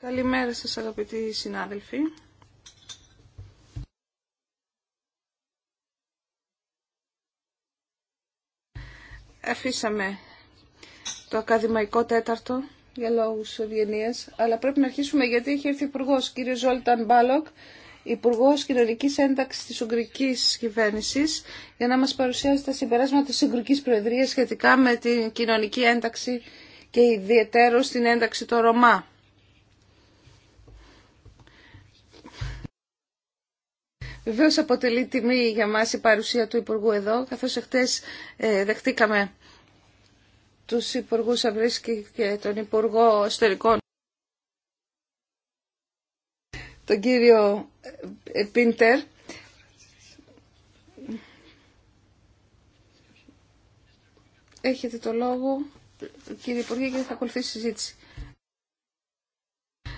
Καλημέρα σας αγαπητοί συνάδελφοι. Αφήσαμε το ακαδημαϊκό τέταρτο για λόγους ευγενίας, αλλά πρέπει να αρχίσουμε γιατί έχει έρθει υπουργό κ. Ζόλταν Μπάλοκ, Υπουργό Κοινωνική Ένταξη τη Ουγγρική Κυβέρνηση, για να μα παρουσιάσει τα συμπεράσματα τη Ουγγρική Προεδρία σχετικά με την κοινωνική ένταξη και ιδιαίτερο στην ένταξη των Ρωμά. Βεβαίω αποτελεί τιμή για μας η παρουσία του Υπουργού εδώ, καθώς εχθές ε, δεχτήκαμε τους Υπουργούς Αυρίσκη και τον Υπουργό Εστερικών, τον κύριο ε, Πίντερ. Έχετε το λόγο κύριε Υπουργέ, και θα ακολουθήσει η συζήτηση.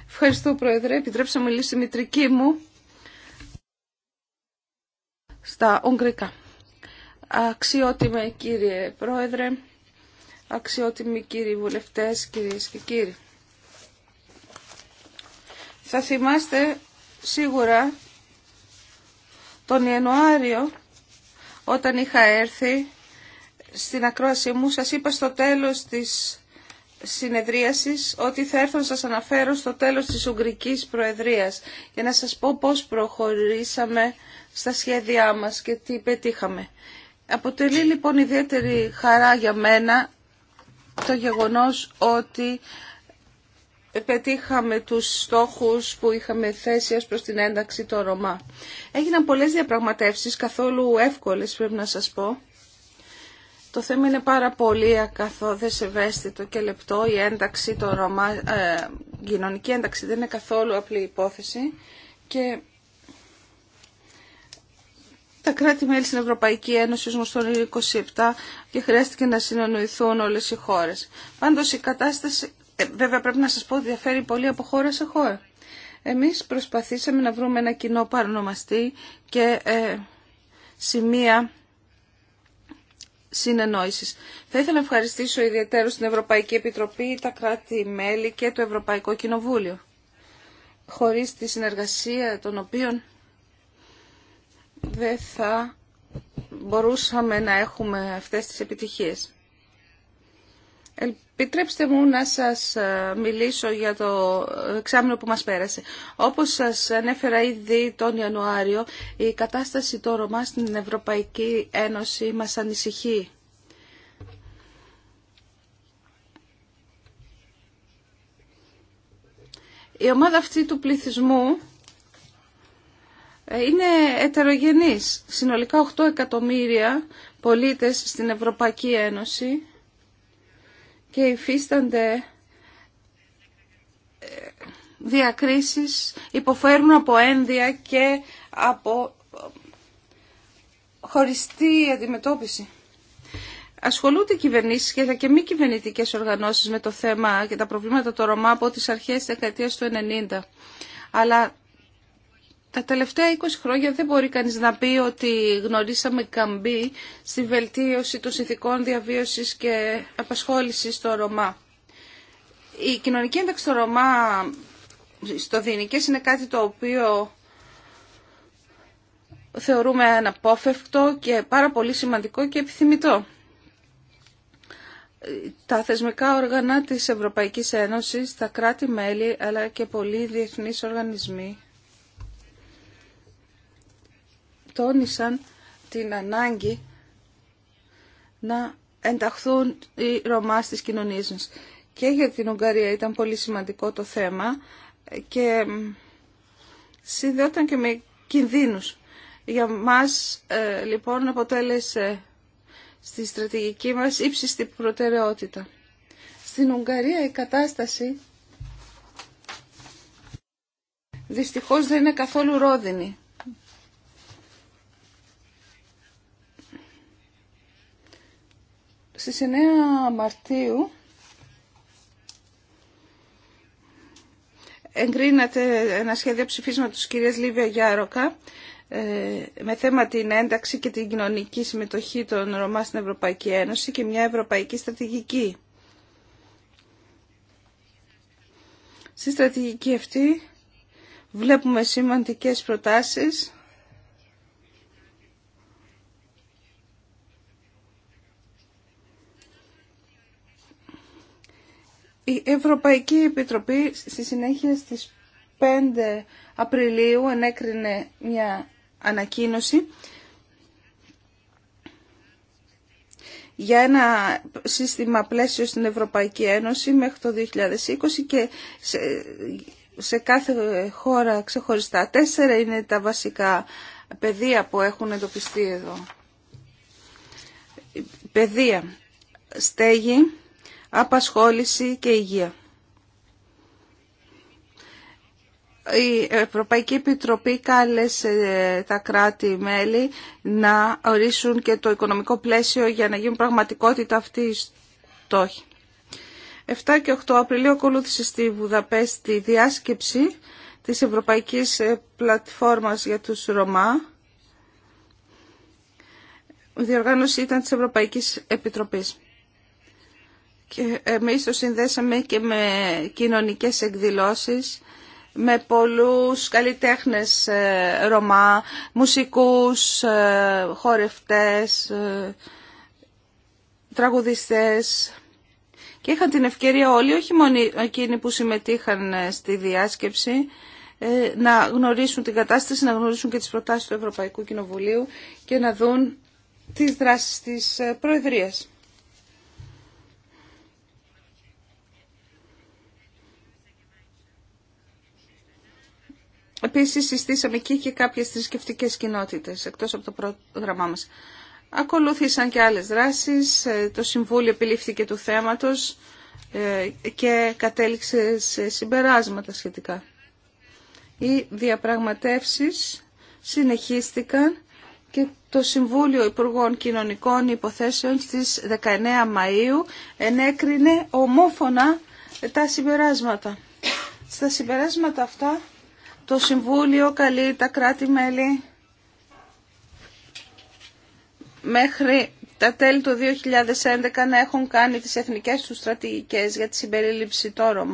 Ευχαριστώ, Πρόεδρε. Επιτρέψαμε μου μητρική μου στα Ουγγρικά. Αξιότιμε κύριε Πρόεδρε, αξιότιμοι κύριοι βουλευτές, κύριε, και κύριοι. Θα θυμάστε σίγουρα τον Ιανουάριο όταν είχα έρθει στην ακρόαση μου σας είπα στο τέλος της συνεδρίασης ότι θα έρθω να σας αναφέρω στο τέλος της Ουγγρικής Προεδρίας για να σας πω πώς προχωρήσαμε στα σχέδιά μας και τι πετύχαμε. Αποτελεί λοιπόν ιδιαίτερη χαρά για μένα το γεγονός ότι πετύχαμε τους στόχους που είχαμε θέσει ως προς την ένταξη το Ρωμά. Έγιναν πολλές διαπραγματεύσεις, καθόλου εύκολες πρέπει να σας πω, το θέμα είναι πάρα πολύ ακαθόδες ευαίσθητο και λεπτό. Η ένταξη, το Ρωμά, ε, κοινωνική ένταξη δεν είναι καθόλου απλή υπόθεση και τα κράτη-μέλη στην Ευρωπαϊκή Ένωση ως 27 και χρειάστηκε να συνονοηθούν όλες οι χώρες. Πάντως η κατάσταση, ε, βέβαια πρέπει να σας πω, διαφέρει πολύ από χώρα σε χώρα. Εμείς προσπαθήσαμε να βρούμε ένα κοινό παρονομαστή και ε, σημεία θα ήθελα να ευχαριστήσω ιδιαίτερα στην Ευρωπαϊκή Επιτροπή, τα κράτη-μέλη και το Ευρωπαϊκό Κοινοβούλιο. Χωρίς τη συνεργασία των οποίων δεν θα μπορούσαμε να έχουμε αυτές τις επιτυχίες. Επιτρέψτε μου να σας ε, μιλήσω για το εξάμεινο που μας πέρασε. Όπως σας ανέφερα ήδη τον Ιανουάριο, η κατάσταση των Ρωμά στην Ευρωπαϊκή Ένωση μας ανησυχεί. Η ομάδα αυτή του πληθυσμού ε, είναι ετερογενής. Συνολικά 8 εκατομμύρια πολίτες στην Ευρωπαϊκή Ένωση και υφίστανται ε, διακρίσεις, υποφέρουν από ένδια και από ε, χωριστή αντιμετώπιση. Ασχολούνται κυβερνήσεις και, και μη κυβερνητικές οργανώσεις με το θέμα και τα προβλήματα των Ρωμά από τις αρχές της δεκαετίας του 90. Αλλά τα τελευταία 20 χρόνια δεν μπορεί κανείς να πει ότι γνωρίσαμε καμπή στη βελτίωση των συνθηκών διαβίωσης και απασχόλησης στο Ρωμά. Η κοινωνική ένταξη στο Ρωμά στο Δινικές είναι κάτι το οποίο θεωρούμε αναπόφευκτο και πάρα πολύ σημαντικό και επιθυμητό. Τα θεσμικά όργανα της Ευρωπαϊκής Ένωσης, τα κράτη-μέλη αλλά και πολλοί διεθνείς οργανισμοί τόνισαν την ανάγκη να ενταχθούν οι Ρωμά στις κοινωνίες μας. Και για την Ουγγαρία ήταν πολύ σημαντικό το θέμα και συνδεόταν και με κινδύνους. Για μας ε, λοιπόν αποτέλεσε στη στρατηγική μας ύψιστη προτεραιότητα. Στην Ουγγαρία η κατάσταση δυστυχώς δεν είναι καθόλου ρόδινη. Στις 9 Μαρτίου εγκρίνεται ένα σχέδιο ψηφίσματος της κυρίας Λίβια Γιάροκα ε, με θέμα την ένταξη και την κοινωνική συμμετοχή των Ρωμά στην Ευρωπαϊκή Ένωση και μια ευρωπαϊκή στρατηγική. Στη στρατηγική αυτή βλέπουμε σημαντικές προτάσεις Η Ευρωπαϊκή Επιτροπή στη συνέχεια στις 5 Απριλίου ενέκρινε μια ανακοίνωση για ένα σύστημα πλαίσιο στην Ευρωπαϊκή Ένωση μέχρι το 2020 και σε, σε κάθε χώρα ξεχωριστά. Τέσσερα είναι τα βασικά πεδία που έχουν εντοπιστεί εδώ. Παιδεία, στέγη, απασχόληση και υγεία. Η Ευρωπαϊκή Επιτροπή κάλεσε ε, τα κράτη-μέλη να ορίσουν και το οικονομικό πλαίσιο για να γίνουν πραγματικότητα αυτή η στόχη. 7 και 8 Απριλίου ακολούθησε στη Βουδαπέστη διάσκεψη της Ευρωπαϊκής ε, Πλατφόρμας για τους Ρωμά. Η διοργάνωση ήταν της Ευρωπαϊκής Επιτροπής. Και εμείς το συνδέσαμε και με κοινωνικές εκδηλώσεις, με πολλούς καλλιτέχνες ε, Ρωμά, μουσικούς, ε, χορευτές, ε, τραγουδιστές. Και είχαν την ευκαιρία όλοι, όχι μόνο εκείνοι που συμμετείχαν στη διάσκεψη, να γνωρίσουν την κατάσταση, να γνωρίσουν και τις προτάσεις του Ευρωπαϊκού Κοινοβουλίου και να δουν τις δράσεις της Προεδρίας. Επίσης, συστήσαμε εκεί και κάποιες θρησκευτικέ κοινότητες, εκτός από το πρόγραμμά μας. Ακολούθησαν και άλλες δράσεις, ε, το Συμβούλιο επιλήφθηκε του θέματος ε, και κατέληξε σε συμπεράσματα σχετικά. Οι διαπραγματεύσεις συνεχίστηκαν και το Συμβούλιο Υπουργών Κοινωνικών Υποθέσεων στις 19 Μαΐου ενέκρινε ομόφωνα τα συμπεράσματα. Στα συμπεράσματα αυτά το Συμβούλιο καλεί τα κράτη-μέλη μέχρι τα τέλη του 2011 να έχουν κάνει τις εθνικές τους στρατηγικές για τη συμπερίληψη των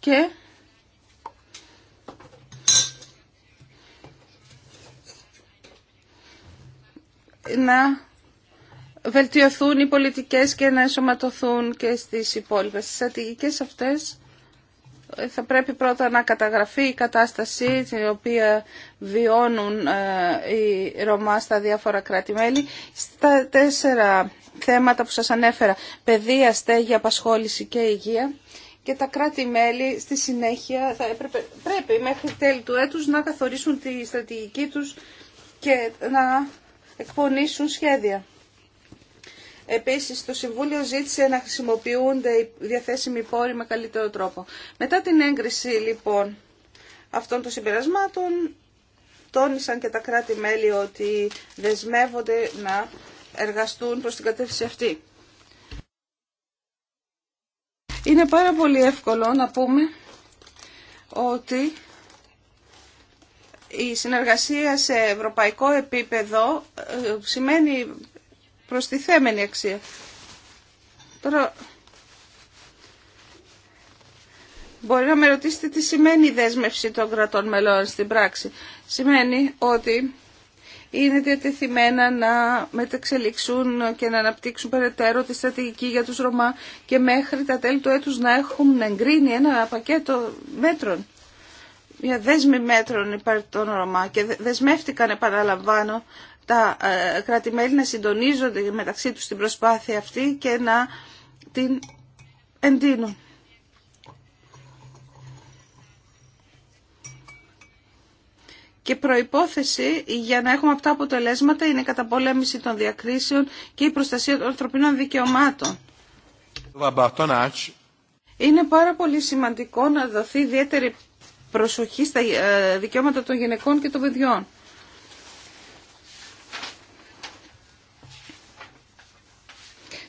και να βελτιωθούν οι πολιτικές και να ενσωματωθούν και στις υπόλοιπες. στρατηγικές αυτές θα πρέπει πρώτα να καταγραφεί η κατάσταση την οποία βιώνουν ε, οι Ρωμά στα διάφορα κράτη-μέλη. Στα τέσσερα θέματα που σας ανέφερα, παιδεία, στέγη, απασχόληση και υγεία. Και τα κράτη-μέλη στη συνέχεια θα πρέπει μέχρι τέλη του έτους να καθορίσουν τη στρατηγική τους και να εκπονήσουν σχέδια. Επίσης, το Συμβούλιο ζήτησε να χρησιμοποιούνται οι διαθέσιμοι πόροι με καλύτερο τρόπο. Μετά την έγκριση, λοιπόν, αυτών των συμπερασμάτων, τόνισαν και τα κράτη-μέλη ότι δεσμεύονται να εργαστούν προς την κατεύθυνση αυτή. Είναι πάρα πολύ εύκολο να πούμε ότι η συνεργασία σε ευρωπαϊκό επίπεδο ε, σημαίνει προστιθέμενη αξία. Τώρα, μπορεί να με ρωτήσετε τι σημαίνει η δέσμευση των κρατών μελών στην πράξη. Σημαίνει ότι είναι διατεθειμένα να μεταξελιξούν και να αναπτύξουν περαιτέρω τη στρατηγική για τους Ρωμά και μέχρι τα τέλη του έτους να έχουν εγκρίνει ένα πακέτο μέτρων. Μια δέσμη μέτρων υπέρ των Ρωμά και δεσμεύτηκαν, επαναλαμβάνω, τα ε, κράτη-μέλη να συντονίζονται μεταξύ τους την προσπάθεια αυτή και να την εντείνουν. Και προϋπόθεση για να έχουμε αυτά αποτελέσματα είναι η καταπολέμηση των διακρίσεων και η προστασία των ανθρωπίνων δικαιωμάτων. Είναι πάρα πολύ σημαντικό να δοθεί ιδιαίτερη προσοχή στα ε, δικαιώματα των γυναικών και των παιδιών.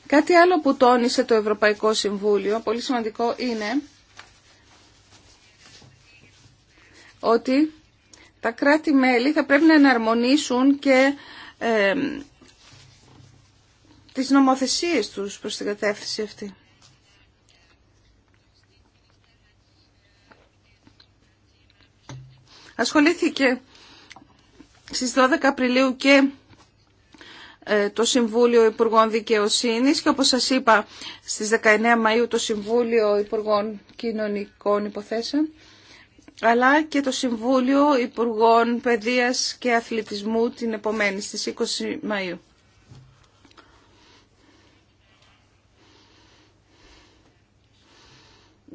Κάτι άλλο που τόνισε το Ευρωπαϊκό Συμβούλιο, πολύ σημαντικό είναι ότι τα κράτη-μέλη θα πρέπει να εναρμονίσουν και ε, τις νομοθεσίες τους προς την κατεύθυνση αυτή. Ασχολήθηκε στις 12 Απριλίου και ε, το Συμβούλιο Υπουργών Δικαιοσύνης και όπως σας είπα στις 19 Μαΐου το Συμβούλιο Υπουργών Κοινωνικών Υποθέσεων αλλά και το Συμβούλιο Υπουργών Παιδείας και Αθλητισμού την επομένη στις 20 Μαΐου.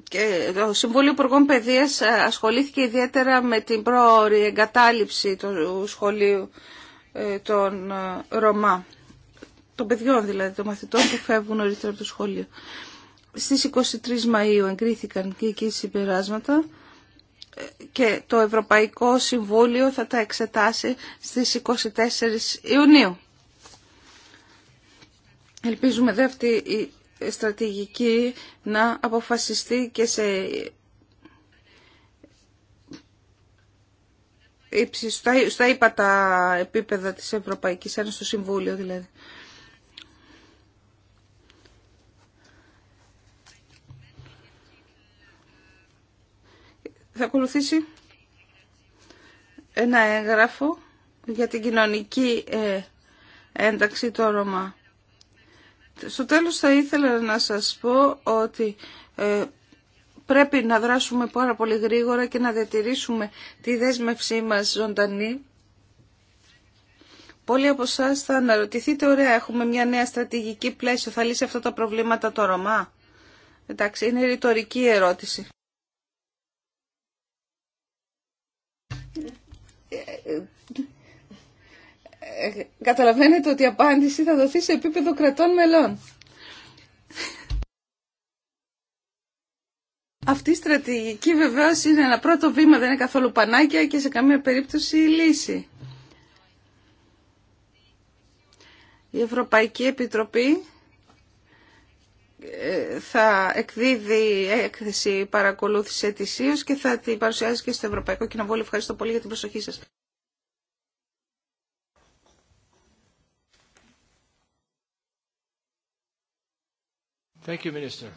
Και το Συμβούλιο Υπουργών Παιδείας ε, ασχολήθηκε ιδιαίτερα με την πρόορη εγκατάλειψη του σχολείου ε, των ε, Ρωμά, των παιδιών δηλαδή, των μαθητών που φεύγουν νωρίτερα από το σχολείο. Στις 23 Μαΐου εγκρίθηκαν και εκεί συμπεράσματα ε, και το Ευρωπαϊκό Συμβούλιο θα τα εξετάσει στις 24 Ιουνίου. Ελπίζουμε δε αυτή η στρατηγική να αποφασιστεί και σε στα, στα τα επίπεδα της Ευρωπαϊκής Ένωσης, στο Συμβούλιο δηλαδή. Θα ακολουθήσει ένα έγγραφο για την κοινωνική ε, ένταξη το Ρωμά. Στο τέλος θα ήθελα να σας πω ότι ε, πρέπει να δράσουμε πάρα πολύ γρήγορα και να διατηρήσουμε τη δέσμευσή μας ζωντανή. Πολλοί από εσά θα αναρωτηθείτε, ωραία, έχουμε μια νέα στρατηγική πλαίσιο, θα λύσει αυτά τα προβλήματα το Ρωμά. Εντάξει, είναι ρητορική ερώτηση. Καταλαβαίνετε ότι η απάντηση θα δοθεί σε επίπεδο κρατών μελών. Αυτή η στρατηγική βεβαίω είναι ένα πρώτο βήμα, δεν είναι καθόλου πανάκια και σε καμία περίπτωση η λύση. Η Ευρωπαϊκή Επιτροπή ε, θα εκδίδει έκθεση παρακολούθηση ετησίως και θα την παρουσιάζει και στο Ευρωπαϊκό Κοινοβούλιο. Ευχαριστώ πολύ για την προσοχή σας. Thank you, Minister.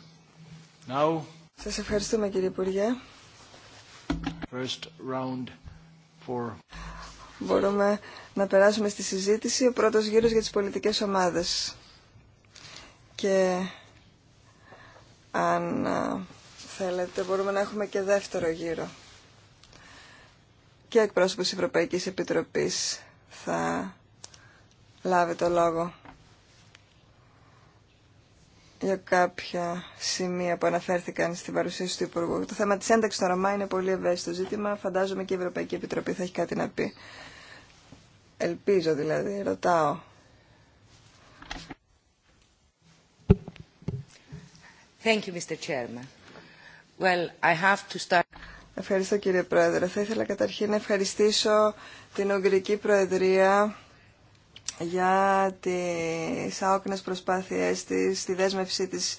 Now... Σας ευχαριστούμε κύριε Υπουργέ. Μπορούμε να περάσουμε στη συζήτηση. Ο πρώτος γύρος για τις πολιτικές ομάδες. Και αν θέλετε μπορούμε να έχουμε και δεύτερο γύρο. Και εκπρόσωπος Ευρωπαϊκής Επιτροπής θα λάβει το λόγο για κάποια σημεία που αναφέρθηκαν στην παρουσίαση του Υπουργού. Το θέμα της ένταξης των Ρωμά είναι πολύ ευαίσθητο ζήτημα. Φαντάζομαι και η Ευρωπαϊκή Επιτροπή θα έχει κάτι να πει. Ελπίζω δηλαδή, ρωτάω. Thank you, Mr. Chairman. Well, I have to start... Ευχαριστώ κύριε Πρόεδρε. Θα ήθελα καταρχήν να ευχαριστήσω την Ουγγρική Προεδρία για τις άοκνες προσπάθειές της, τη δέσμευσή της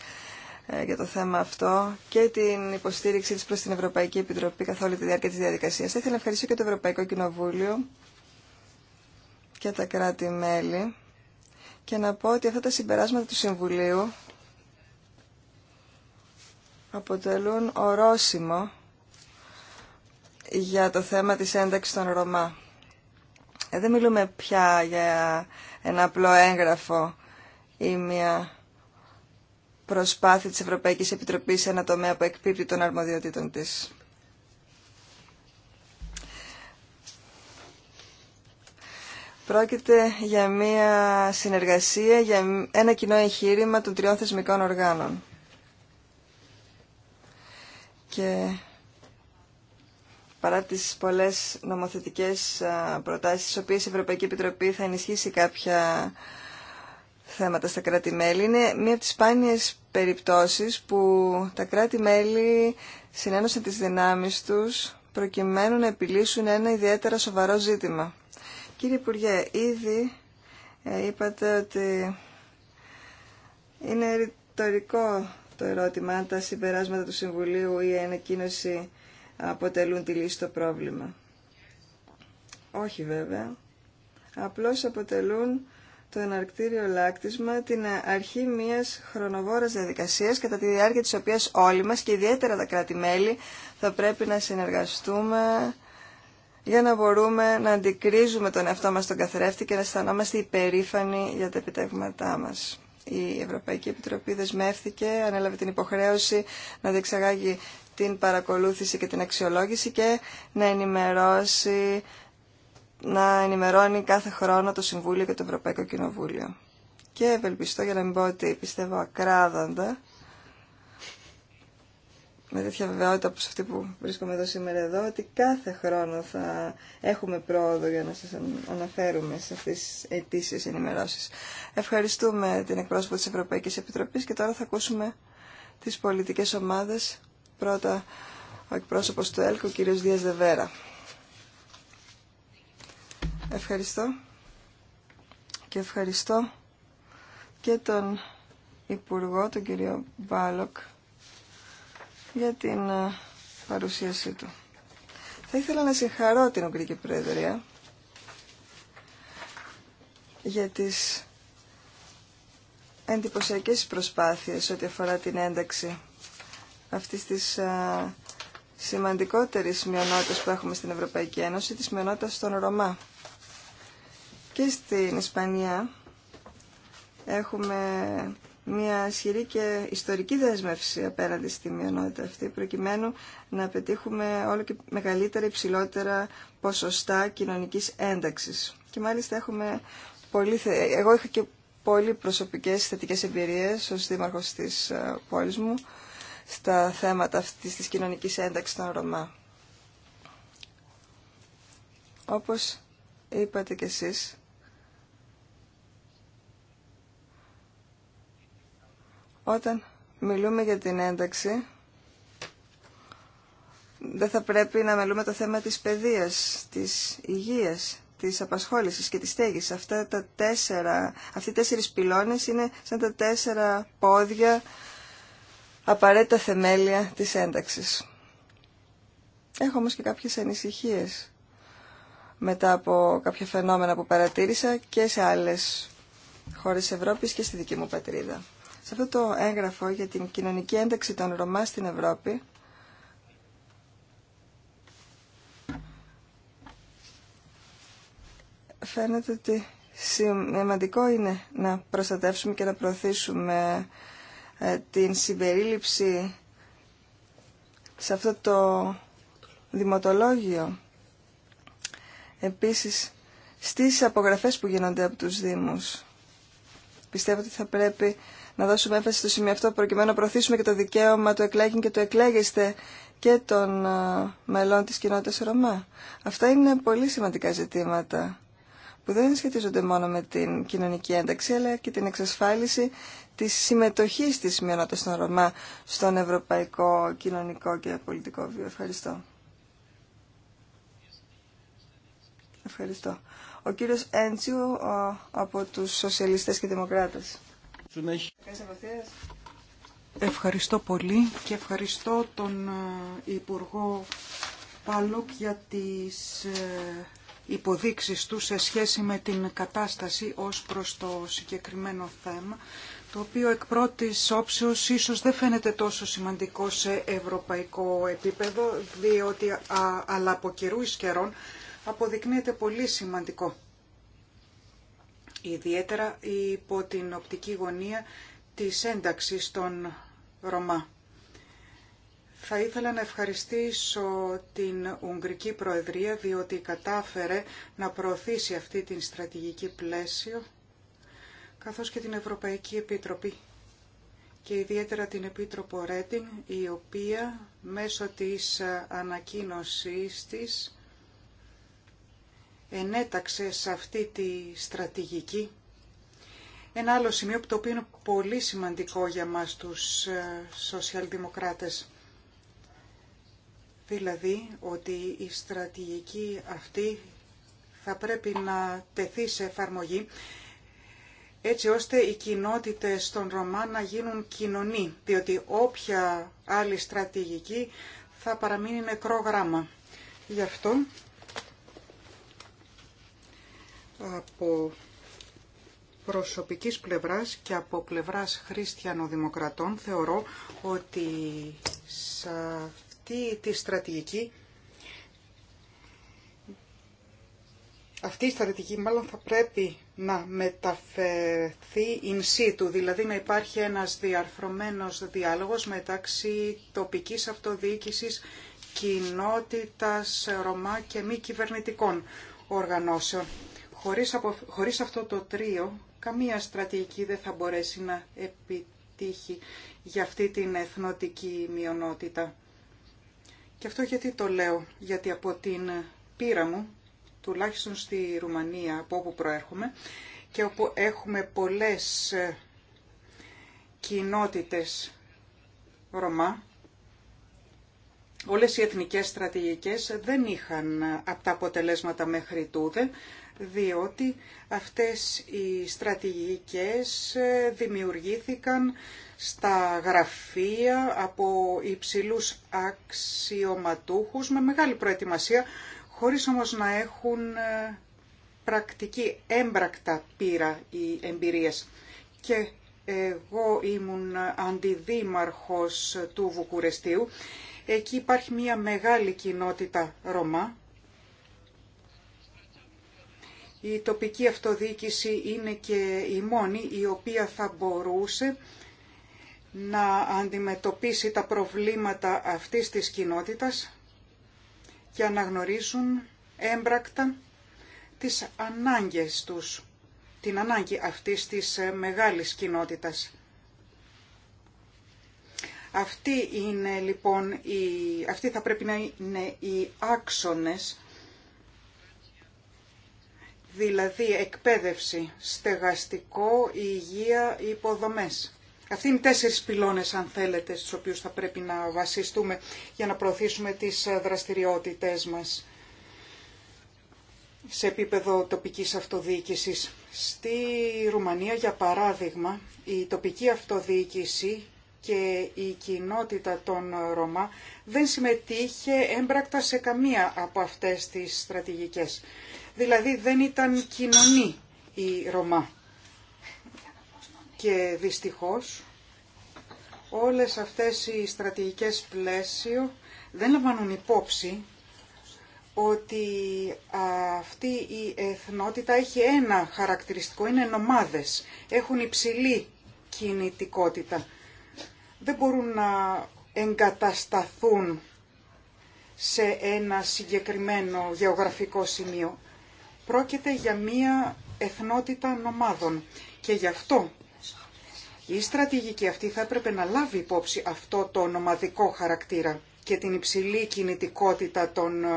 ε, για το θέμα αυτό και την υποστήριξή της προς την Ευρωπαϊκή Επιτροπή καθ' όλη τη διάρκεια της διαδικασίας. Θα ήθελα να ευχαριστήσω και το Ευρωπαϊκό Κοινοβούλιο και τα κράτη-μέλη και να πω ότι αυτά τα συμπεράσματα του Συμβουλίου αποτελούν ορόσημο για το θέμα της ένταξης των Ρωμά. Ε, δεν μιλούμε πια για ένα απλό έγγραφο ή μια προσπάθεια της Ευρωπαϊκής Επιτροπής σε ένα τομέα που εκπίπτει των αρμοδιοτήτων της. Πρόκειται για μια συνεργασία, για ένα κοινό εγχείρημα των τριών θεσμικών οργάνων. Και παρά τις πολλές νομοθετικές προτάσεις, τις οποίες η Ευρωπαϊκή Επιτροπή θα ενισχύσει κάποια θέματα στα κράτη-μέλη, είναι μία από τις σπάνιες περιπτώσεις που τα κράτη-μέλη συνένωσαν τις δυνάμεις τους προκειμένου να επιλύσουν ένα ιδιαίτερα σοβαρό ζήτημα. Κύριε Υπουργέ, ήδη ε, είπατε ότι είναι ρητορικό το ερώτημα αν τα συμπεράσματα του Συμβουλίου ή η ανακοίνωση αποτελούν τη λύση στο πρόβλημα. Όχι βέβαια. Απλώς αποτελούν το εναρκτήριο λάκτισμα την αρχή μιας χρονοβόρας διαδικασίας κατά τη διάρκεια της οποίας όλοι μας και ιδιαίτερα τα κράτη-μέλη θα πρέπει να συνεργαστούμε για να μπορούμε να αντικρίζουμε τον εαυτό μας τον καθρέφτη και να αισθανόμαστε υπερήφανοι για τα επιτεύγματά μας. Η Ευρωπαϊκή Επιτροπή δεσμεύθηκε, ανέλαβε την υποχρέωση να διεξαγάγει την παρακολούθηση και την αξιολόγηση και να ενημερώσει να ενημερώνει κάθε χρόνο το Συμβούλιο και το Ευρωπαϊκό Κοινοβούλιο. Και ευελπιστώ για να μην πω ότι πιστεύω ακράδαντα με τέτοια βεβαιότητα όπως αυτή που βρίσκομαι εδώ σήμερα εδώ, ότι κάθε χρόνο θα έχουμε πρόοδο για να σας αναφέρουμε σε αυτές τις αιτήσεις ενημερώσεις. Ευχαριστούμε την εκπρόσωπο της Ευρωπαϊκής Επιτροπής και τώρα θα ακούσουμε τις πολιτικές ομάδες Πρώτα ο εκπρόσωπος του ΕΛΚ, ο κύριος Δίας Δεβέρα. Ευχαριστώ και ευχαριστώ και τον Υπουργό, τον κύριο Μπάλοκ, για την ε, παρουσίασή του. Θα ήθελα να συγχαρώ την Ουγγρική Προεδρία για τις εντυπωσιακές προσπάθειες ό,τι αφορά την ένταξη αυτής της σημαντικότερης μειονότητας που έχουμε στην Ευρωπαϊκή Ένωση, της μειονότητας των Ρωμά. Και στην Ισπανία έχουμε μια ισχυρή και ιστορική δέσμευση απέναντι στη μειονότητα αυτή, προκειμένου να πετύχουμε όλο και μεγαλύτερα, υψηλότερα ποσοστά κοινωνικής ένταξης. Και μάλιστα έχουμε πολύ... Εγώ είχα και πολύ προσωπικές θετικές εμπειρίες ως δήμαρχος της πόλης μου, στα θέματα αυτής της κοινωνικής ένταξης των Ρωμά. Όπως είπατε κι εσείς, όταν μιλούμε για την ένταξη, δεν θα πρέπει να μιλούμε το θέμα της παιδείας, της υγείας, της απασχόλησης και της στέγης. Αυτά τα τέσσερα, αυτοί οι τέσσερις πυλώνες είναι σαν τα τέσσερα πόδια απαραίτητα θεμέλια της ένταξης. Έχω όμως και κάποιες ανησυχίες μετά από κάποια φαινόμενα που παρατήρησα και σε άλλες χώρες Ευρώπης και στη δική μου πατρίδα. Σε αυτό το έγγραφο για την κοινωνική ένταξη των Ρωμά στην Ευρώπη φαίνεται ότι σημαντικό είναι να προστατεύσουμε και να προωθήσουμε ε, την συμπερίληψη σε αυτό το δημοτολόγιο. Επίσης, στις απογραφές που γίνονται από τους Δήμους. Πιστεύω ότι θα πρέπει να δώσουμε έμφαση στο σημείο αυτό προκειμένου να προωθήσουμε και το δικαίωμα του εκλέγην και του εκλέγεστε και των ε, μελών της κοινότητας Ρωμά. Αυτά είναι πολύ σημαντικά ζητήματα που δεν σχετίζονται μόνο με την κοινωνική ένταξη, αλλά και την εξασφάλιση της συμμετοχής της μειονότητας των Ρωμά στον ευρωπαϊκό κοινωνικό και πολιτικό βίο. Ευχαριστώ. Ευχαριστώ. Ο κύριος Έντσιου από τους Σοσιαλιστές και Δημοκράτες. Ευχαριστώ πολύ και ευχαριστώ τον ε, Υπουργό Παλούκ για τις ε, υποδείξεις του σε σχέση με την κατάσταση ως προς το συγκεκριμένο θέμα, το οποίο εκ πρώτης όψεως ίσως δεν φαίνεται τόσο σημαντικό σε ευρωπαϊκό επίπεδο, διότι α, αλλά από καιρού καιρών αποδεικνύεται πολύ σημαντικό. Ιδιαίτερα υπό την οπτική γωνία της ένταξης των Ρωμά. Θα ήθελα να ευχαριστήσω την Ουγγρική Προεδρία διότι κατάφερε να προωθήσει αυτή την στρατηγική πλαίσιο καθώς και την Ευρωπαϊκή Επίτροπη και ιδιαίτερα την Επίτροπο Ρέντιν η οποία μέσω της ανακοίνωσής της ενέταξε σε αυτή τη στρατηγική ένα άλλο σημείο που το οποίο είναι πολύ σημαντικό για μας τους ε, σοσιαλδημοκράτες. Δηλαδή ότι η στρατηγική αυτή θα πρέπει να τεθεί σε εφαρμογή έτσι ώστε οι κοινότητες των Ρωμά να γίνουν κοινωνοί, διότι όποια άλλη στρατηγική θα παραμείνει νεκρό γράμμα. Γι' αυτό από προσωπικής πλευράς και από πλευράς χριστιανοδημοκρατών θεωρώ ότι σε αυτή τη στρατηγική αυτή η στρατηγική μάλλον θα πρέπει να μεταφερθεί in situ, δηλαδή να υπάρχει ένας διαρθρωμένος διάλογος μεταξύ τοπικής αυτοδιοίκησης, κοινότητας, Ρωμά και μη κυβερνητικών οργανώσεων. Χωρίς, Χωρίς αυτό το τρίο, καμία στρατηγική δεν θα μπορέσει να επιτύχει για αυτή την εθνοτική μειονότητα. Και αυτό γιατί το λέω, γιατί από την πείρα μου, τουλάχιστον στη Ρουμανία από όπου προέρχομαι και όπου έχουμε πολλές ε, κοινότητες Ρωμά, όλες οι εθνικές στρατηγικές δεν είχαν ε, αυτά αποτελέσματα μέχρι τούδε, διότι αυτές οι στρατηγικές ε, δημιουργήθηκαν στα γραφεία από υψηλούς αξιωματούχους με μεγάλη προετοιμασία, χωρίς όμως να έχουν ε, πρακτική έμπρακτα πείρα οι εμπειρίες. Και εγώ ήμουν αντιδήμαρχος του Βουκουρεστίου. Εκεί υπάρχει μια μεγάλη κοινότητα Ρωμά η τοπική αυτοδιοίκηση είναι και η μόνη η οποία θα μπορούσε να αντιμετωπίσει τα προβλήματα αυτής της κοινότητας και να αναγνωρίζουν έμπρακτα τις ανάγκες τους, την ανάγκη αυτής της μεγάλης κοινότητας. Αυτή είναι λοιπόν η, αυτή θα πρέπει να είναι οι άξονες δηλαδή εκπαίδευση, στεγαστικό, υγεία, υποδομές. Αυτοί είναι τέσσερις πυλώνες, αν θέλετε, στους οποίους θα πρέπει να βασιστούμε για να προωθήσουμε τις δραστηριότητες μας σε επίπεδο τοπικής αυτοδιοίκησης. Στη Ρουμανία, για παράδειγμα, η τοπική αυτοδιοίκηση και η κοινότητα των Ρωμά δεν συμμετείχε έμπρακτα σε καμία από αυτές τις στρατηγικές. Δηλαδή δεν ήταν κοινωνή η Ρωμά. Και δυστυχώς όλες αυτές οι στρατηγικές πλαίσιο δεν λαμβάνουν υπόψη ότι αυτή η εθνότητα έχει ένα χαρακτηριστικό, είναι νομάδες, έχουν υψηλή κινητικότητα. Δεν μπορούν να εγκατασταθούν σε ένα συγκεκριμένο γεωγραφικό σημείο. Πρόκειται για μία εθνότητα νομάδων και γι' αυτό η στρατηγική αυτή θα έπρεπε να λάβει υπόψη αυτό το νομαδικό χαρακτήρα και την υψηλή κινητικότητα των ε,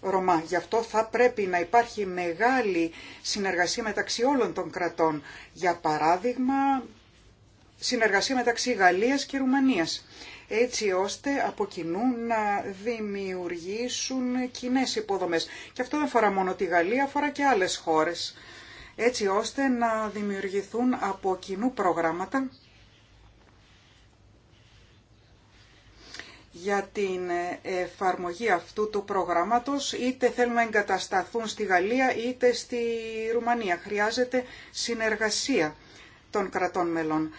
Ρωμά. Γι' αυτό θα πρέπει να υπάρχει μεγάλη συνεργασία μεταξύ όλων των κρατών. Για παράδειγμα, συνεργασία μεταξύ Γαλλίας και Ρουμανίας έτσι ώστε από κοινού να δημιουργήσουν κοινέ υποδομές. Και αυτό δεν αφορά μόνο τη Γαλλία, αφορά και άλλες χώρες, έτσι ώστε να δημιουργηθούν από κοινού προγράμματα για την εφαρμογή αυτού του προγράμματος, είτε θέλουν να εγκατασταθούν στη Γαλλία είτε στη Ρουμανία. Χρειάζεται συνεργασία των κρατών μελών.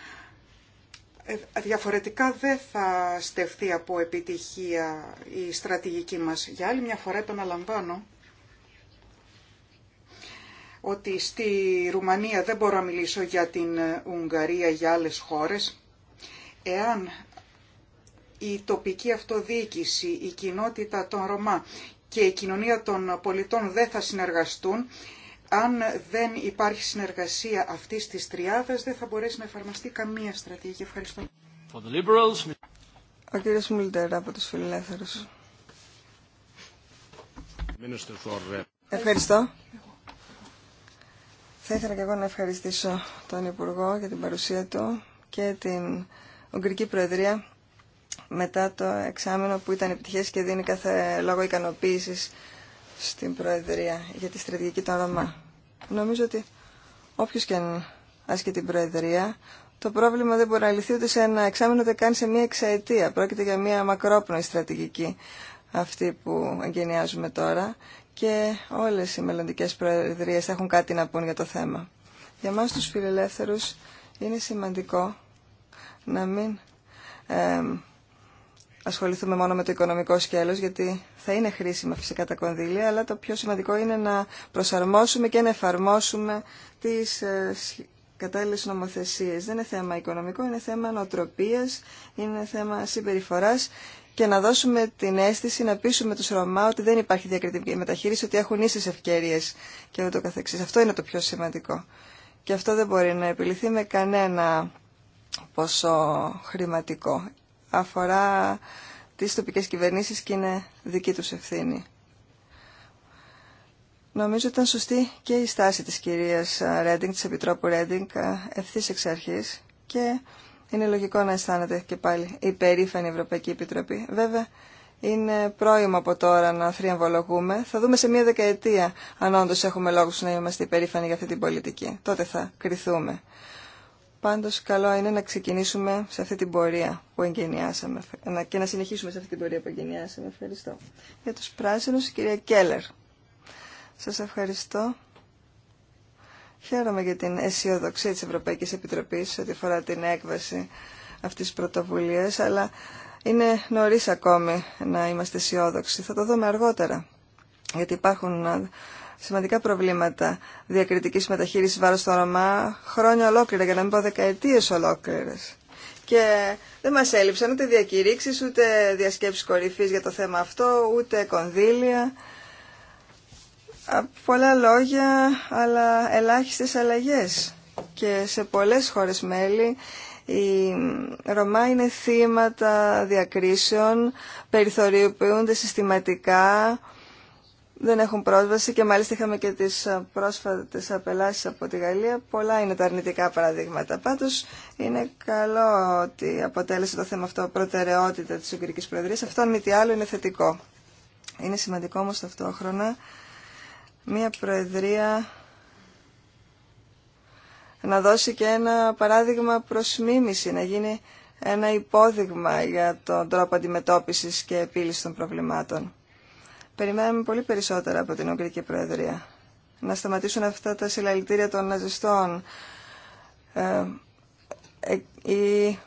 Ε, διαφορετικά δεν θα στεφθεί από επιτυχία η στρατηγική μας. Για άλλη μια φορά επαναλαμβάνω ότι στη Ρουμανία δεν μπορώ να μιλήσω για την Ουγγαρία, για άλλες χώρες. Εάν η τοπική αυτοδιοίκηση, η κοινότητα των Ρωμά και η κοινωνία των πολιτών δεν θα συνεργαστούν, αν δεν υπάρχει συνεργασία αυτή τη τριάδας δεν θα μπορέσει να εφαρμοστεί καμία στρατηγική. Ευχαριστώ. Ο κύριος Μιλτέρα από τους Φιλελεύθερους. Uh, Ευχαριστώ. Θα ήθελα και εγώ να ευχαριστήσω τον Υπουργό για την παρουσία του και την Ουγγρική Προεδρία μετά το εξάμενο που ήταν επιτυχές και δίνει κάθε λόγο ικανοποίησης στην Προεδρία για τη στρατηγική των Ρωμά. Νομίζω ότι όποιο και αν ασκεί την Προεδρία, το πρόβλημα δεν μπορεί να λυθεί ούτε σε ένα εξάμεινο, ούτε καν σε μία εξαετία. Πρόκειται για μία μακρόπνοη στρατηγική αυτή που εγκαινιάζουμε τώρα και όλες οι μελλοντικέ προεδρίες έχουν κάτι να πούν για το θέμα. Για μας τους φιλελεύθερους είναι σημαντικό να μην ε, ασχοληθούμε μόνο με το οικονομικό σκέλος, γιατί θα είναι χρήσιμα φυσικά τα κονδύλια, αλλά το πιο σημαντικό είναι να προσαρμόσουμε και να εφαρμόσουμε τις ε, κατάλληλες νομοθεσίες. Δεν είναι θέμα οικονομικό, είναι θέμα νοοτροπίας, είναι θέμα συμπεριφοράς και να δώσουμε την αίσθηση να πείσουμε τους Ρωμά ότι δεν υπάρχει διακριτική μεταχείριση, ότι έχουν ίσες ευκαιρίες και ούτω καθεξής. Αυτό είναι το πιο σημαντικό. Και αυτό δεν μπορεί να επιληθεί με κανένα ποσό χρηματικό αφορά τις τοπικές κυβερνήσεις και είναι δική τους ευθύνη. Νομίζω ήταν σωστή και η στάση της κυρίας Ρέντινγκ, της Επιτρόπου Ρέντινγκ, ευθύς εξ αρχής και είναι λογικό να αισθάνεται και πάλι η περήφανη Ευρωπαϊκή Επιτροπή. Βέβαια, είναι πρόημο από τώρα να θριαμβολογούμε. Θα δούμε σε μία δεκαετία αν όντω έχουμε λόγους να είμαστε υπερήφανοι για αυτή την πολιτική. Τότε θα κριθούμε. Πάντως καλό είναι να ξεκινήσουμε σε αυτή την πορεία που εγκαινιάσαμε και να συνεχίσουμε σε αυτή την πορεία που εγκαινιάσαμε. Ευχαριστώ. Για τους πράσινους, η κυρία Κέλλερ. Σας ευχαριστώ. Χαίρομαι για την αισιοδοξία της Ευρωπαϊκής Επιτροπής ό,τι αφορά την έκβαση αυτής της πρωτοβουλίας, αλλά είναι νωρίς ακόμη να είμαστε αισιοδοξοί. Θα το δούμε αργότερα, γιατί υπάρχουν σημαντικά προβλήματα διακριτικής μεταχείρισης βάρος των Ρωμά χρόνια ολόκληρα, για να μην πω δεκαετίες ολόκληρε. Και δεν μας έλειψαν ούτε διακηρύξει, ούτε διασκέψεις κορυφής για το θέμα αυτό, ούτε κονδύλια. Πολλά λόγια, αλλά ελάχιστες αλλαγές. Και σε πολλές χώρες μέλη οι Ρωμά είναι θύματα διακρίσεων, περιθωριοποιούνται συστηματικά, δεν έχουν πρόσβαση και μάλιστα είχαμε και τις ε, πρόσφατες απελάσεις από τη Γαλλία. Πολλά είναι τα αρνητικά παραδείγματα. Πάντως είναι καλό ότι αποτέλεσε το θέμα αυτό προτεραιότητα της Ουγγρικής Προεδρίας. Αυτό αν μη τι άλλο είναι θετικό. Είναι σημαντικό όμως ταυτόχρονα μια Προεδρία να δώσει και ένα παράδειγμα προς μίμηση, να γίνει ένα υπόδειγμα για τον τρόπο αντιμετώπισης και επίλυση των προβλημάτων. Περιμέναμε πολύ περισσότερα από την Ουγγρική Προεδρία. Να σταματήσουν αυτά τα συλλαλητήρια των ναζιστών ε, ε, ή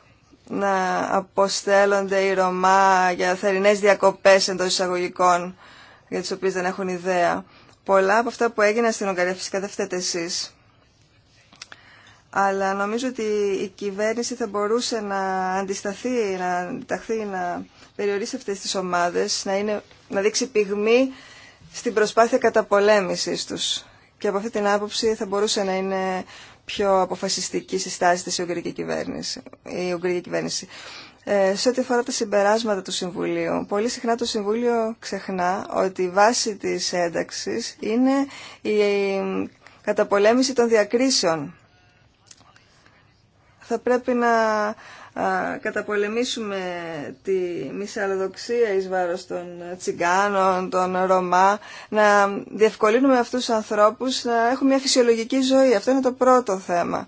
να αποστέλλονται οι Ρωμά για θερινές διακοπές εντός εισαγωγικών για τις οποίες δεν έχουν ιδέα. Πολλά από αυτά που έγιναν στην Ουγγαρία φυσικά δεν φταίτε εσείς. Αλλά νομίζω ότι η κυβέρνηση θα μπορούσε να αντισταθεί, να αντιταχθεί, να περιορίσει αυτές τις ομάδες, να, είναι, να δείξει πυγμή στην προσπάθεια καταπολέμησης τους. Και από αυτή την άποψη θα μπορούσε να είναι πιο αποφασιστική στη στάση της Ουγγρική κυβέρνηση. Η Ουγγρική κυβέρνηση. Ε, σε ό,τι αφορά τα συμπεράσματα του Συμβουλίου, πολύ συχνά το Συμβούλιο ξεχνά ότι η βάση της ένταξης είναι η καταπολέμηση των διακρίσεων. Θα πρέπει να καταπολεμήσουμε τη μυσαλλοδοξία εις βάρος των τσιγκάνων, των Ρωμά, να διευκολύνουμε αυτούς τους ανθρώπους να έχουν μια φυσιολογική ζωή. Αυτό είναι το πρώτο θέμα.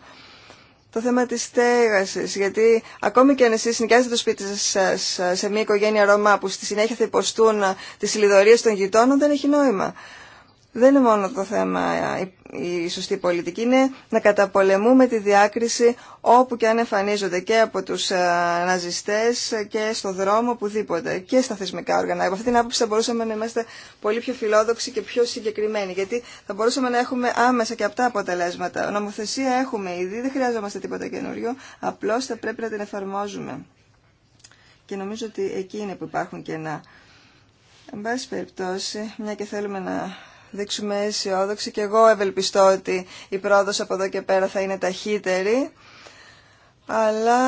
Το θέμα της στέγασης, γιατί ακόμη και αν εσείς νοικιάζετε το σπίτι σας σε μια οικογένεια Ρωμά που στη συνέχεια θα υποστούν τις λιδωρίες των γειτόνων, δεν έχει νόημα δεν είναι μόνο το θέμα η σωστή πολιτική, είναι να καταπολεμούμε τη διάκριση όπου και αν εμφανίζονται και από τους ε, ναζιστές και στο δρόμο, οπουδήποτε και στα θεσμικά όργανα. Από αυτή την άποψη θα μπορούσαμε να είμαστε πολύ πιο φιλόδοξοι και πιο συγκεκριμένοι, γιατί θα μπορούσαμε να έχουμε άμεσα και αυτά αποτελέσματα. Νομοθεσία έχουμε ήδη, δεν χρειάζομαστε τίποτα καινούριο, απλώς θα πρέπει να την εφαρμόζουμε. Και νομίζω ότι εκεί είναι που υπάρχουν κενά. Εν πάση περιπτώσει, μια και θέλουμε να δείξουμε αισιόδοξη και εγώ ευελπιστώ ότι η πρόοδος από εδώ και πέρα θα είναι ταχύτερη. Αλλά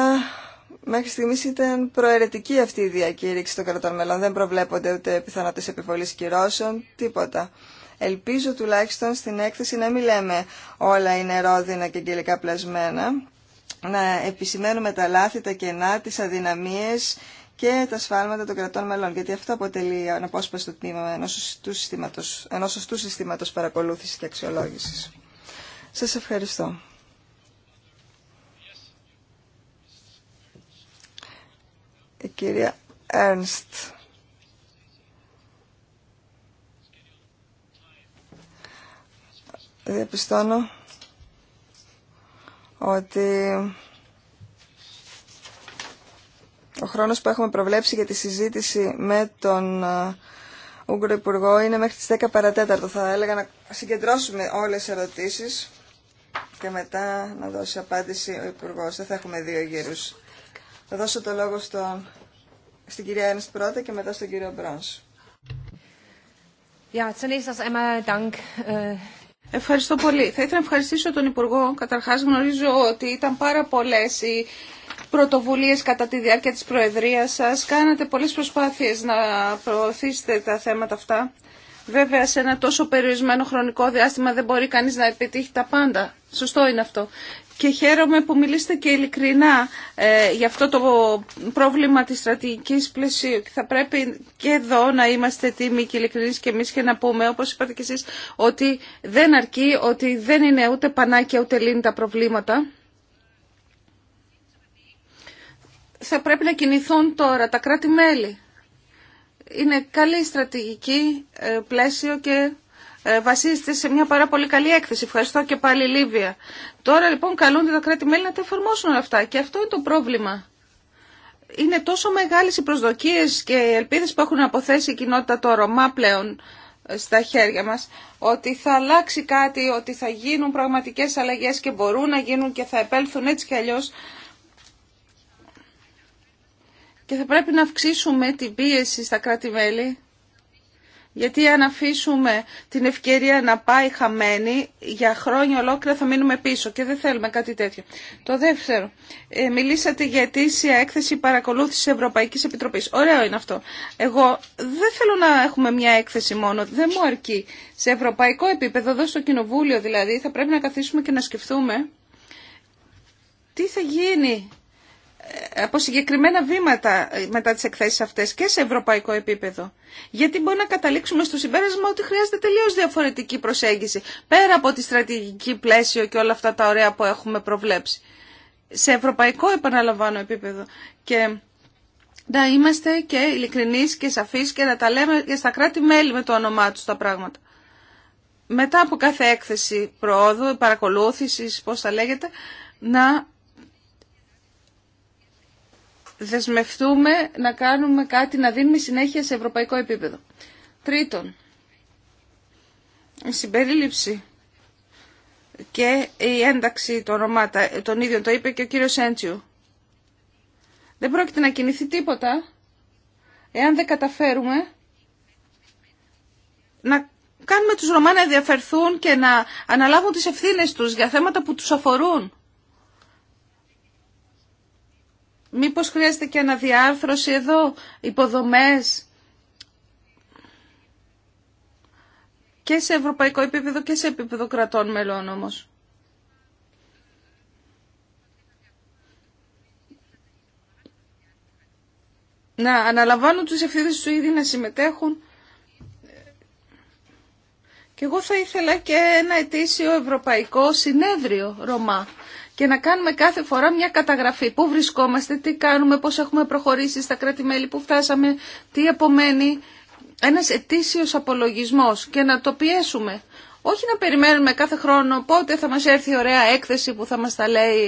μέχρι στιγμής ήταν προαιρετική αυτή η διακήρυξη των κρατών μελών. Δεν προβλέπονται ούτε πιθανότητες επιβολής κυρώσεων, τίποτα. Ελπίζω τουλάχιστον στην έκθεση να μην λέμε όλα είναι ρόδινα και αγγελικά πλασμένα, να επισημαίνουμε τα λάθη, τα κενά, τις αδυναμίες και τα σφάλματα των κρατών μελών, γιατί αυτό αποτελεί αναπόσπαστο τμήμα ενό σωστού συστήματος παρακολούθησης και αξιολόγησης. Σας ευχαριστώ. Η κυρία Έρνστ. Διαπιστώνω ότι ο χρόνος που έχουμε προβλέψει για τη συζήτηση με τον ε, Ούγγρο Υπουργό είναι μέχρι τις 10 παρατέταρτο. Θα έλεγα να συγκεντρώσουμε όλες τις ερωτήσεις και μετά να δώσει απάντηση ο Υπουργό. Δεν θα έχουμε δύο γύρους. Θα δώσω το λόγο στον, στην κυρία Ένστ πρώτα και μετά στον κύριο Μπρόνς. Äh, Ευχαριστώ πολύ. Θα ήθελα να ευχαριστήσω τον Υπουργό. Καταρχάς γνωρίζω ότι ήταν πάρα πολλές οι πρωτοβουλίες κατά τη διάρκεια της Προεδρίας σας. Κάνατε πολλές προσπάθειες να προωθήσετε τα θέματα αυτά. Βέβαια, σε ένα τόσο περιορισμένο χρονικό διάστημα δεν μπορεί κανείς να επιτύχει τα πάντα. Σωστό είναι αυτό. Και χαίρομαι που μιλήσετε και ειλικρινά ε, για αυτό το πρόβλημα της στρατηγικής πλαισίου. Και θα πρέπει και εδώ να είμαστε τίμοι και ειλικρινείς και εμείς και να πούμε, όπως είπατε και εσείς, ότι δεν αρκεί, ότι δεν είναι ούτε πανάκια ούτε λύνει τα προβλήματα. θα πρέπει να κινηθούν τώρα τα κράτη-μέλη. Είναι καλή στρατηγική ε, πλαίσιο και ε, βασίζεται σε μια πάρα πολύ καλή έκθεση. Ευχαριστώ και πάλι Λίβια. Τώρα λοιπόν καλούνται τα κράτη-μέλη να τα εφαρμόσουν αυτά και αυτό είναι το πρόβλημα. Είναι τόσο μεγάλες οι προσδοκίες και οι ελπίδες που έχουν αποθέσει η κοινότητα το Ρωμά πλέον ε, στα χέρια μας, ότι θα αλλάξει κάτι, ότι θα γίνουν πραγματικές αλλαγές και μπορούν να γίνουν και θα επέλθουν έτσι κι αλλιώς και θα πρέπει να αυξήσουμε την πίεση στα κράτη-μέλη γιατί αν αφήσουμε την ευκαιρία να πάει χαμένη, για χρόνια ολόκληρα θα μείνουμε πίσω και δεν θέλουμε κάτι τέτοιο. Το δεύτερο, ε, μιλήσατε για αιτήσια έκθεση παρακολούθηση Ευρωπαϊκής Επιτροπής. Ωραίο είναι αυτό. Εγώ δεν θέλω να έχουμε μια έκθεση μόνο, δεν μου αρκεί. Σε ευρωπαϊκό επίπεδο, εδώ στο Κοινοβούλιο δηλαδή, θα πρέπει να καθίσουμε και να σκεφτούμε τι θα γίνει από συγκεκριμένα βήματα μετά τις εκθέσεις αυτές και σε ευρωπαϊκό επίπεδο. Γιατί μπορεί να καταλήξουμε στο συμπέρασμα ότι χρειάζεται τελείως διαφορετική προσέγγιση πέρα από τη στρατηγική πλαίσιο και όλα αυτά τα ωραία που έχουμε προβλέψει. Σε ευρωπαϊκό επαναλαμβάνω επίπεδο. Και να είμαστε και ειλικρινεί και σαφείς και να τα λέμε και στα κράτη-μέλη με το όνομά τους τα πράγματα. Μετά από κάθε έκθεση προόδου, παρακολούθησης, πώς θα λέγεται, να δεσμευτούμε να κάνουμε κάτι, να δίνουμε συνέχεια σε ευρωπαϊκό επίπεδο. Τρίτον, η συμπερίληψη και η ένταξη των Ρωμάτων, τον ίδιο το είπε και ο κύριος Έντσιου. Δεν πρόκειται να κινηθεί τίποτα εάν δεν καταφέρουμε να κάνουμε τους Ρωμά να ενδιαφερθούν και να αναλάβουν τις ευθύνες τους για θέματα που τους αφορούν. Μήπως χρειάζεται και αναδιάρθρωση εδώ, υποδομές και σε ευρωπαϊκό επίπεδο και σε επίπεδο κρατών μελών όμως. Να αναλαμβάνουν τους ευθύνες του ήδη να συμμετέχουν. Και εγώ θα ήθελα και ένα ετήσιο ευρωπαϊκό συνέδριο Ρωμά και να κάνουμε κάθε φορά μια καταγραφή. Πού βρισκόμαστε, τι κάνουμε, πώς έχουμε προχωρήσει στα κράτη-μέλη, πού φτάσαμε, τι απομένει. Ένας ετήσιος απολογισμός και να το πιέσουμε. Όχι να περιμένουμε κάθε χρόνο πότε θα μας έρθει η ωραία έκθεση που θα μας τα λέει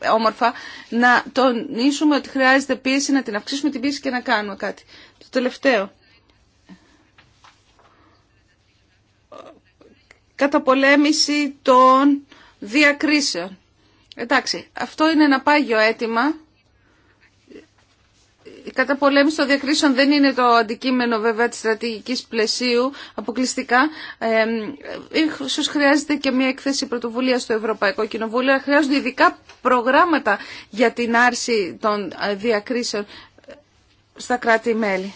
ε, όμορφα. Να τονίσουμε ότι χρειάζεται πίεση, να την αυξήσουμε την πίεση και να κάνουμε κάτι. Το τελευταίο. Καταπολέμηση των διακρίσεων. Εντάξει, αυτό είναι ένα πάγιο αίτημα. Η καταπολέμηση των διακρίσεων δεν είναι το αντικείμενο βέβαια της στρατηγικής πλαισίου αποκλειστικά. Ε, ίσως χρειάζεται και μια εκθέση πρωτοβουλία στο Ευρωπαϊκό Κοινοβούλιο. Χρειάζονται ειδικά προγράμματα για την άρση των ε, διακρίσεων ε, στα κράτη-μέλη.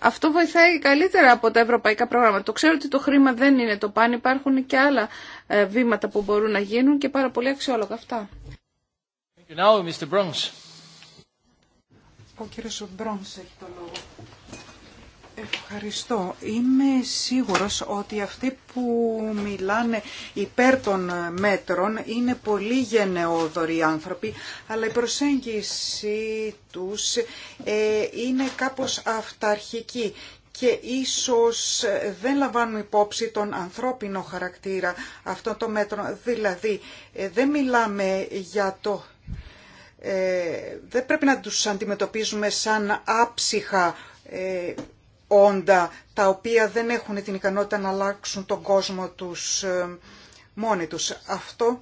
Αυτό βοηθάει καλύτερα από τα ευρωπαϊκά προγράμματα. Το ξέρω ότι το χρήμα δεν είναι το παν, υπάρχουν και άλλα ε, βήματα που μπορούν να γίνουν και πάρα πολύ αξιόλογα αυτά. Mr. Ο κύριος Μπρόνς έχει Ευχαριστώ. Είμαι σίγουρος ότι αυτοί που μιλάνε υπέρ των μέτρων είναι πολύ γενναιόδοροι άνθρωποι, αλλά η προσέγγιση τους ε, είναι κάπως αυταρχική και ίσως δεν λαμβάνουν υπόψη τον ανθρώπινο χαρακτήρα αυτών το μέτρο. Δηλαδή, ε, δεν μιλάμε για το... Ε, δεν πρέπει να τους αντιμετωπίζουμε σαν άψυχα ε, όντα, τα οποία δεν έχουν την ικανότητα να αλλάξουν τον κόσμο τους ε, μόνοι τους. Αυτό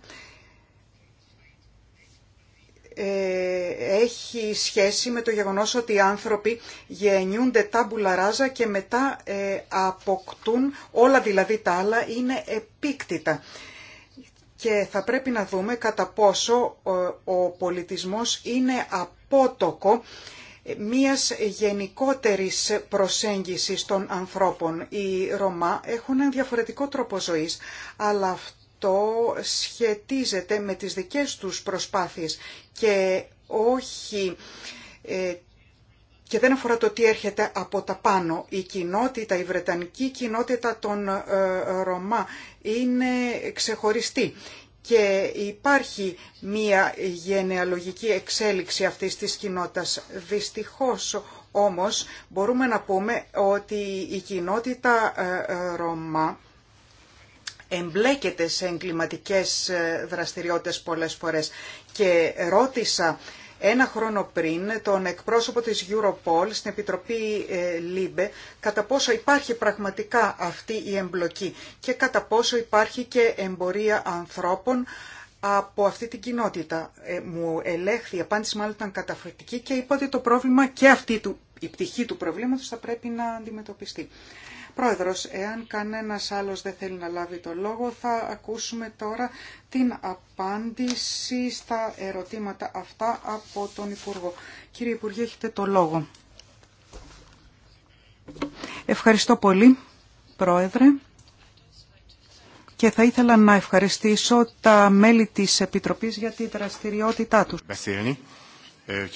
ε, έχει σχέση με το γεγονός ότι οι άνθρωποι γεννιούνται τα μπουλαράζα και μετά ε, αποκτούν όλα δηλαδή τα άλλα είναι επίκτητα. Και θα πρέπει να δούμε κατά πόσο ε, ο πολιτισμός είναι απότοκο μίας γενικότερης προσέγγισης των ανθρώπων. Οι Ρωμά έχουν ένα διαφορετικό τρόπο ζωής, αλλά αυτό το σχετίζεται με τις δικές τους προσπάθειες και όχι ε, και δεν αφορά το τι έρχεται από τα πάνω. Η κοινότητα, η Βρετανική κοινότητα των ε, Ρωμά είναι ξεχωριστή και υπάρχει μία γενεαλογική εξέλιξη αυτής της κοινότητας. Δυστυχώς όμως μπορούμε να πούμε ότι η κοινότητα ε, Ρωμά εμπλέκεται σε εγκληματικές ε, δραστηριότητες πολλές φορές. Και ρώτησα ένα χρόνο πριν τον εκπρόσωπο της Europol στην Επιτροπή ε, ΛΥΜΠΕ κατά πόσο υπάρχει πραγματικά αυτή η εμπλοκή και κατά πόσο υπάρχει και εμπορία ανθρώπων από αυτή την κοινότητα. Ε, μου ελέγχθη, η απάντηση μάλλον ήταν καταφερτική και είπα ότι το πρόβλημα και αυτή του, η πτυχή του προβλήματος θα πρέπει να αντιμετωπιστεί. Πρόεδρος, εάν κανένας άλλος δεν θέλει να λάβει το λόγο, θα ακούσουμε τώρα την απάντηση στα ερωτήματα αυτά από τον Υπουργό. Κύριε Υπουργέ, έχετε το λόγο. Ευχαριστώ πολύ, Πρόεδρε. Και θα ήθελα να ευχαριστήσω τα μέλη της Επιτροπής για τη δραστηριότητά τους. Eh,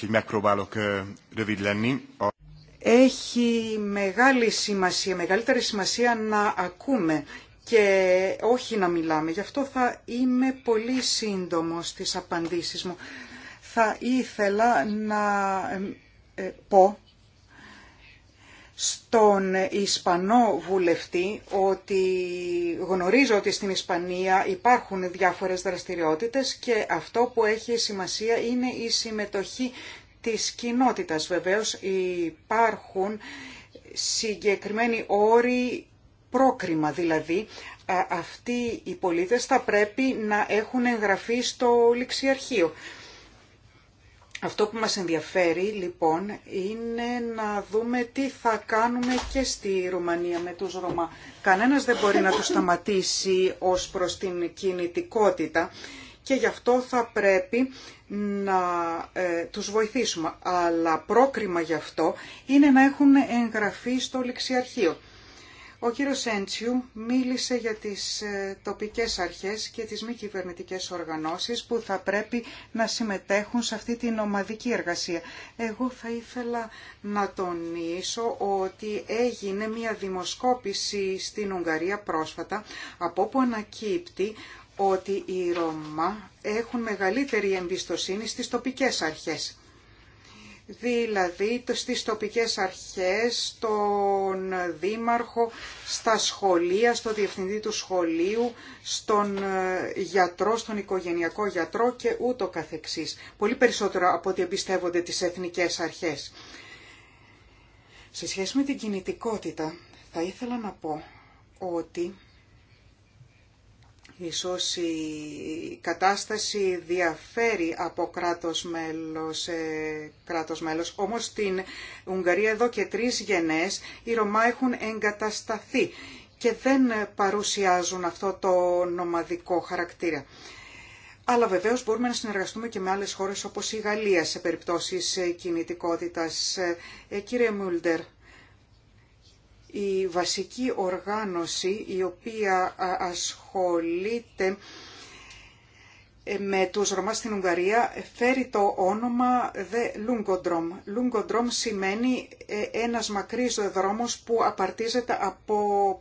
έχει μεγάλη σημασία, μεγαλύτερη σημασία να ακούμε και όχι να μιλάμε. Γι' αυτό θα είμαι πολύ σύντομος στις απαντήσεις μου. Θα ήθελα να ε, ε, πω στον Ισπανό βουλευτή ότι γνωρίζω ότι στην Ισπανία υπάρχουν διάφορες δραστηριότητες και αυτό που έχει σημασία είναι η συμμετοχή της κοινότητας. Βεβαίως υπάρχουν συγκεκριμένοι όροι πρόκριμα δηλαδή. Αυτοί οι πολίτες θα πρέπει να έχουν εγγραφεί στο ληξιαρχείο. Αυτό που μας ενδιαφέρει λοιπόν είναι να δούμε τι θα κάνουμε και στη Ρουμανία με τους Ρωμά. Κανένας δεν μπορεί να τους σταματήσει ως προς την κινητικότητα και γι' αυτό θα πρέπει να ε, τους βοηθήσουμε. Αλλά πρόκριμα γι' αυτό είναι να έχουν εγγραφεί στο ληξιαρχείο. Ο κύριος Έντσιου μίλησε για τις ε, τοπικές αρχές και τις μη κυβερνητικέ οργανώσεις που θα πρέπει να συμμετέχουν σε αυτή την ομαδική εργασία. Εγώ θα ήθελα να τονίσω ότι έγινε μια δημοσκόπηση στην Ουγγαρία πρόσφατα από όπου ανακύπτει ότι οι Ρωμά έχουν μεγαλύτερη εμπιστοσύνη στις τοπικές αρχές. Δηλαδή στις τοπικές αρχές, στον δήμαρχο, στα σχολεία, στο διευθυντή του σχολείου, στον ε, γιατρό, στον οικογενειακό γιατρό και ούτω καθεξής. Πολύ περισσότερο από ό,τι εμπιστεύονται τις εθνικές αρχές. Σε σχέση με την κινητικότητα θα ήθελα να πω ότι Ίσως η κατάσταση διαφέρει από κράτος μέλος σε κράτος μέλος, όμως στην Ουγγαρία εδώ και τρεις γενές οι Ρωμά έχουν εγκατασταθεί και δεν παρουσιάζουν αυτό το νομαδικό χαρακτήρα. Αλλά βεβαίως μπορούμε να συνεργαστούμε και με άλλες χώρες όπως η Γαλλία σε περιπτώσεις κινητικότητας. Ε, κύριε Μούλτερ, η βασική οργάνωση η οποία ασχολείται ε, με τους Ρωμά στην Ουγγαρία φέρει το όνομα The Lungodrom. Lungodrom σημαίνει ε, ένας μακρύς δρόμος που απαρτίζεται από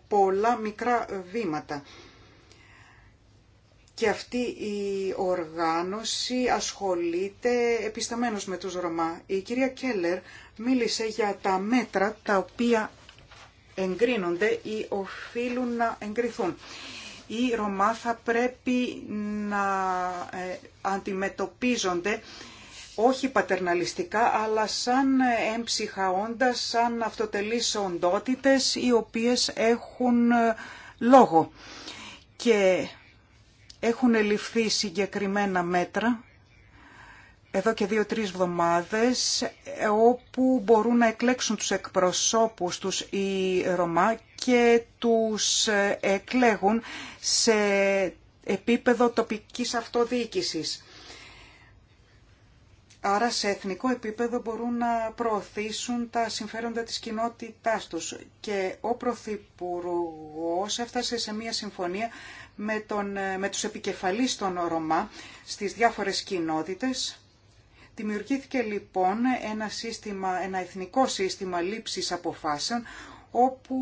πολλά μικρά βήματα. Και αυτή η οργάνωση ασχολείται επισταμένως με τους Ρωμά. Η κυρία Κέλλερ μίλησε για τα μέτρα τα οποία εγκρίνονται ή οφείλουν να εγκριθούν. Οι Ρωμά θα πρέπει να ε, αντιμετωπίζονται όχι πατερναλιστικά, αλλά σαν έμψυχα όντα, σαν αυτοτελείς οντότητες οι οποίες έχουν ε, λόγο και έχουν ληφθεί συγκεκριμένα μέτρα εδώ και δύο-τρεις εβδομάδες ε, όπου μπορούν να εκλέξουν τους εκπροσώπους τους οι Ρωμά και τους ε, εκλέγουν σε επίπεδο τοπικής αυτοδιοίκησης. Άρα σε εθνικό επίπεδο μπορούν να προωθήσουν τα συμφέροντα της κοινότητάς τους. Και ο Πρωθυπουργό έφτασε σε μια συμφωνία με, τον, ε, με τους επικεφαλείς των Ρωμά στις διάφορες κοινότητες Δημιουργήθηκε λοιπόν ένα, σύστημα, ένα εθνικό σύστημα λήψης αποφάσεων όπου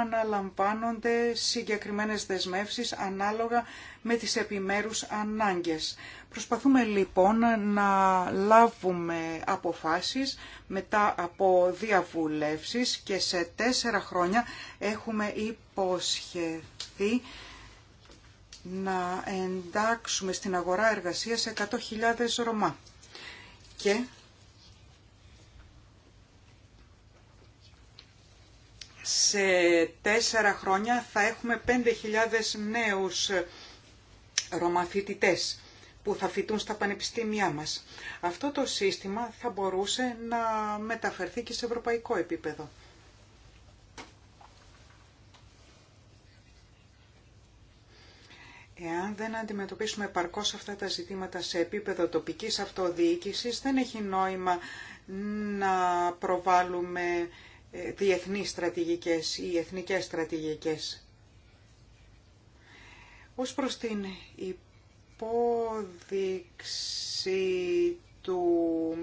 αναλαμβάνονται συγκεκριμένες δεσμεύσεις ανάλογα με τις επιμέρους ανάγκες. Προσπαθούμε λοιπόν να λάβουμε αποφάσεις μετά από διαβουλεύσεις και σε τέσσερα χρόνια έχουμε υποσχεθεί να εντάξουμε στην αγορά εργασίας 100.000 Ρωμά και σε τέσσερα χρόνια θα έχουμε 5.000 νέους ρωμαθητητές που θα φοιτούν στα πανεπιστήμια μας. Αυτό το σύστημα θα μπορούσε να μεταφερθεί και σε ευρωπαϊκό επίπεδο. Εάν δεν αντιμετωπίσουμε επαρκώς αυτά τα ζητήματα σε επίπεδο τοπικής αυτοδιοίκησης, δεν έχει νόημα να προβάλλουμε ε, διεθνείς στρατηγικές ή εθνικές στρατηγικές. Ως προς την υπόδειξη του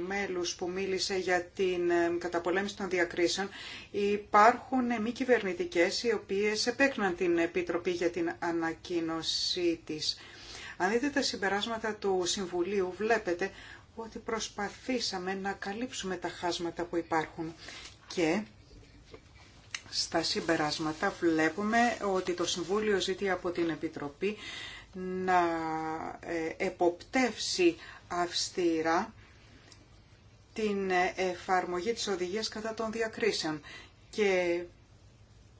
μέλους που μίλησε για την ε, καταπολέμηση των διακρίσεων, υπάρχουν ε, μη κυβερνητικέ οι οποίες επέκναν την Επιτροπή για την ανακοίνωσή της. Αν δείτε τα συμπεράσματα του Συμβουλίου, βλέπετε ότι προσπαθήσαμε να καλύψουμε τα χάσματα που υπάρχουν και στα συμπεράσματα βλέπουμε ότι το Συμβούλιο ζητεί από την Επιτροπή να ε, εποπτεύσει αυστηρά την εφαρμογή της οδηγίας κατά των διακρίσεων και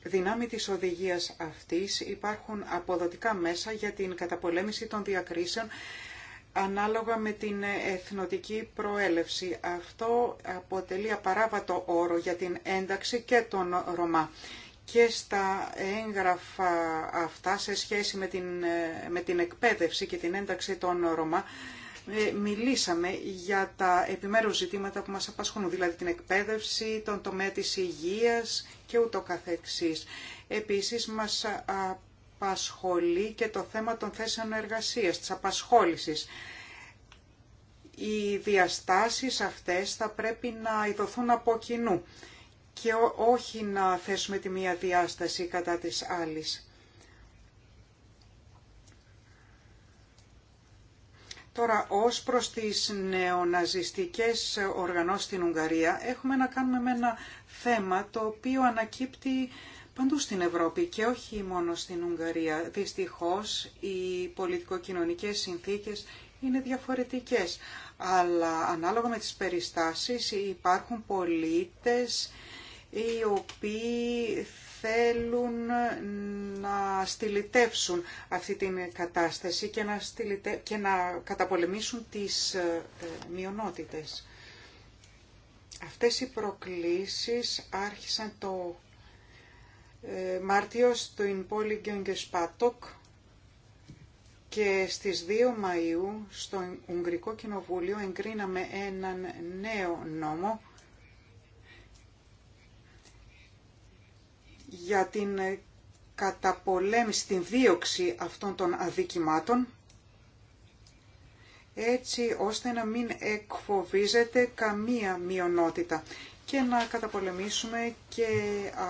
δυνάμει της οδηγίας αυτής υπάρχουν αποδοτικά μέσα για την καταπολέμηση των διακρίσεων ανάλογα με την εθνοτική προέλευση. Αυτό αποτελεί απαράβατο όρο για την ένταξη και των Ρωμά. Και στα έγγραφα αυτά σε σχέση με την, με την εκπαίδευση και την ένταξη των Ρωμά ε, μιλήσαμε για τα επιμέρους ζητήματα που μας απασχολούν, δηλαδή την εκπαίδευση, τον τομέα της υγείας και ούτω καθεξής. Επίσης μας απασχολεί και το θέμα των θέσεων εργασίας, της απασχόλησης. Οι διαστάσεις αυτές θα πρέπει να ειδωθούν από κοινού και όχι να θέσουμε τη μία διάσταση κατά της άλλης. Τώρα, ως προς τις νεοναζιστικές οργανώσεις στην Ουγγαρία, έχουμε να κάνουμε με ένα θέμα το οποίο ανακύπτει παντού στην Ευρώπη και όχι μόνο στην Ουγγαρία. Δυστυχώς, οι πολιτικοκοινωνικές συνθήκες είναι διαφορετικές, αλλά ανάλογα με τις περιστάσεις υπάρχουν πολίτες οι οποίοι θέλουν να στυλιτεύσουν αυτή την κατάσταση και να, και να καταπολεμήσουν τις ε, ε, μειονότητες. Αυτές οι προκλήσεις άρχισαν το ε, Μάρτιο στην πόλη Γκιονγκεσπάτοκ και στις 2 Μαΐου στο Ουγγρικό Κοινοβούλιο εγκρίναμε έναν νέο νόμο για την ε, καταπολέμηση, την δίωξη αυτών των αδικημάτων, έτσι ώστε να μην εκφοβίζεται καμία μειονότητα και να καταπολεμήσουμε και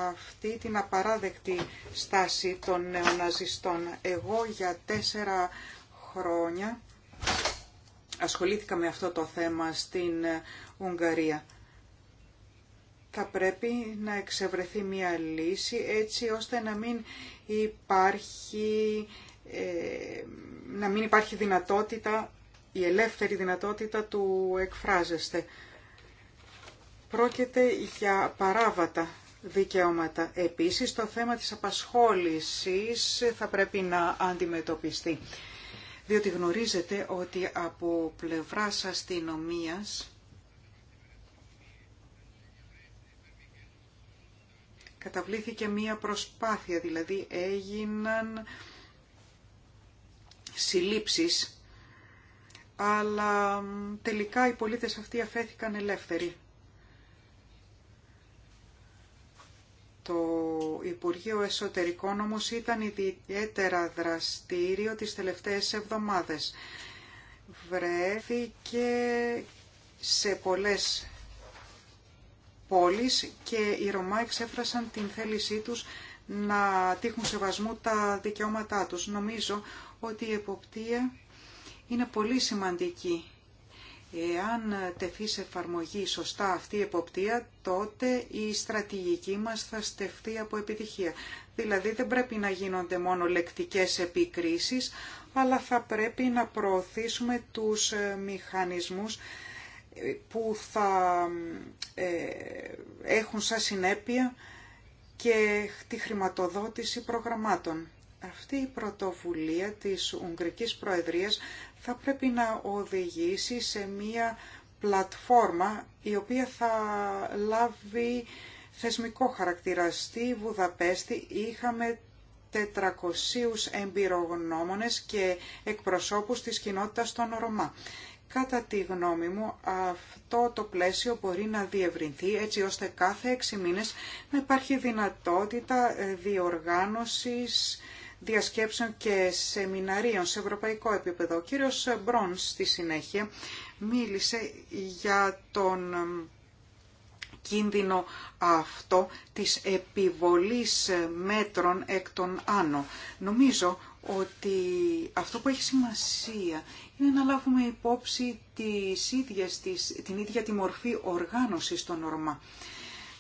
αυτή την απαράδεκτη στάση των νεοναζιστών. Εγώ για τέσσερα χρόνια ασχολήθηκα με αυτό το θέμα στην ε, Ουγγαρία θα πρέπει να εξευρεθεί μια λύση έτσι ώστε να μην υπάρχει, ε, να μην υπάρχει δυνατότητα, η ελεύθερη δυνατότητα του εκφράζεστε. Πρόκειται για παράβατα δικαιώματα. Επίσης, το θέμα της απασχόλησης θα πρέπει να αντιμετωπιστεί. Διότι γνωρίζετε ότι από πλευράς αστυνομίας καταβλήθηκε μία προσπάθεια, δηλαδή έγιναν συλλήψεις, αλλά τελικά οι πολίτες αυτοί αφέθηκαν ελεύθεροι. Το Υπουργείο Εσωτερικών όμως ήταν ιδιαίτερα δραστήριο τις τελευταίες εβδομάδες. Βρέθηκε σε πολλές πόλεις και οι Ρωμά εξέφρασαν την θέλησή τους να τύχουν σεβασμού τα δικαιώματά τους. Νομίζω ότι η εποπτεία είναι πολύ σημαντική. Εάν τεθεί σε εφαρμογή σωστά αυτή η εποπτεία, τότε η στρατηγική μας θα στεφτεί από επιτυχία. Δηλαδή δεν πρέπει να γίνονται μόνο λεκτικές επικρίσεις, αλλά θα πρέπει να προωθήσουμε τους μηχανισμούς που θα ε, έχουν σαν συνέπεια και τη χρηματοδότηση προγραμμάτων. Αυτή η πρωτοβουλία της Ουγγρικής Προεδρίας θα πρέπει να οδηγήσει σε μία πλατφόρμα η οποία θα λάβει θεσμικό χαρακτήρα. Στη Βουδαπέστη είχαμε 400 εμπειρογνώμονες και εκπροσώπους της κοινότητας των Ρωμά. Κατά τη γνώμη μου αυτό το πλαίσιο μπορεί να διευρυνθεί έτσι ώστε κάθε έξι μήνες να υπάρχει δυνατότητα ε, διοργάνωσης διασκέψεων και σεμιναρίων σε ευρωπαϊκό επίπεδο. Ο κύριος Μπρόν στη συνέχεια μίλησε για τον κίνδυνο αυτό της επιβολής ε, μέτρων εκ των άνω. Νομίζω ότι αυτό που έχει σημασία είναι να λάβουμε υπόψη τις ίδιες, την ίδια τη μορφή οργάνωσης των ορμά.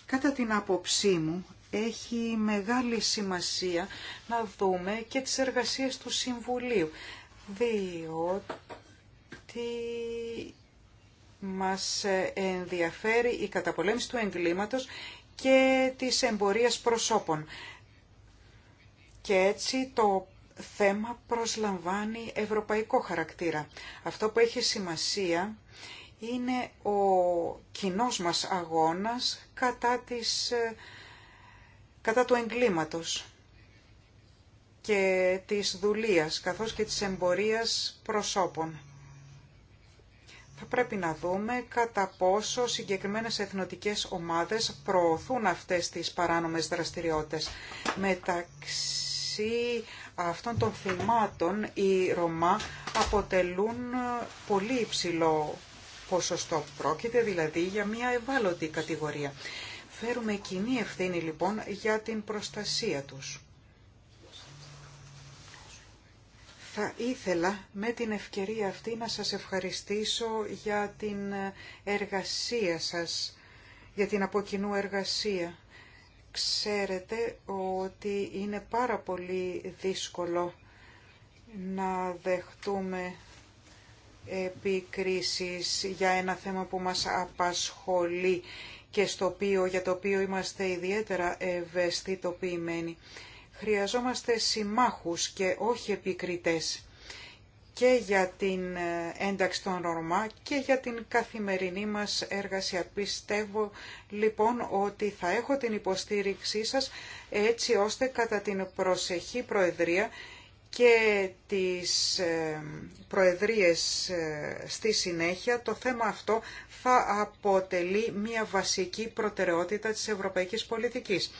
Κατά την άποψή μου, έχει μεγάλη σημασία να δούμε και τις εργασίες του Συμβουλίου, διότι μας ενδιαφέρει η καταπολέμηση του εγκλήματος και της εμπορίας προσώπων. Και έτσι το θέμα προσλαμβάνει ευρωπαϊκό χαρακτήρα. Αυτό που έχει σημασία είναι ο κοινός μας αγώνας κατά, της, ε, κατά του εγκλήματος και της δουλείας καθώς και της εμπορίας προσώπων. Θα πρέπει να δούμε κατά πόσο συγκεκριμένες εθνοτικές ομάδες προωθούν αυτές τις παράνομες δραστηριότητες μεταξύ αυτών των θυμάτων οι Ρωμά αποτελούν πολύ υψηλό ποσοστό. Πρόκειται δηλαδή για μια ευάλωτη κατηγορία. Φέρουμε κοινή ευθύνη λοιπόν για την προστασία τους. Θα ήθελα με την ευκαιρία αυτή να σας ευχαριστήσω για την εργασία σας, για την αποκοινού εργασία Ξέρετε ότι είναι πάρα πολύ δύσκολο να δεχτούμε επικρίσεις για ένα θέμα που μας απασχολεί και στο οποίο, για το οποίο είμαστε ιδιαίτερα ευαισθητοποιημένοι. Χρειαζόμαστε συμμάχους και όχι επικριτές και για την ε, ένταξη των Ρωμά και για την καθημερινή μας εργασία. Πιστεύω λοιπόν ότι θα έχω την υποστήριξή σας έτσι ώστε κατά την προσεχή Προεδρία και τις ε, προεδρίες ε, στη συνέχεια, το θέμα αυτό θα αποτελεί μια βασική προτεραιότητα της ευρωπαϊκής πολιτικής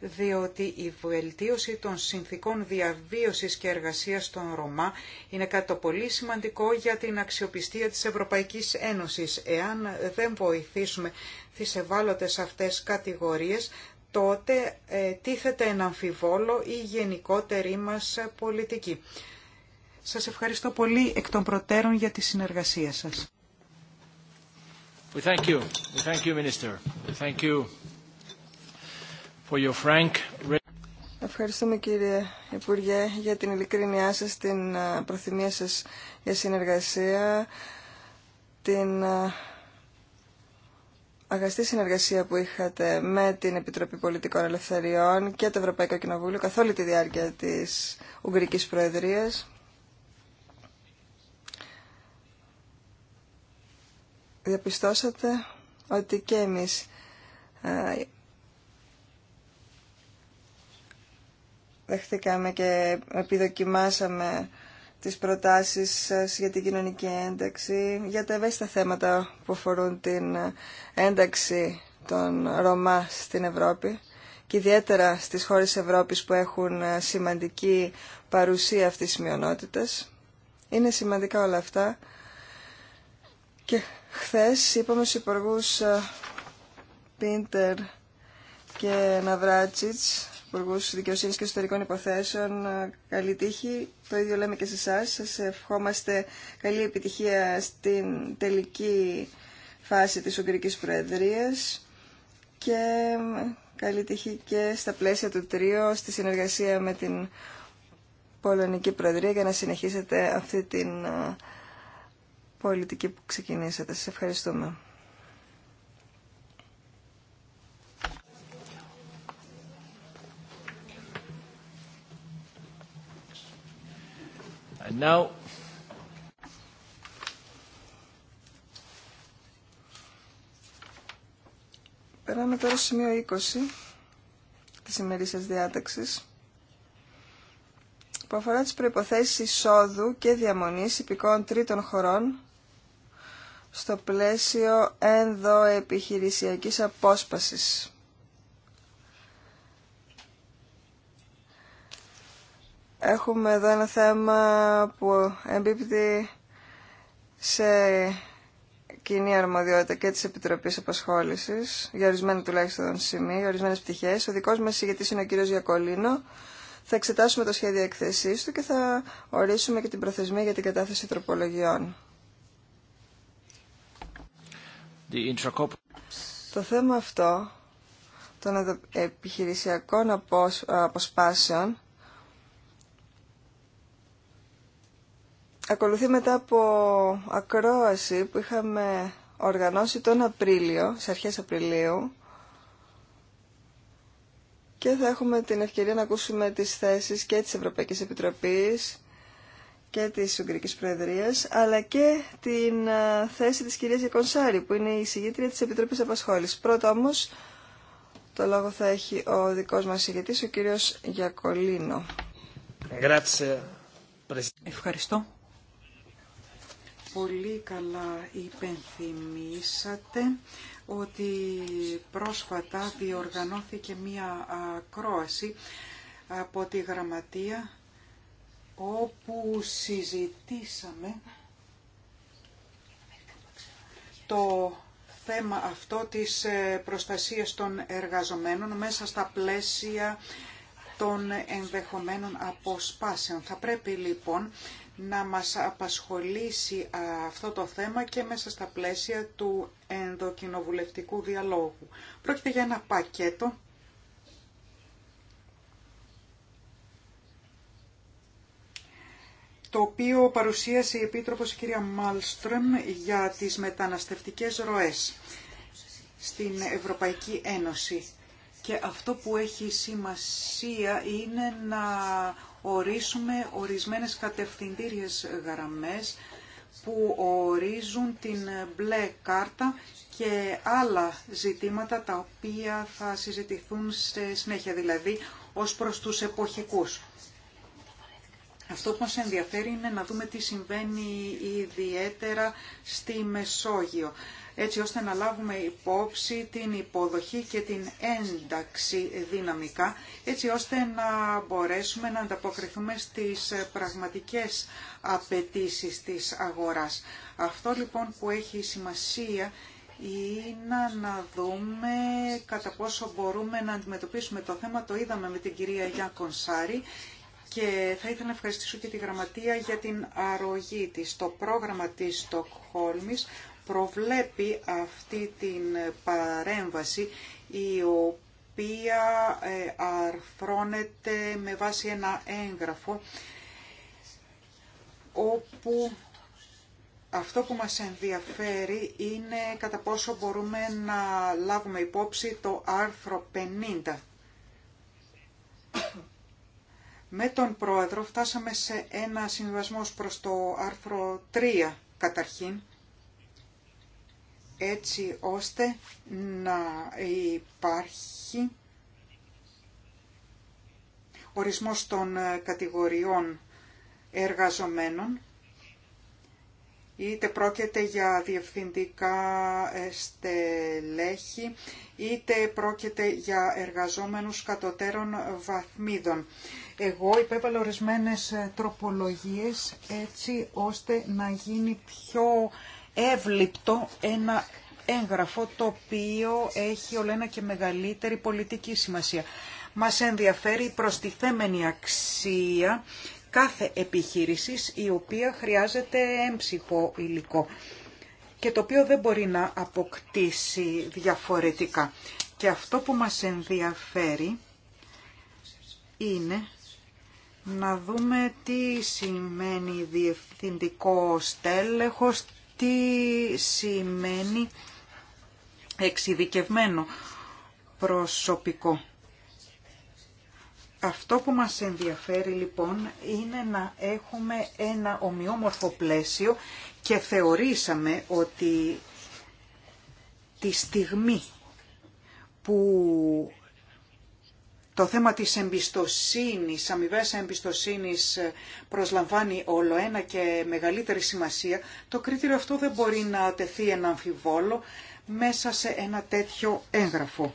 διότι η βελτίωση των συνθήκων διαβίωσης και εργασίας των Ρωμά είναι κάτι πολύ σημαντικό για την αξιοπιστία της Ευρωπαϊκής Ένωσης. Εάν δεν βοηθήσουμε τις ευάλωτες αυτές κατηγορίες, τότε ε, τίθεται ένα αμφιβόλο η γενικότερη μας πολιτική. Σας ευχαριστώ πολύ εκ των προτέρων για τη συνεργασία σας. Ευχαριστούμε κύριε Υπουργέ για την ειλικρίνειά σας, την ε, προθυμία σας για συνεργασία, την ε, αγαστή συνεργασία που είχατε με την Επιτροπή Πολιτικών Ελευθεριών και το Ευρωπαϊκό Κοινοβούλιο καθ' όλη τη διάρκεια της Ουγγρικής Προεδρίας. Διαπιστώσατε ότι και εμείς ε, δεχθήκαμε και επιδοκιμάσαμε τις προτάσεις σας για την κοινωνική ένταξη, για τα ευαίσθητα θέματα που αφορούν την ένταξη των Ρωμά στην Ευρώπη και ιδιαίτερα στις χώρες Ευρώπης που έχουν σημαντική παρουσία αυτής της μειονότητας. Είναι σημαντικά όλα αυτά και χθες είπαμε στους υπουργούς ε, Πίντερ και Ναβράτσιτς Υπουργού Δικαιοσύνη και Ιστορικών Υποθέσεων. Καλή τύχη. Το ίδιο λέμε και σε εσά. Σα ευχόμαστε καλή επιτυχία στην τελική φάση της Ουγγρική Προεδρία και καλή τύχη και στα πλαίσια του τρίου στη συνεργασία με την Πολωνική Προεδρία για να συνεχίσετε αυτή την ε, πολιτική που ξεκινήσατε. Σα ευχαριστούμε. And now... Περάμε τώρα στο σημείο 20 της ημερήσιας διάταξης που αφορά τις προϋποθέσεις εισόδου και διαμονής υπηκών τρίτων χωρών στο πλαίσιο ενδοεπιχειρησιακής απόσπασης. Έχουμε εδώ ένα θέμα που εμπίπτει σε κοινή αρμοδιότητα και τη Επιτροπή Απασχόληση, για ορισμένα τουλάχιστον σημεία, για ορισμένε πτυχές. Ο δικός μας ηγετή είναι ο κύριος Γιακολίνο. Θα εξετάσουμε το σχέδιο εκθεσή του και θα ορίσουμε και την προθεσμία για την κατάθεση τροπολογιών. Το θέμα αυτό των επιχειρησιακών αποσπάσεων ακολουθεί μετά από ακρόαση που είχαμε οργανώσει τον Απρίλιο, σε αρχές Απριλίου και θα έχουμε την ευκαιρία να ακούσουμε τις θέσεις και της Ευρωπαϊκής Επιτροπής και της Ουγγρικής Προεδρίας, αλλά και την ε, θέση της κυρίας Γεκονσάρη, που είναι η συγγήτρια της Επιτροπής Απασχόλησης. Πρώτο όμως, το λόγο θα έχει ο δικός μας ηγετής, ο κύριος Γιακολίνο. Ευχαριστώ πολύ καλά υπενθυμίσατε ότι πρόσφατα διοργανώθηκε μία ακρόαση από τη Γραμματεία όπου συζητήσαμε το θέμα αυτό της ε, προστασίας των εργαζομένων μέσα στα πλαίσια των ενδεχομένων αποσπάσεων. Θα πρέπει λοιπόν να μας απασχολήσει αυτό το θέμα και μέσα στα πλαίσια του ενδοκοινοβουλευτικού διαλόγου. Πρόκειται για ένα πακέτο το οποίο παρουσίασε η Επίτροπος η κυρία Μάλστρεμ για τις μεταναστευτικές ροές στην Ευρωπαϊκή Ένωση. Και αυτό που έχει σημασία είναι να ορίσουμε ορισμένες κατευθυντήριες γραμμές που ορίζουν την μπλε κάρτα και άλλα ζητήματα τα οποία θα συζητηθούν σε συνέχεια, δηλαδή ως προς τους εποχικούς. Αυτό που μας ενδιαφέρει είναι να δούμε τι συμβαίνει ιδιαίτερα στη Μεσόγειο έτσι ώστε να λάβουμε υπόψη την υποδοχή και την ένταξη δυναμικά, έτσι ώστε να μπορέσουμε να ανταποκριθούμε στις πραγματικές απαιτήσει της αγοράς. Αυτό λοιπόν που έχει σημασία είναι να δούμε κατά πόσο μπορούμε να αντιμετωπίσουμε το θέμα. Το είδαμε με την κυρία Γιάν Κονσάρη και θα ήθελα να ευχαριστήσω και τη Γραμματεία για την αρρωγή της. Το πρόγραμμα της Στοκχόλμης προβλέπει αυτή την παρέμβαση η οποία ε, αρθρώνεται με βάση ένα έγγραφο όπου αυτό που μας ενδιαφέρει είναι κατά πόσο μπορούμε να λάβουμε υπόψη το άρθρο 50. Με τον πρόεδρο φτάσαμε σε ένα συμβασμό προς το άρθρο 3 καταρχήν έτσι ώστε να υπάρχει ορισμός των ε, κατηγοριών εργαζομένων είτε πρόκειται για διευθυντικά ε, στελέχη, είτε πρόκειται για εργαζόμενους κατωτέρων βαθμίδων. Εγώ υπέβαλα ορισμένες ε, τροπολογίες έτσι ώστε να γίνει πιο εύληπτο ένα έγγραφο το οποίο έχει ολένα και μεγαλύτερη πολιτική σημασία. Μας ενδιαφέρει η προστιθέμενη αξία κάθε επιχείρησης η οποία χρειάζεται έμψυχο υλικό και το οποίο δεν μπορεί να αποκτήσει διαφορετικά. Και αυτό που μας ενδιαφέρει είναι να δούμε τι σημαίνει διευθυντικό στέλεχος, τι σημαίνει εξειδικευμένο προσωπικό. Αυτό που μας ενδιαφέρει λοιπόν είναι να έχουμε ένα ομοιόμορφο πλαίσιο και θεωρήσαμε ότι τη στιγμή που το θέμα της εμπιστοσύνης, αμοιβέ εμπιστοσύνης προσλαμβάνει όλο ένα και μεγαλύτερη σημασία, το κριτήριο αυτό δεν μπορεί να τεθεί ένα αμφιβόλο μέσα σε ένα τέτοιο έγγραφο.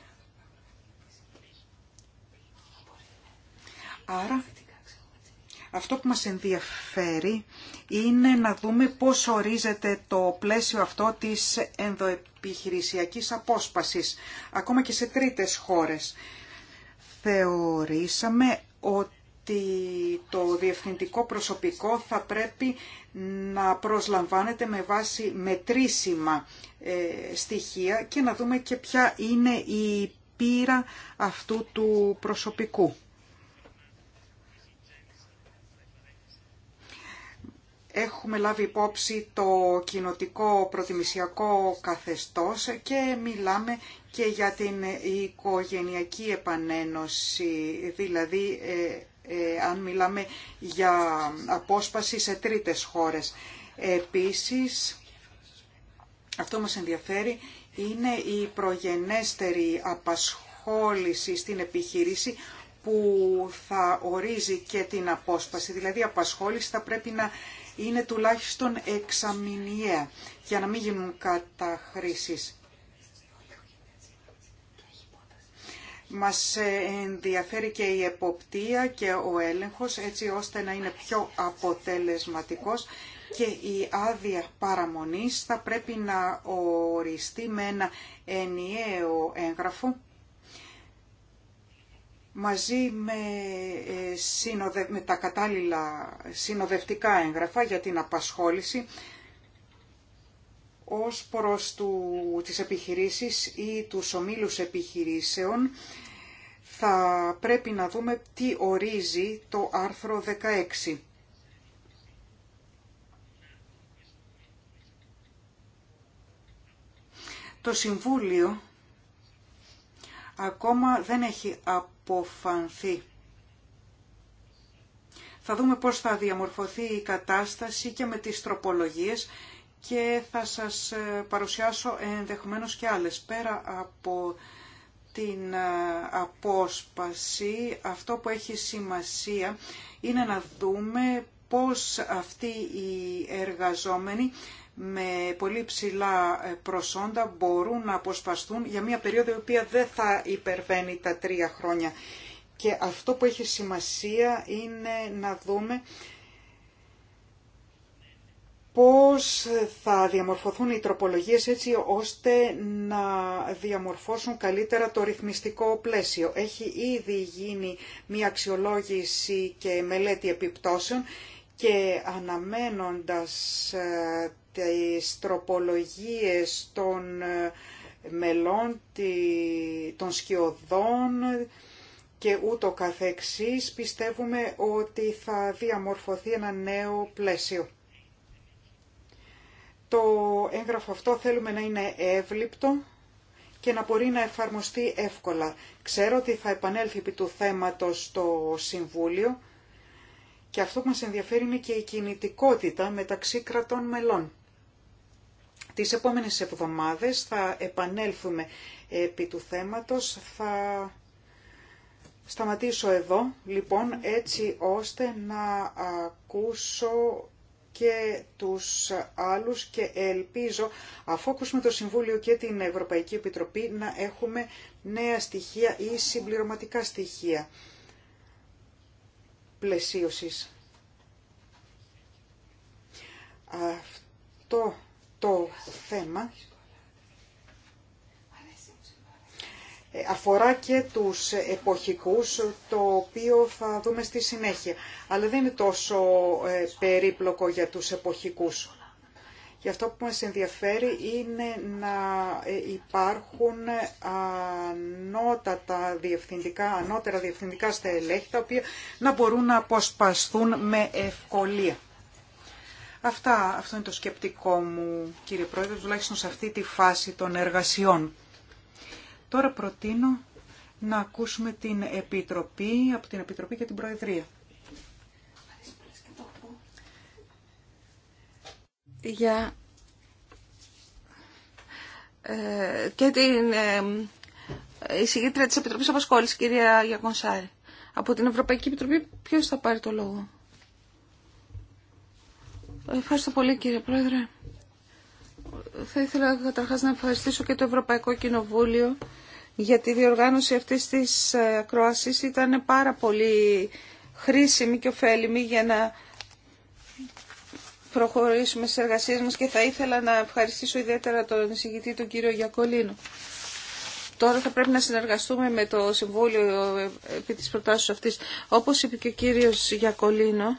Άρα, αυτό που μας ενδιαφέρει είναι να δούμε πώς ορίζεται το πλαίσιο αυτό της ενδοεπιχειρησιακής απόσπασης, ακόμα και σε τρίτες χώρες θεωρήσαμε ότι το διευθυντικό προσωπικό θα πρέπει να προσλαμβάνεται με βάση μετρήσιμα ε, στοιχεία και να δούμε και ποια είναι η πείρα αυτού του προσωπικού. έχουμε λάβει υπόψη το κοινοτικό προτιμησιακό καθεστώς και μιλάμε και για την οικογενειακή επανένωση, δηλαδή ε, ε, αν μιλάμε για απόσπαση σε τρίτες χώρες. Επίσης, αυτό μας ενδιαφέρει είναι η προγενέστερη απασχόληση στην επιχείρηση που θα ορίζει και την απόσπαση. Δηλαδή, η απασχόληση θα πρέπει να είναι τουλάχιστον εξαμηνιαία για να μην γίνουν καταχρήσεις. Μας ε, ενδιαφέρει και η εποπτεία και ο έλεγχος έτσι ώστε να είναι πιο αποτελεσματικός και η άδεια παραμονής θα πρέπει να οριστεί με ένα ενιαίο έγγραφο μαζί με, ε, με τα κατάλληλα συνοδευτικά έγγραφα για την απασχόληση ως προς του... τις επιχειρήσεις ή του ομίλους επιχειρήσεων θα πρέπει να δούμε τι ορίζει το άρθρο 16. Το Συμβούλιο ακόμα δεν έχει αποφανθεί. Θα δούμε πώς θα διαμορφωθεί η κατάσταση και με τις τροπολογίες και θα σας ε, παρουσιάσω ενδεχομένως και άλλες. Πέρα από την ε, απόσπαση, αυτό που έχει σημασία είναι να δούμε πώς αυτοί οι εργαζόμενοι με πολύ ψηλά ε, προσόντα μπορούν να αποσπαστούν για μια περίοδο η οποία δεν θα υπερβαίνει τα τρία χρόνια. Και αυτό που έχει σημασία είναι να δούμε πώς θα διαμορφωθούν οι τροπολογίες έτσι ώστε να διαμορφώσουν καλύτερα το ρυθμιστικό πλαίσιο. Έχει ήδη γίνει μια αξιολόγηση και μελέτη επιπτώσεων και αναμένοντας ε, τις τροπολογίες των ε, μελών, των σκιωδών και ούτω καθεξής, πιστεύουμε ότι θα διαμορφωθεί ένα νέο πλαίσιο. Το έγγραφο αυτό θέλουμε να είναι εύληπτο και να μπορεί να εφαρμοστεί εύκολα. Ξέρω ότι θα επανέλθει επί του θέματος στο Συμβούλιο και αυτό που μας ενδιαφέρει είναι και η κινητικότητα μεταξύ κρατών μελών. Τις επόμενες εβδομάδες θα επανέλθουμε επί του θέματος. Θα σταματήσω εδώ, λοιπόν, έτσι ώστε να ακούσω και τους άλλους και ελπίζω, αφού ακούσουμε το Συμβούλιο και την Ευρωπαϊκή Επιτροπή, να έχουμε νέα στοιχεία ή συμπληρωματικά στοιχεία πλαισίωσης. Αυτό το θέμα ε, αφορά και τους εποχικούς, το οποίο θα δούμε στη συνέχεια. Αλλά δεν είναι τόσο ε, περίπλοκο για τους εποχικούς. Γι' αυτό που μας ενδιαφέρει είναι να ε, υπάρχουν ανώτατα διευθυντικά, ανώτερα διευθυντικά στελέχη, τα οποία να μπορούν να αποσπαστούν με ευκολία. Αυτά, αυτό είναι το σκεπτικό μου, κύριε Πρόεδρε, τουλάχιστον σε αυτή τη φάση των εργασιών. Τώρα προτείνω να ακούσουμε την Επιτροπή, από την Επιτροπή και την Προεδρία. Για ε, και την ε, εισηγήτρια της Επιτροπής Απασχόλησης, κυρία Γιακονσάρη. Από την Ευρωπαϊκή Επιτροπή ποιος θα πάρει το λόγο. Ευχαριστώ πολύ κύριε Πρόεδρε. Θα ήθελα καταρχά να ευχαριστήσω και το Ευρωπαϊκό Κοινοβούλιο για τη διοργάνωση αυτής της ε, ακρόαση. Ήταν πάρα πολύ χρήσιμη και ωφέλιμη για να προχωρήσουμε στις εργασίες μας και θα ήθελα να ευχαριστήσω ιδιαίτερα τον εισηγητή του κύριο Γιακολίνο. Τώρα θα πρέπει να συνεργαστούμε με το Συμβούλιο ε, επί της προτάσεως αυτής. Όπως είπε και ο κύριος Γιακολίνο,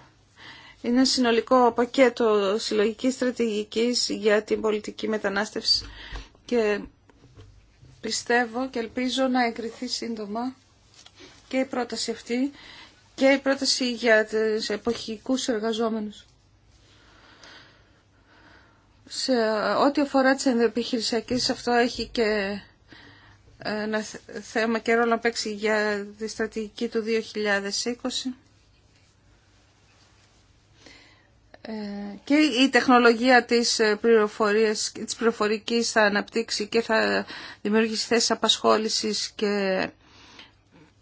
είναι συνολικό πακέτο συλλογικής στρατηγικής για την πολιτική μετανάστευση και πιστεύω και ελπίζω να εγκριθεί σύντομα και η πρόταση αυτή και η πρόταση για τους εποχικούς εργαζόμενους. Σε ό,τι αφορά τις ενδοεπιχειρησιακές αυτό έχει και ένα θέμα και ρόλο να παίξει για τη στρατηγική του 2020. Ε, και η τεχνολογία της, ε, πληροφορίας, της πληροφορικής θα αναπτύξει και θα δημιουργήσει θέσεις απασχόλησης και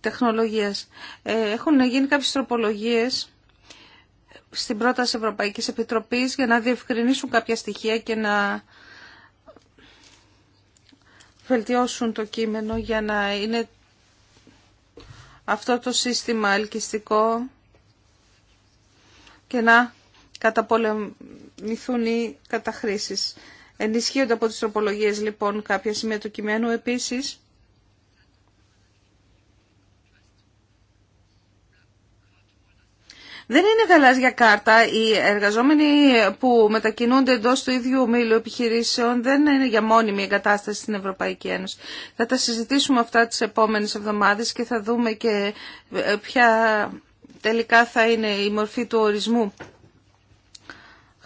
τεχνολογίας. Ε, έχουν γίνει κάποιες τροπολογίες στην πρόταση Ευρωπαϊκής Επιτροπής για να διευκρινίσουν κάποια στοιχεία και να βελτιώσουν το κείμενο για να είναι αυτό το σύστημα ελκυστικό και να καταπολεμηθούν οι καταχρήσεις. Ενισχύονται από τις τροπολογίες λοιπόν κάποια σημεία του κειμένου. Επίσης, Δεν είναι γαλάζια κάρτα. Οι εργαζόμενοι που μετακινούνται εντό του ίδιου ομίλου επιχειρήσεων δεν είναι για μόνιμη εγκατάσταση στην Ευρωπαϊκή Ένωση. Θα τα συζητήσουμε αυτά τις επόμενες εβδομάδες και θα δούμε και ε, ποια τελικά θα είναι η μορφή του ορισμού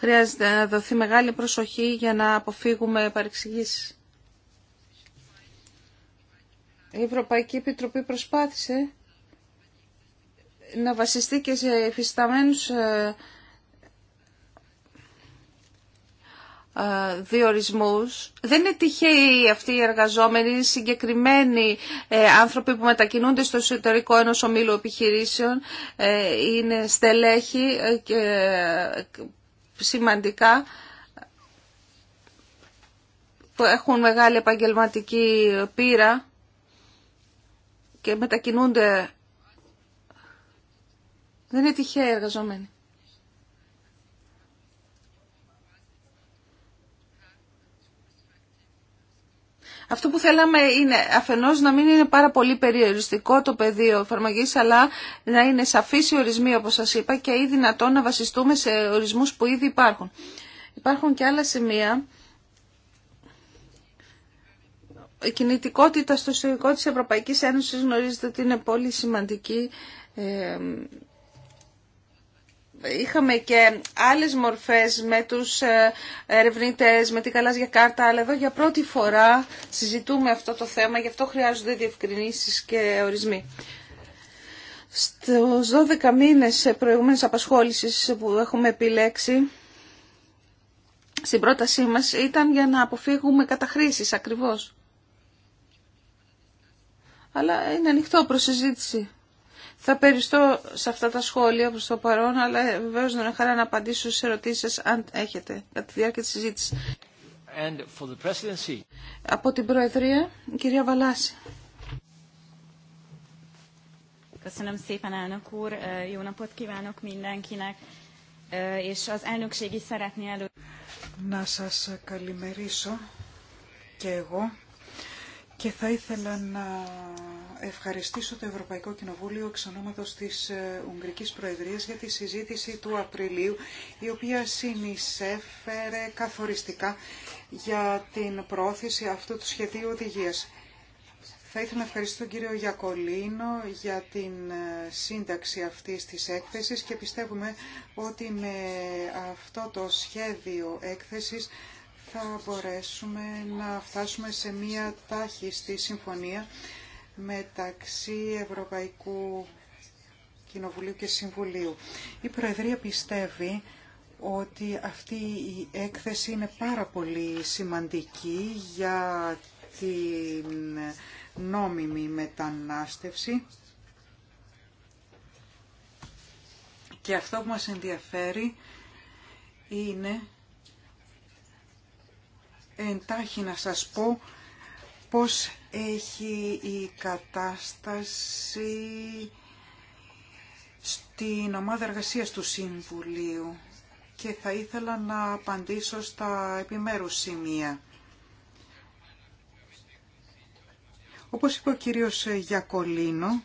Χρειάζεται να δοθεί μεγάλη προσοχή για να αποφύγουμε παρεξηγήσεις. Η Ευρωπαϊκή Επιτροπή προσπάθησε να βασιστεί και σε εφισταμένους ε, ε, διορισμούς. Δεν είναι τυχαίοι αυτοί οι εργαζόμενοι, είναι συγκεκριμένοι ε, άνθρωποι που μετακινούνται στο εσωτερικό ενός ομίλου επιχειρήσεων, είναι στελέχοι και σημαντικά που έχουν μεγάλη επαγγελματική πείρα και μετακινούνται. Δεν είναι τυχαία εργαζόμενοι. Αυτό που θέλαμε είναι αφενός να μην είναι πάρα πολύ περιοριστικό το πεδίο εφαρμογή, αλλά να είναι σαφείς οι ορισμοί όπως σας είπα και ή δυνατόν να βασιστούμε σε ορισμούς που ήδη υπάρχουν. Υπάρχουν και άλλα σημεία. Η κινητικότητα στο ιστορικό της Ευρωπαϊκής Ένωσης γνωρίζετε ότι είναι πολύ σημαντική ε, είχαμε και άλλες μορφές με τους ε, ερευνητές, με την καλάζια κάρτα, αλλά εδώ για πρώτη φορά συζητούμε αυτό το θέμα, γι' αυτό χρειάζονται διευκρινήσεις και ορισμοί. Στους 12 μήνες προηγούμενης απασχόλησης που έχουμε επιλέξει, στην πρότασή μας ήταν για να αποφύγουμε καταχρήσεις ακριβώς. Αλλά είναι ανοιχτό προς συζήτηση. Θα περιστώ σε αυτά τα σχόλια προς το παρόν, αλλά βεβαίω δεν είναι χαρά να απαντήσω σε ερωτήσεις αν έχετε κατά τη διάρκεια της συζήτησης. Από την Προεδρία, η κυρία Βαλάση. Να σας καλημερίσω και εγώ και θα ήθελα να ευχαριστήσω το Ευρωπαϊκό Κοινοβούλιο εξ ονόματος της ε, Ουγγρικής Προεδρίας για τη συζήτηση του Απριλίου, η οποία συνεισέφερε καθοριστικά για την πρόθεση αυτού του σχεδίου οδηγίας. Θα ήθελα να ευχαριστήσω τον κύριο Γιακολίνο για την ε, σύνταξη αυτής της έκθεσης και πιστεύουμε ότι με αυτό το σχέδιο έκθεσης θα μπορέσουμε να φτάσουμε σε μία τάχιστη συμφωνία μεταξύ Ευρωπαϊκού Κοινοβουλίου και Συμβουλίου. Η Προεδρία πιστεύει ότι αυτή η έκθεση είναι πάρα πολύ σημαντική για την νόμιμη μετανάστευση και αυτό που μας ενδιαφέρει είναι εντάχει να σας πω πώς έχει η κατάσταση στην ομάδα εργασίας του Συμβουλίου και θα ήθελα να απαντήσω στα επιμέρους σημεία. Όπως είπε ο κύριος Γιακολίνο,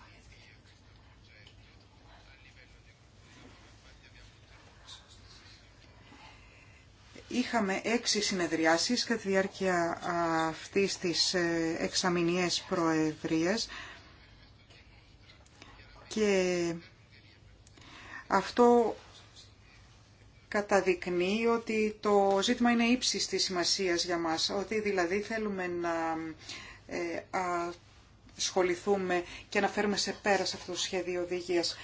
είχαμε έξι συνεδριάσεις κατά τη διάρκεια αυτής της ε, εξαμηνιές προεδρίας και αυτό καταδεικνύει ότι το ζήτημα είναι ύψης της σημασίας για μας, ότι δηλαδή θέλουμε να ε, ασχοληθούμε και να φέρουμε σε πέρα σε αυτό το σχέδιο οδηγίας.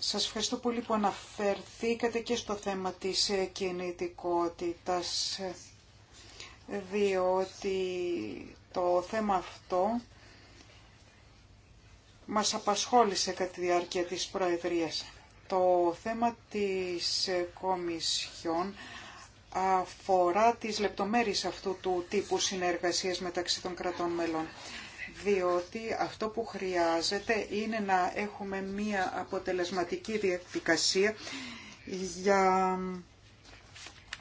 Σας ευχαριστώ πολύ που αναφερθήκατε και στο θέμα της ε, κινητικότητας, ε, διότι το θέμα αυτό μας απασχόλησε κατά τη διάρκεια της Προεδρίας. Το θέμα της ε, Κομισιόν αφορά τις λεπτομέρειες αυτού του τύπου συνεργασίας μεταξύ των κρατών μελών διότι αυτό που χρειάζεται είναι να έχουμε μία αποτελεσματική διαδικασία για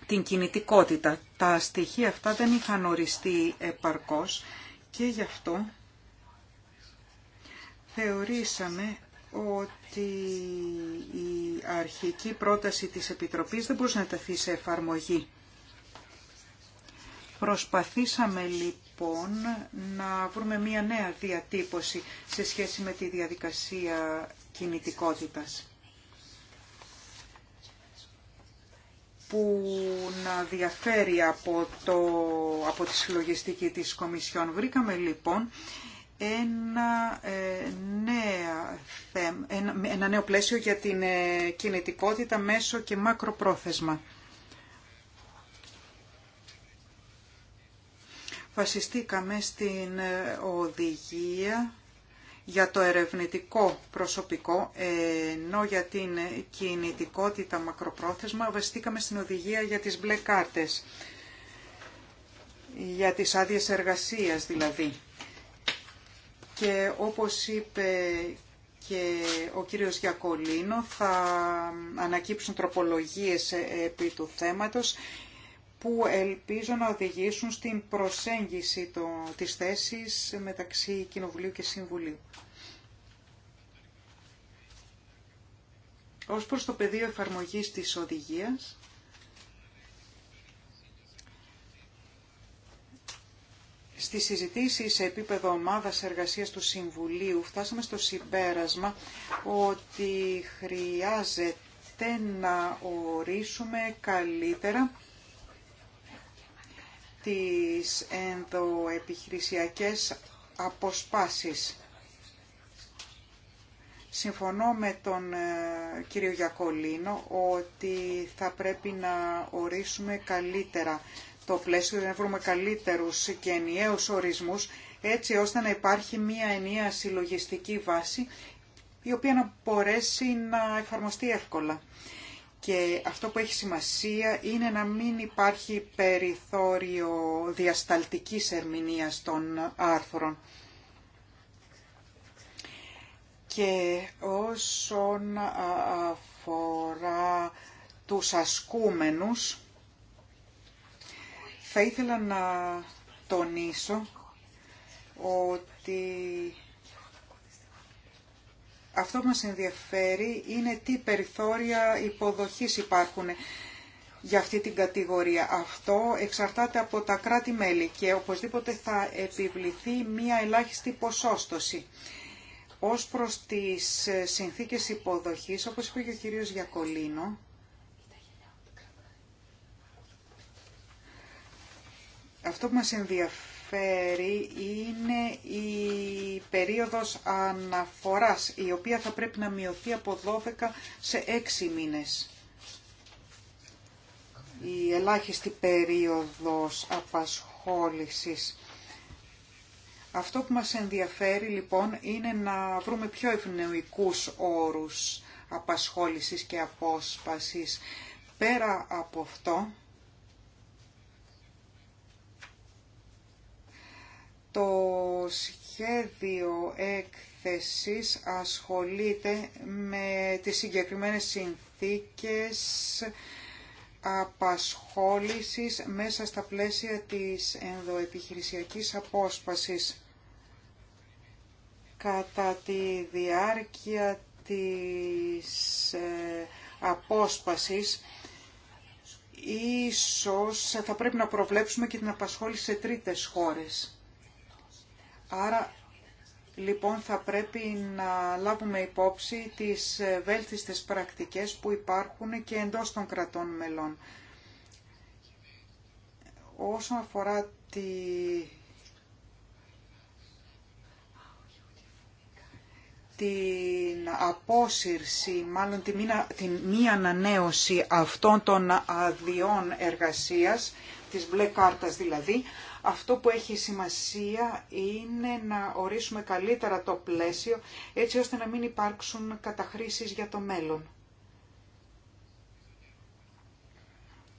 την κινητικότητα. Τα στοιχεία αυτά δεν είχαν οριστεί επαρκώς και γι' αυτό θεωρήσαμε ότι η αρχική πρόταση της Επιτροπής δεν μπορούσε να τεθεί σε εφαρμογή. Προσπαθήσαμε λοιπόν Λοιπόν να βρούμε μια νέα διατύπωση σε σχέση με τη διαδικασία κινητικότητας που να διαφέρει από, το, από τη συλλογιστική της Κομισιόν. Βρήκαμε λοιπόν ένα, ε, νέα ένα, νέο πλαίσιο για την ε, κινητικότητα μέσω και μακροπρόθεσμα. βασιστήκαμε στην ε, οδηγία για το ερευνητικό προσωπικό, ενώ για την κινητικότητα μακροπρόθεσμα βασιστήκαμε στην οδηγία για τις μπλε κάρτες, για τις άδειες εργασίας δηλαδή. Και όπως είπε και ο κύριος Γιακολίνο θα ανακύψουν τροπολογίες επί του θέματος που ελπίζω να οδηγήσουν στην προσέγγιση το, της θέσης μεταξύ Κοινοβουλίου και Συμβουλίου. Ως προς το πεδίο εφαρμογής της οδηγίας, Στις συζητήσεις σε επίπεδο ομάδας εργασίας του Συμβουλίου φτάσαμε στο συμπέρασμα ότι χρειάζεται να ορίσουμε καλύτερα τις ενδοεπιχειρησιακές αποσπάσεις. Συμφωνώ με τον ε, κύριο Γιακολίνο ότι θα πρέπει να ορίσουμε καλύτερα το πλαίσιο, να βρούμε καλύτερους και ενιαίους ορισμούς, έτσι ώστε να υπάρχει μία ενιαία συλλογιστική βάση, η οποία να μπορέσει να εφαρμοστεί εύκολα και αυτό που έχει σημασία είναι να μην υπάρχει περιθώριο διασταλτικής ερμηνείας των άρθρων. Και όσον αφορά τους ασκούμενους, θα ήθελα να τονίσω ότι αυτό που μας ενδιαφέρει είναι τι περιθώρια υποδοχής υπάρχουν για αυτή την κατηγορία. Αυτό εξαρτάται από τα κράτη-μέλη και οπωσδήποτε θα επιβληθεί μία ελάχιστη ποσόστοση. Ως προς τις συνθήκες υποδοχής, όπως είπε και ο κύριος Γιακολίνο, αυτό που μας ενδιαφέρει είναι η περίοδος αναφοράς, η οποία θα πρέπει να μειωθεί από 12 σε 6 μήνες. Η ελάχιστη περίοδος απασχόλησης. Αυτό που μας ενδιαφέρει λοιπόν είναι να βρούμε πιο ευνοϊκούς όρους απασχόλησης και απόσπασης. Πέρα από αυτό, Το σχέδιο έκθεσης ασχολείται με τις συγκεκριμένες συνθήκες απασχόλησης μέσα στα πλαίσια της ενδοεπιχειρησιακής απόσπασης. Κατά τη διάρκεια της ε, απόσπασης, ίσως θα πρέπει να προβλέψουμε και την απασχόληση σε τρίτες χώρες. Άρα λοιπόν θα πρέπει να λάβουμε υπόψη τις βέλτιστες πρακτικές που υπάρχουν και εντός των κρατών μελών. Όσον αφορά τη την απόσυρση, μάλλον τη μη ανανέωση αυτών των αδειών εργασίας, της μπλε κάρτας δηλαδή, αυτό που έχει σημασία είναι να ορίσουμε καλύτερα το πλαίσιο έτσι ώστε να μην υπάρξουν καταχρήσεις για το μέλλον.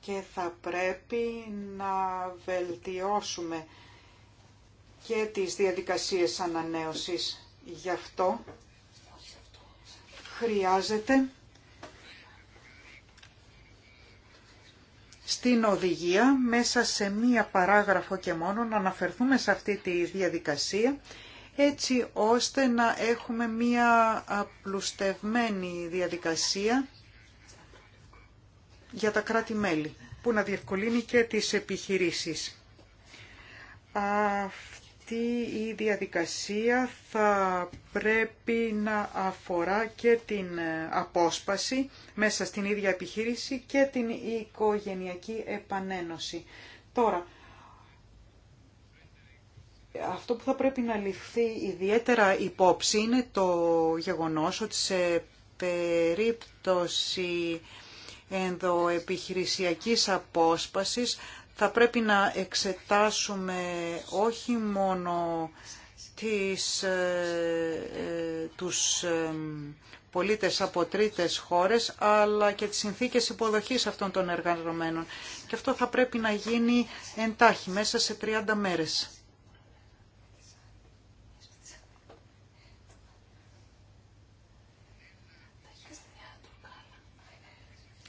Και θα πρέπει να βελτιώσουμε και τις διαδικασίες ανανέωσης. Γι' αυτό χρειάζεται στην οδηγία μέσα σε μία παράγραφο και μόνο να αναφερθούμε σε αυτή τη διαδικασία έτσι ώστε να έχουμε μία απλουστευμένη διαδικασία για τα κράτη-μέλη που να διευκολύνει και τις επιχειρήσεις αυτή η διαδικασία θα πρέπει να αφορά και την ε, απόσπαση μέσα στην ίδια επιχείρηση και την οικογενειακή επανένωση. Τώρα, αυτό που θα πρέπει να ληφθεί ιδιαίτερα υπόψη είναι το γεγονός ότι σε περίπτωση ενδοεπιχειρησιακής απόσπασης θα πρέπει να εξετάσουμε όχι μόνο τις, ε, ε, τους ε, πολίτες από τρίτες χώρες, αλλά και τις συνθήκες υποδοχής αυτών των εργαζομένων. Και αυτό θα πρέπει να γίνει εντάχει, μέσα σε 30 μέρες.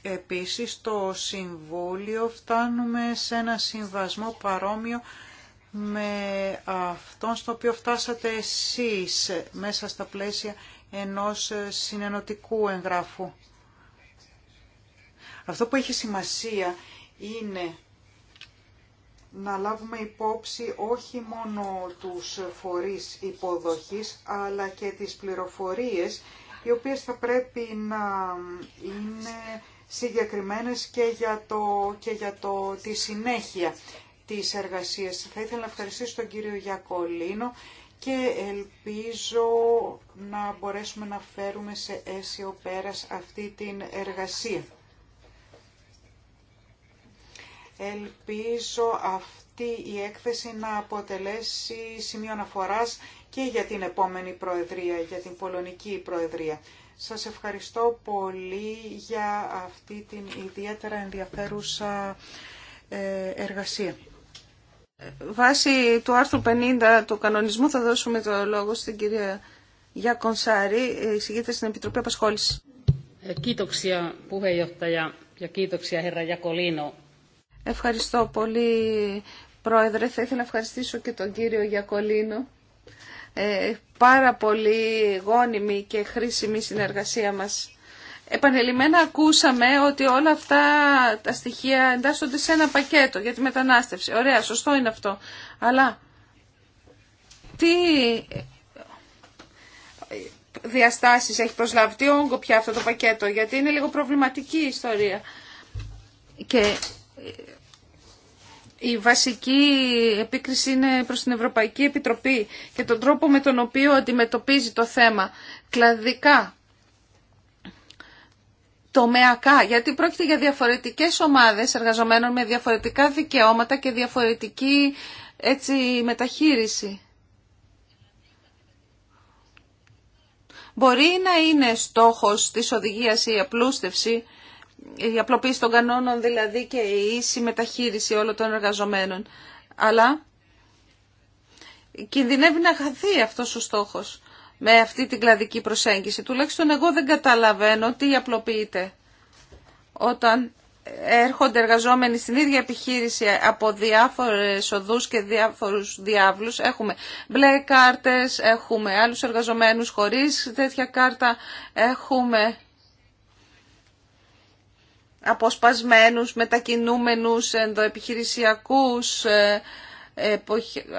Επίσης, το Συμβούλιο φτάνουμε σε ένα συμβασμό παρόμοιο με αυτόν στο οποίο φτάσατε εσείς μέσα στα πλαίσια ενός συνενωτικού εγγράφου. Αυτό που έχει σημασία είναι να λάβουμε υπόψη όχι μόνο τους φορείς υποδοχής, αλλά και τις πληροφορίες, οι οποίες θα πρέπει να είναι συγκεκριμένες και για, το, και για το, τη συνέχεια της εργασίας. Θα ήθελα να ευχαριστήσω τον κύριο Γιακολίνο και ελπίζω να μπορέσουμε να φέρουμε σε αίσιο πέρας αυτή την εργασία. Ελπίζω αυτή η έκθεση να αποτελέσει σημείο αναφοράς και για την επόμενη Προεδρία, για την Πολωνική Προεδρία. Σας ευχαριστώ πολύ για αυτή την ιδιαίτερα ενδιαφέρουσα ε, εργασία. Βάσει του άρθρου 50 του κανονισμού θα δώσουμε το λόγο στην κυρία Γιακονσάρη, Κονσάρη, εισηγείται στην Επιτροπή Απασχόληση. Ε, ευχαριστώ πολύ, Πρόεδρε. Θα ήθελα να ευχαριστήσω και τον κύριο Γιακολίνο ε, πάρα πολύ γόνιμη και χρήσιμη συνεργασία μας. Επανελειμμένα ακούσαμε ότι όλα αυτά τα στοιχεία εντάσσονται σε ένα πακέτο για τη μετανάστευση. Ωραία, σωστό είναι αυτό. Αλλά τι διαστάσεις έχει προσλάβει, τι όγκο πια αυτό το πακέτο, γιατί είναι λίγο προβληματική η ιστορία. Και η βασική επίκριση είναι προς την Ευρωπαϊκή Επιτροπή και τον τρόπο με τον οποίο αντιμετωπίζει το θέμα κλαδικά, τομεακά, γιατί πρόκειται για διαφορετικές ομάδες εργαζομένων με διαφορετικά δικαιώματα και διαφορετική έτσι, μεταχείριση. Μπορεί να είναι στόχος της οδηγίας η απλούστευση, η απλοποίηση των κανόνων δηλαδή και η ίση μεταχείριση όλων των εργαζομένων. Αλλά κινδυνεύει να χαθεί αυτός ο στόχος με αυτή την κλαδική προσέγγιση. Τουλάχιστον εγώ δεν καταλαβαίνω τι απλοποιείται όταν έρχονται εργαζόμενοι στην ίδια επιχείρηση από διάφορες οδούς και διάφορους διάβλους. Έχουμε μπλε κάρτες, έχουμε άλλους εργαζομένους χωρίς τέτοια κάρτα, έχουμε αποσπασμένους, μετακινούμενους, ενδοεπιχειρησιακούς, ε,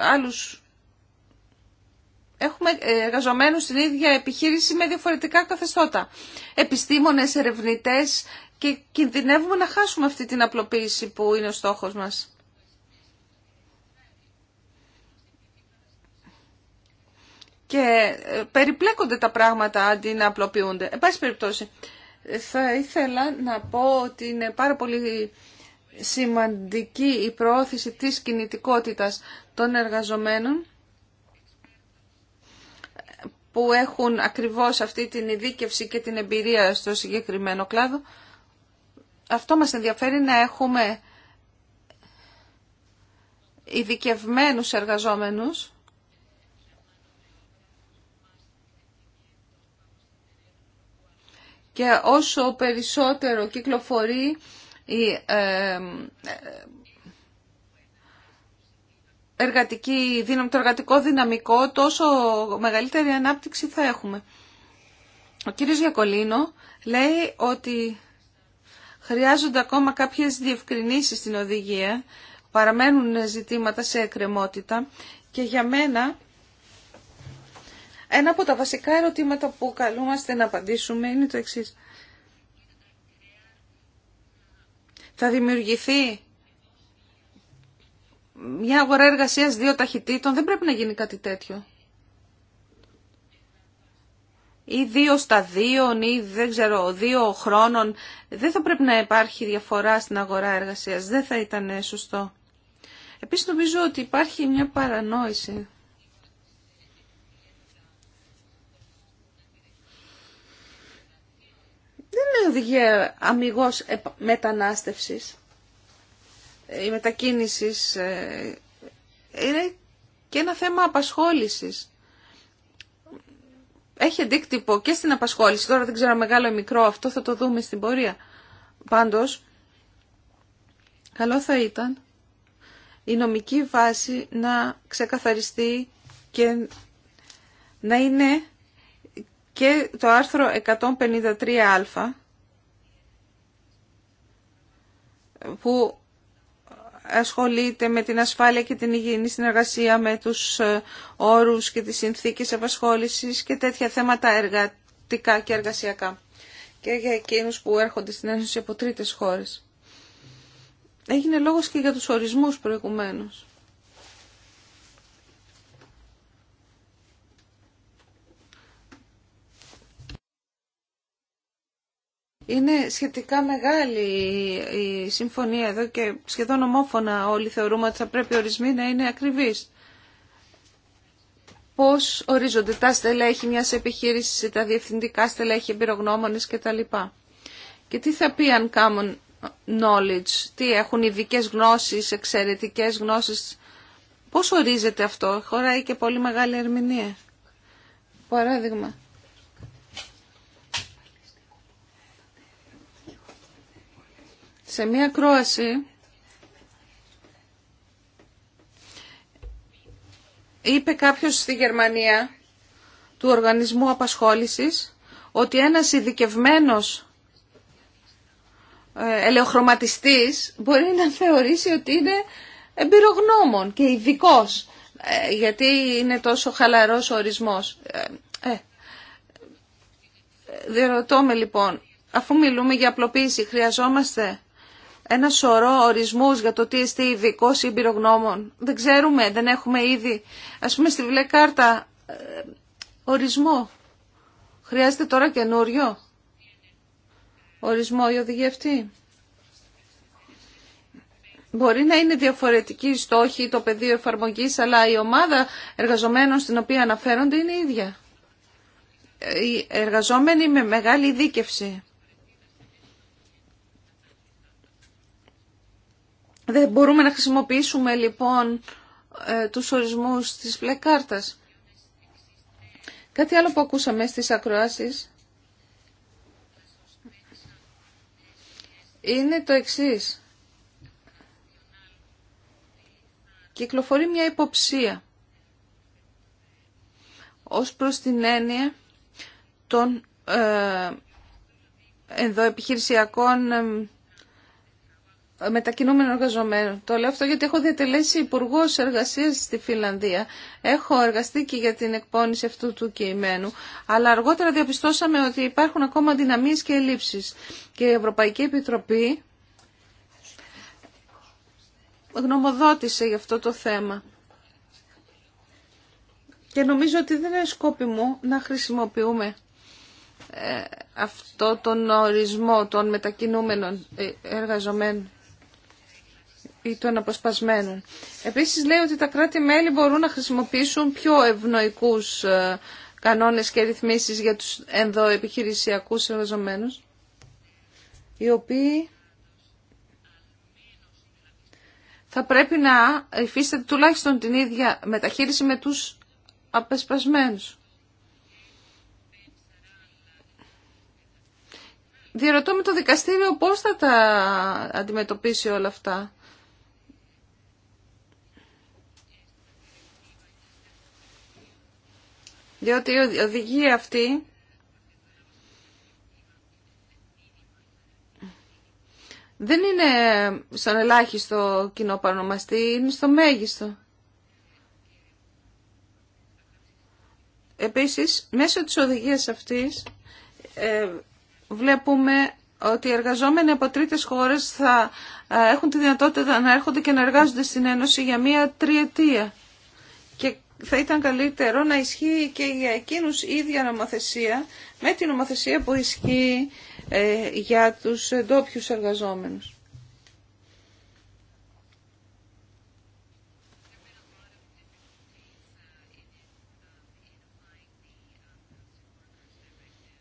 άλλους. Έχουμε εργαζομένους στην ίδια επιχείρηση με διαφορετικά καθεστώτα. Επιστήμονες, ερευνητές και κινδυνεύουμε να χάσουμε αυτή την απλοποίηση που είναι ο στόχος μας. Και ε, περιπλέκονται τα πράγματα αντί να απλοποιούνται. Εν πάση περιπτώσει, θα ήθελα να πω ότι είναι πάρα πολύ σημαντική η προώθηση της κινητικότητας των εργαζομένων που έχουν ακριβώς αυτή την ειδίκευση και την εμπειρία στο συγκεκριμένο κλάδο. Αυτό μας ενδιαφέρει να έχουμε ειδικευμένους εργαζόμενους και όσο περισσότερο κυκλοφορεί η ε, ε, εργατική, το εργατικό δυναμικό, τόσο μεγαλύτερη ανάπτυξη θα έχουμε. Ο κύριος Γιακολίνο λέει ότι χρειάζονται ακόμα κάποιες διευκρινήσεις στην οδηγία, παραμένουν ζητήματα σε εκκρεμότητα και για μένα ένα από τα βασικά ερωτήματα που καλούμαστε να απαντήσουμε είναι το εξής. Θα δημιουργηθεί μια αγορά εργασίας δύο ταχυτήτων. Δεν πρέπει να γίνει κάτι τέτοιο. Ή δύο στα δύο ή δεν ξέρω, δύο χρόνων. Δεν θα πρέπει να υπάρχει διαφορά στην αγορά εργασίας. Δεν θα ήταν σωστό. Επίσης νομίζω ότι υπάρχει μια παρανόηση δεν με οδηγεί ε, αμυγός ε, μετανάστευσης ε, ή μετακίνησης. Είναι και ένα θέμα απασχόλησης. Έχει αντίκτυπο και στην απασχόληση. Τώρα δεν ξέρω μεγάλο ή μικρό, αυτό θα το δούμε στην πορεία. Πάντως, καλό θα ήταν η νομική βάση να ξεκαθαριστεί και να είναι και το άρθρο 153α που ασχολείται με την ασφάλεια και την υγιεινή συνεργασία με τους ε, όρους και τις συνθήκες απασχόλησης και τέτοια θέματα εργατικά και εργασιακά και για εκείνους που έρχονται στην Ένωση από τρίτες χώρες. Έγινε λόγος και για τους ορισμούς προηγουμένως. Είναι σχετικά μεγάλη η συμφωνία εδώ και σχεδόν ομόφωνα όλοι θεωρούμε ότι θα πρέπει ορισμοί να είναι ακριβείς. Πώς ορίζονται τα στελέχη μιας επιχείρησης, τα διευθυντικά στελέχη, εμπειρογνώμονες κτλ. Και τι θα πει αν κάνουν knowledge, τι έχουν ειδικέ γνώσεις, εξαιρετικές γνώσεις. Πώς ορίζεται αυτό, χωράει και πολύ μεγάλη ερμηνεία. Παράδειγμα, σε μία κρόαση είπε κάποιος στη Γερμανία του Οργανισμού Απασχόλησης ότι ένας ειδικευμένο ε, ελεοχρωματιστής μπορεί να θεωρήσει ότι είναι εμπειρογνώμων και ειδικό ε, γιατί είναι τόσο χαλαρός ο ορισμός. Ε, ε διερωτώ με λοιπόν, αφού μιλούμε για απλοποίηση, χρειαζόμαστε ένα σωρό ορισμούς για το τι είστε ειδικό ή εμπειρογνώμων. Δεν ξέρουμε, δεν έχουμε ήδη, ας πούμε στη βιβλία κάρτα, ε, ορισμό. Χρειάζεται τώρα καινούριο ορισμό η οδηγία αυτή. Μπορεί στη βλεκαρτα είναι διαφορετική η οδηγια το πεδίο εφαρμογής, αλλά η ομάδα εργαζομένων στην οποία αναφέρονται είναι η ίδια. Ε, οι εργαζόμενοι με μεγάλη δίκευση. Δεν μπορούμε να χρησιμοποιήσουμε λοιπόν ε, τους ορισμούς της πλεκάρτας. Κάτι άλλο που ακούσαμε στις ακροάσεις είναι το εξής. Κυκλοφορεί μια υποψία ως προς την έννοια των ε, ενδοεπιχειρησιακών ε, μετακινούμενων εργαζομένων. Το λέω αυτό γιατί έχω διατελέσει υπουργό εργασία στη Φιλανδία. Έχω εργαστεί και για την εκπόνηση αυτού του κειμένου. Αλλά αργότερα διαπιστώσαμε ότι υπάρχουν ακόμα δυναμίε και ελλείψεις. Και η Ευρωπαϊκή Επιτροπή γνωμοδότησε γι' αυτό το θέμα. Και νομίζω ότι δεν είναι μου να χρησιμοποιούμε ε, αυτό τον ορισμό των μετακινούμενων ε, εργαζομένων ή των αποσπασμένων. Επίσης λέει ότι τα κράτη-μέλη μπορούν να χρησιμοποιήσουν πιο ευνοϊκούς ε, κανόνες και ρυθμίσεις για τους ενδοεπιχειρησιακούς εργαζομένους, οι οποίοι θα πρέπει να υφίσταται τουλάχιστον την ίδια μεταχείριση με τους απεσπασμένους. Διερωτώ με το δικαστήριο πώς θα τα αντιμετωπίσει όλα αυτά. διότι η οδηγία αυτή δεν είναι στον ελάχιστο κοινό παρονομαστή, είναι στο μέγιστο. Επίσης, μέσω της οδηγίας αυτής ε, βλέπουμε ότι οι εργαζόμενοι από τρίτες χώρες θα ε, έχουν τη δυνατότητα να έρχονται και να εργάζονται στην Ένωση για μία τριετία θα ήταν καλύτερο να ισχύει και για εκείνους η ίδια νομοθεσία με την νομοθεσία που ισχύει ε, για τους ντόπιου εργαζόμενους.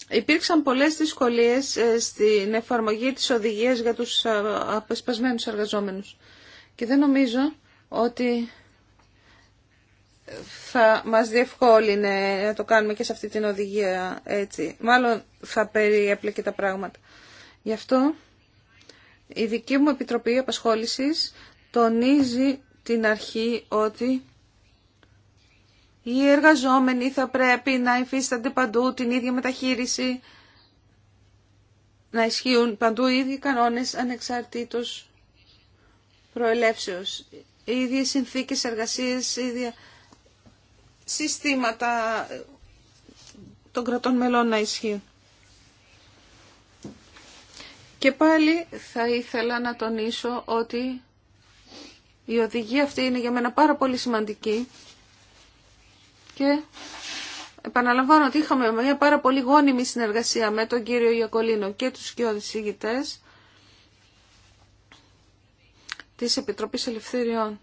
Υπήρξαν πολλές δυσκολίες ε, στην εφαρμογή της οδηγίας για τους ε, απεσπασμένους εργαζόμενους και δεν νομίζω ότι θα μας διευκόλυνε να το κάνουμε και σε αυτή την οδηγία έτσι. Μάλλον θα και τα πράγματα. Γι' αυτό η δική μου Επιτροπή Απασχόλησης τονίζει την αρχή ότι οι εργαζόμενοι θα πρέπει να υφίστανται παντού την ίδια μεταχείριση, να ισχύουν παντού οι ίδιοι κανόνες ανεξαρτήτως προελεύσεως. Οι ίδιες συνθήκες εργασίας, συστήματα των κρατών μελών να ισχύουν. Και πάλι θα ήθελα να τονίσω ότι η οδηγία αυτή είναι για μένα πάρα πολύ σημαντική και επαναλαμβάνω ότι είχαμε μια πάρα πολύ γόνιμη συνεργασία με τον κύριο Ιακολίνο και τους κοιόδης ηγητές της Επιτροπής Ελευθεριών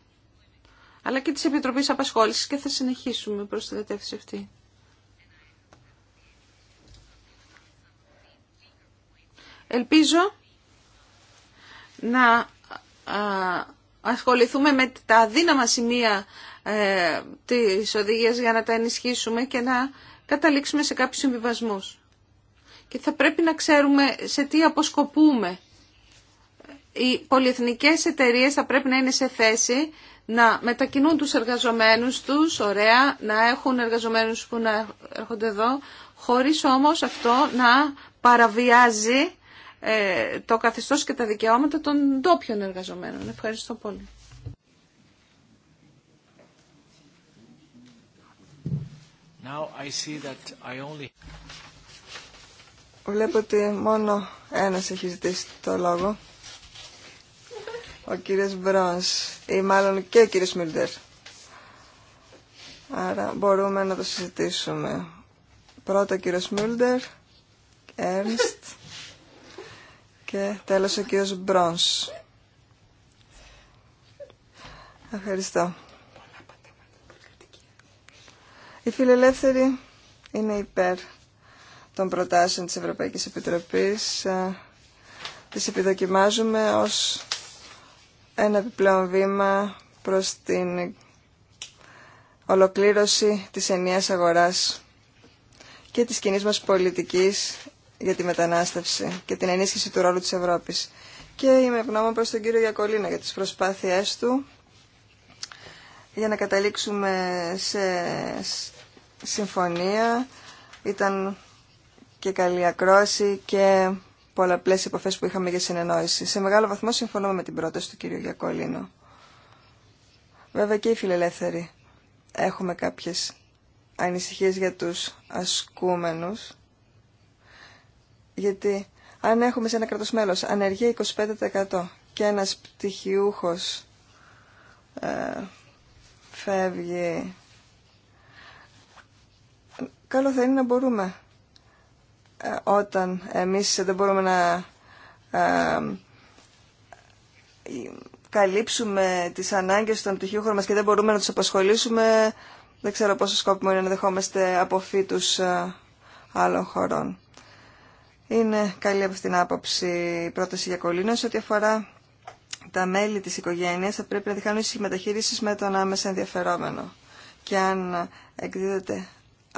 αλλά και της Επιτροπής Απασχόλησης και θα συνεχίσουμε προς την κατεύθυνση αυτή. Ελπίζω να ασχοληθούμε με τα αδύναμα σημεία ε, της οδηγίας για να τα ενισχύσουμε και να καταλήξουμε σε κάποιους συμβιβασμούς. Και θα πρέπει να ξέρουμε σε τι αποσκοπούμε. Οι πολυεθνικές εταιρείες θα πρέπει να είναι σε θέση να μετακινούν τους εργαζομένους τους, ωραία, να έχουν εργαζομένους που να έρχονται εδώ, χωρίς όμως αυτό να παραβιάζει ε, το καθεστώς και τα δικαιώματα των ντόπιων εργαζομένων. Ευχαριστώ πολύ. Now Βλέπω ότι μόνο ένας έχει ζητήσει το λόγο ο κύριος Μπρόνς ή μάλλον και ο κύριος Μιλντερ. Άρα μπορούμε να το συζητήσουμε. Πρώτα ο κύριος Μιλντερ, Έρνστ και τέλος ο κύριος Μπρόνς. Ευχαριστώ. Η φιλελεύθεροι είναι υπέρ των προτάσεων της Ευρωπαϊκής Επιτροπής. Ε, τις επιδοκιμάζουμε ως ένα επιπλέον βήμα προς την ολοκλήρωση της ενιαίας αγοράς και της κοινή μας πολιτικής για τη μετανάστευση και την ενίσχυση του ρόλου της Ευρώπης. Και είμαι ευγνώμων προς τον κύριο Γιακολίνα για τις προσπάθειές του για να καταλήξουμε σε συμφωνία. Ήταν και καλή ακρόση και πολλαπλέ επαφέ που είχαμε για συνεννόηση. Σε μεγάλο βαθμό συμφωνούμε με την πρόταση του κ. Γιακολίνου. Βέβαια και οι φιλελεύθεροι έχουμε κάποιε ανησυχίε για του ασκούμενου. Γιατί αν έχουμε σε ένα κρατό ανεργία 25% και ένα πτυχιούχο ε, φεύγει. Καλό θα είναι να μπορούμε ε, όταν εμείς δεν μπορούμε να ε, καλύψουμε τις ανάγκες των πτυχίουχων μας και δεν μπορούμε να τους απασχολήσουμε, δεν ξέρω πόσο σκόπιμο είναι να δεχόμαστε αποφύτους ε, άλλων χωρών. Είναι καλή από αυτήν την άποψη η πρόταση για κολλήνωση ό,τι αφορά τα μέλη της οικογένειας θα πρέπει να διχάνουν ίσως με τον άμεσα ενδιαφερόμενο. Και αν εκδίδεται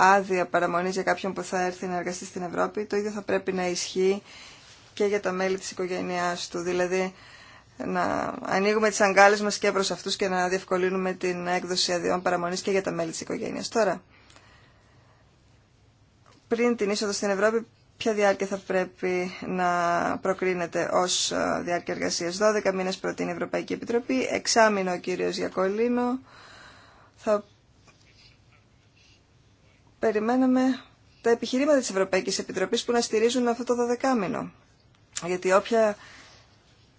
άδεια παραμονής για κάποιον που θα έρθει να εργαστεί στην Ευρώπη, το ίδιο θα πρέπει να ισχύει και για τα μέλη της οικογένειάς του. Δηλαδή να ανοίγουμε τις αγκάλες μας και προς αυτούς και να διευκολύνουμε την έκδοση αδειών παραμονής και για τα μέλη της οικογένειας. Τώρα, πριν την είσοδο στην Ευρώπη, ποια διάρκεια θα πρέπει να προκρίνεται ως ε, διάρκεια εργασία 12 μήνες προτείνει η Ευρωπαϊκή Επιτροπή, εξάμεινο ο κύριος Γιακολίνο, θα περιμέναμε τα επιχειρήματα της Ευρωπαϊκής Επιτροπής που να στηρίζουν αυτό το δωδεκάμινο. Γιατί όποια,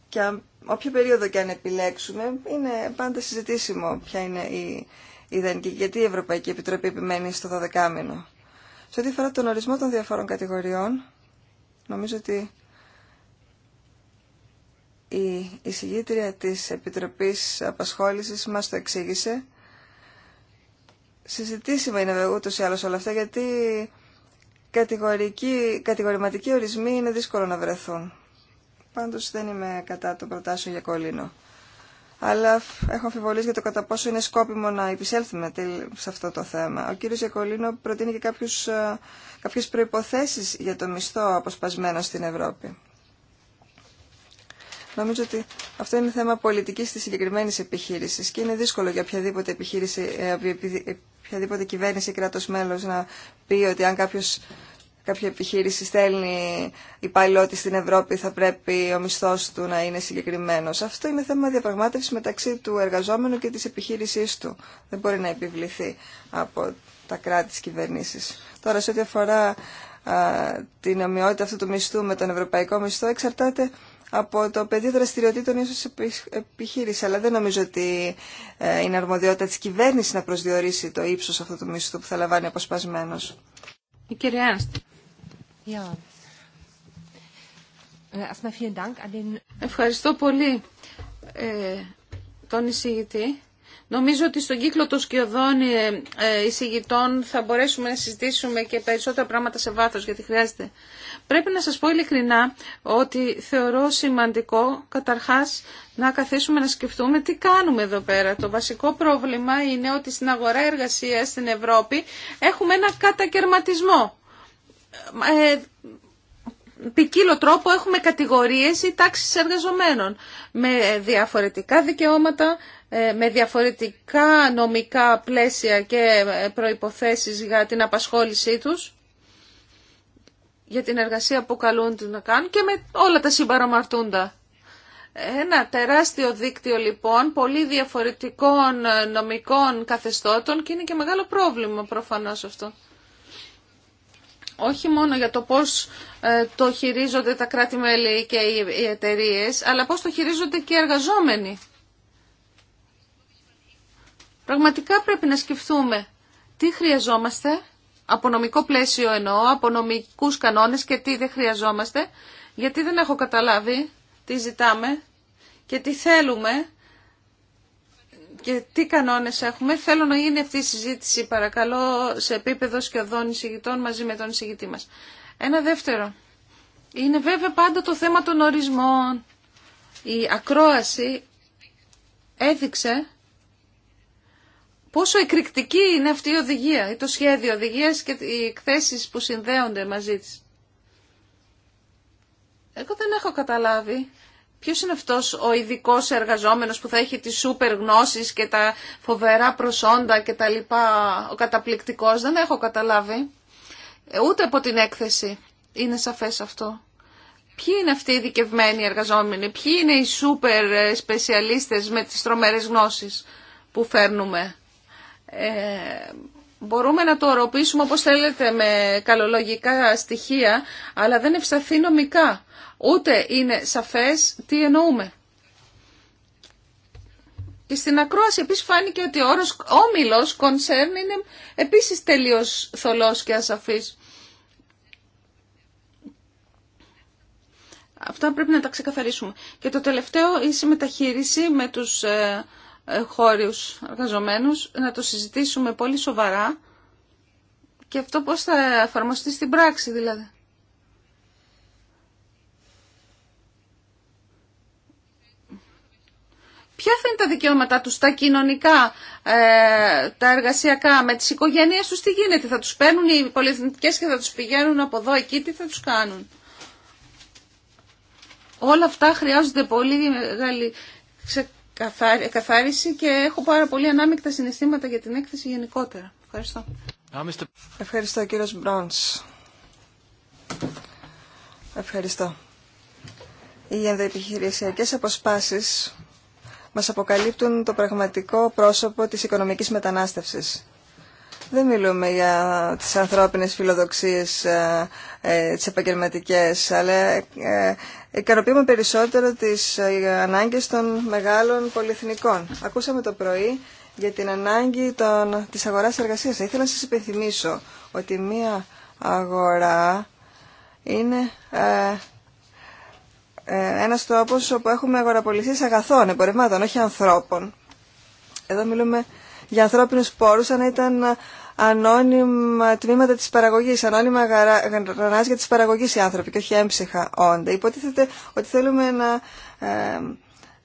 και όποια περίοδο και αν επιλέξουμε είναι πάντα συζητήσιμο ποια είναι η ιδανική, γιατί η Ευρωπαϊκή Επιτροπή επιμένει στο δωδεκάμινο. Σε ό,τι αφορά τον ορισμό των διαφόρων κατηγοριών, νομίζω ότι η εισηγήτρια της Επιτροπής Απασχόλησης μας το εξήγησε συζητήσιμα είναι ούτω ή άλλω όλα αυτά γιατί κατηγορηματικοί ορισμοί είναι δύσκολο να βρεθούν. Πάντως δεν είμαι κατά των προτάσεων για κολλήνο. Αλλά έχω αμφιβολίε για το κατά πόσο είναι σκόπιμο να επισέλθουμε σε αυτό το θέμα. Ο κύριο Γιακολίνο προτείνει και κάποιε κάποιες για το μισθό αποσπασμένο στην Ευρώπη. Νομίζω ότι αυτό είναι θέμα πολιτικής της συγκεκριμένης επιχείρησης και είναι δύσκολο για οποιαδήποτε, επιχείρηση, ε, ε, ε, οποιαδήποτε κυβέρνηση ή κράτος μέλος να πει ότι αν κάποιος, κάποια επιχείρηση στέλνει υπάλληλό της στην Ευρώπη θα πρέπει ο μισθός του να είναι συγκεκριμένος. Αυτό είναι θέμα διαπραγμάτευσης μεταξύ του εργαζόμενου και της επιχείρησής του. Δεν μπορεί να επιβληθεί από τα κράτη της κυβερνήσης. Τώρα σε ό,τι αφορά την ομοιότητα αυτού του μισθού με τον ευρωπαϊκό μισθό εξαρτάται από το πεδίο δραστηριοτήτων ίσω επιχείρηση. Αλλά δεν νομίζω ότι ε, είναι αρμοδιότητα τη κυβέρνηση να προσδιορίσει το ύψο αυτού του μισθού που θα λαμβάνει αποσπασμένο. Η κυρία ε, Ευχαριστώ πολύ ε, τον εισηγητή. Νομίζω ότι στον κύκλο των σκιωδών ε, εισηγητών θα μπορέσουμε να συζητήσουμε και περισσότερα πράγματα σε βάθος γιατί χρειάζεται. Πρέπει να σας πω ειλικρινά ότι θεωρώ σημαντικό καταρχάς να καθίσουμε να σκεφτούμε τι κάνουμε εδώ πέρα. Το βασικό πρόβλημα είναι ότι στην αγορά εργασίας στην Ευρώπη έχουμε ένα κατακαιρματισμό. Ε, τρόπο έχουμε κατηγορίες ή τάξεις εργαζομένων με διαφορετικά δικαιώματα, ε, με διαφορετικά νομικά πλαίσια και ε, προϋποθέσεις για την απασχόλησή τους για την εργασία που καλούν να κάνουν και με όλα τα συμπαραμαρτούντα. Ένα τεράστιο δίκτυο λοιπόν πολύ διαφορετικών ε, νομικών καθεστώτων και είναι και μεγάλο πρόβλημα προφανώς αυτό. Όχι μόνο για το πώς ε, το χειρίζονται τα κράτη-μέλη και οι εταιρείε, αλλά πώς το χειρίζονται και οι εργαζόμενοι. Πραγματικά πρέπει να σκεφτούμε τι χρειαζόμαστε από νομικό πλαίσιο εννοώ, από νομικούς κανόνες και τι δεν χρειαζόμαστε, γιατί δεν έχω καταλάβει τι ζητάμε και τι θέλουμε και τι κανόνες έχουμε. Θέλω να γίνει αυτή η συζήτηση, παρακαλώ, σε επίπεδο σκιωδών εισηγητών μαζί με τον εισηγητή μας. Ένα δεύτερο. Είναι βέβαια πάντα το θέμα των ορισμών. Η ακρόαση έδειξε πόσο εκρηκτική είναι αυτή η οδηγία, το σχέδιο οδηγίας και οι εκθέσεις που συνδέονται μαζί της. Εγώ δεν έχω καταλάβει ποιος είναι αυτός ο ειδικό εργαζόμενος που θα έχει τις σούπερ γνώσεις και τα φοβερά προσόντα και τα λοιπά, ο καταπληκτικός, δεν έχω καταλάβει. Ε, ούτε από την έκθεση είναι σαφές αυτό. Ποιοι είναι αυτοί οι ειδικευμένοι εργαζόμενοι, ποιοι είναι οι σούπερ ε, σπεσιαλίστες με τις τρομερές γνώσεις που φέρνουμε. Ε, μπορούμε να το οροπήσουμε όπως θέλετε με καλολογικά στοιχεία, αλλά δεν ευσταθεί νομικά. Ούτε είναι σαφές τι εννοούμε. Και στην ακρόαση επίσης φάνηκε ότι ο όρος όμιλος, concern, είναι επίσης τελείως θολός και ασαφής. Αυτά πρέπει να τα ξεκαθαρίσουμε. Και το τελευταίο, η συμμεταχείριση με τους ε, ε, χώριους εργαζομένους, να το συζητήσουμε πολύ σοβαρά και αυτό πώς θα εφαρμοστεί στην πράξη δηλαδή. Ποια θα είναι τα δικαιώματά τους, τα κοινωνικά, ε, τα εργασιακά, με τις οικογένειες τους τι γίνεται, θα τους παίρνουν οι πολυεθνικές και θα τους πηγαίνουν από εδώ εκεί, τι θα τους κάνουν. Όλα αυτά χρειάζονται πολύ μεγάλη καθάριση και έχω πάρα πολύ ανάμεικτα συναισθήματα για την έκθεση γενικότερα. Ευχαριστώ. Ευχαριστώ κύριος Μπρόνς. Ευχαριστώ. Οι ενδοεπιχειρησιακές αποσπάσεις μας αποκαλύπτουν το πραγματικό πρόσωπο της οικονομικής μετανάστευσης δεν μιλούμε για τις ανθρώπινες φιλοδοξίες, ε, ε τις επαγγελματικέ, αλλά ε, ικανοποιούμε περισσότερο τις ε, ανάγκες των μεγάλων πολυεθνικών. Ακούσαμε το πρωί για την ανάγκη των, της αγοράς εργασίας. Θα ήθελα να σας υπενθυμίσω ότι μία αγορά είναι ε, ένας τρόπο όπου έχουμε αγοραπολισίες αγαθών, εμπορευμάτων, όχι ανθρώπων. Εδώ μιλούμε για ανθρώπινους πόρους, αν ήταν ανώνυμα τμήματα της παραγωγής, ανώνυμα γρανάζια της παραγωγής οι άνθρωποι και όχι έμψυχα όντα. Υποτίθεται ότι θέλουμε να ε,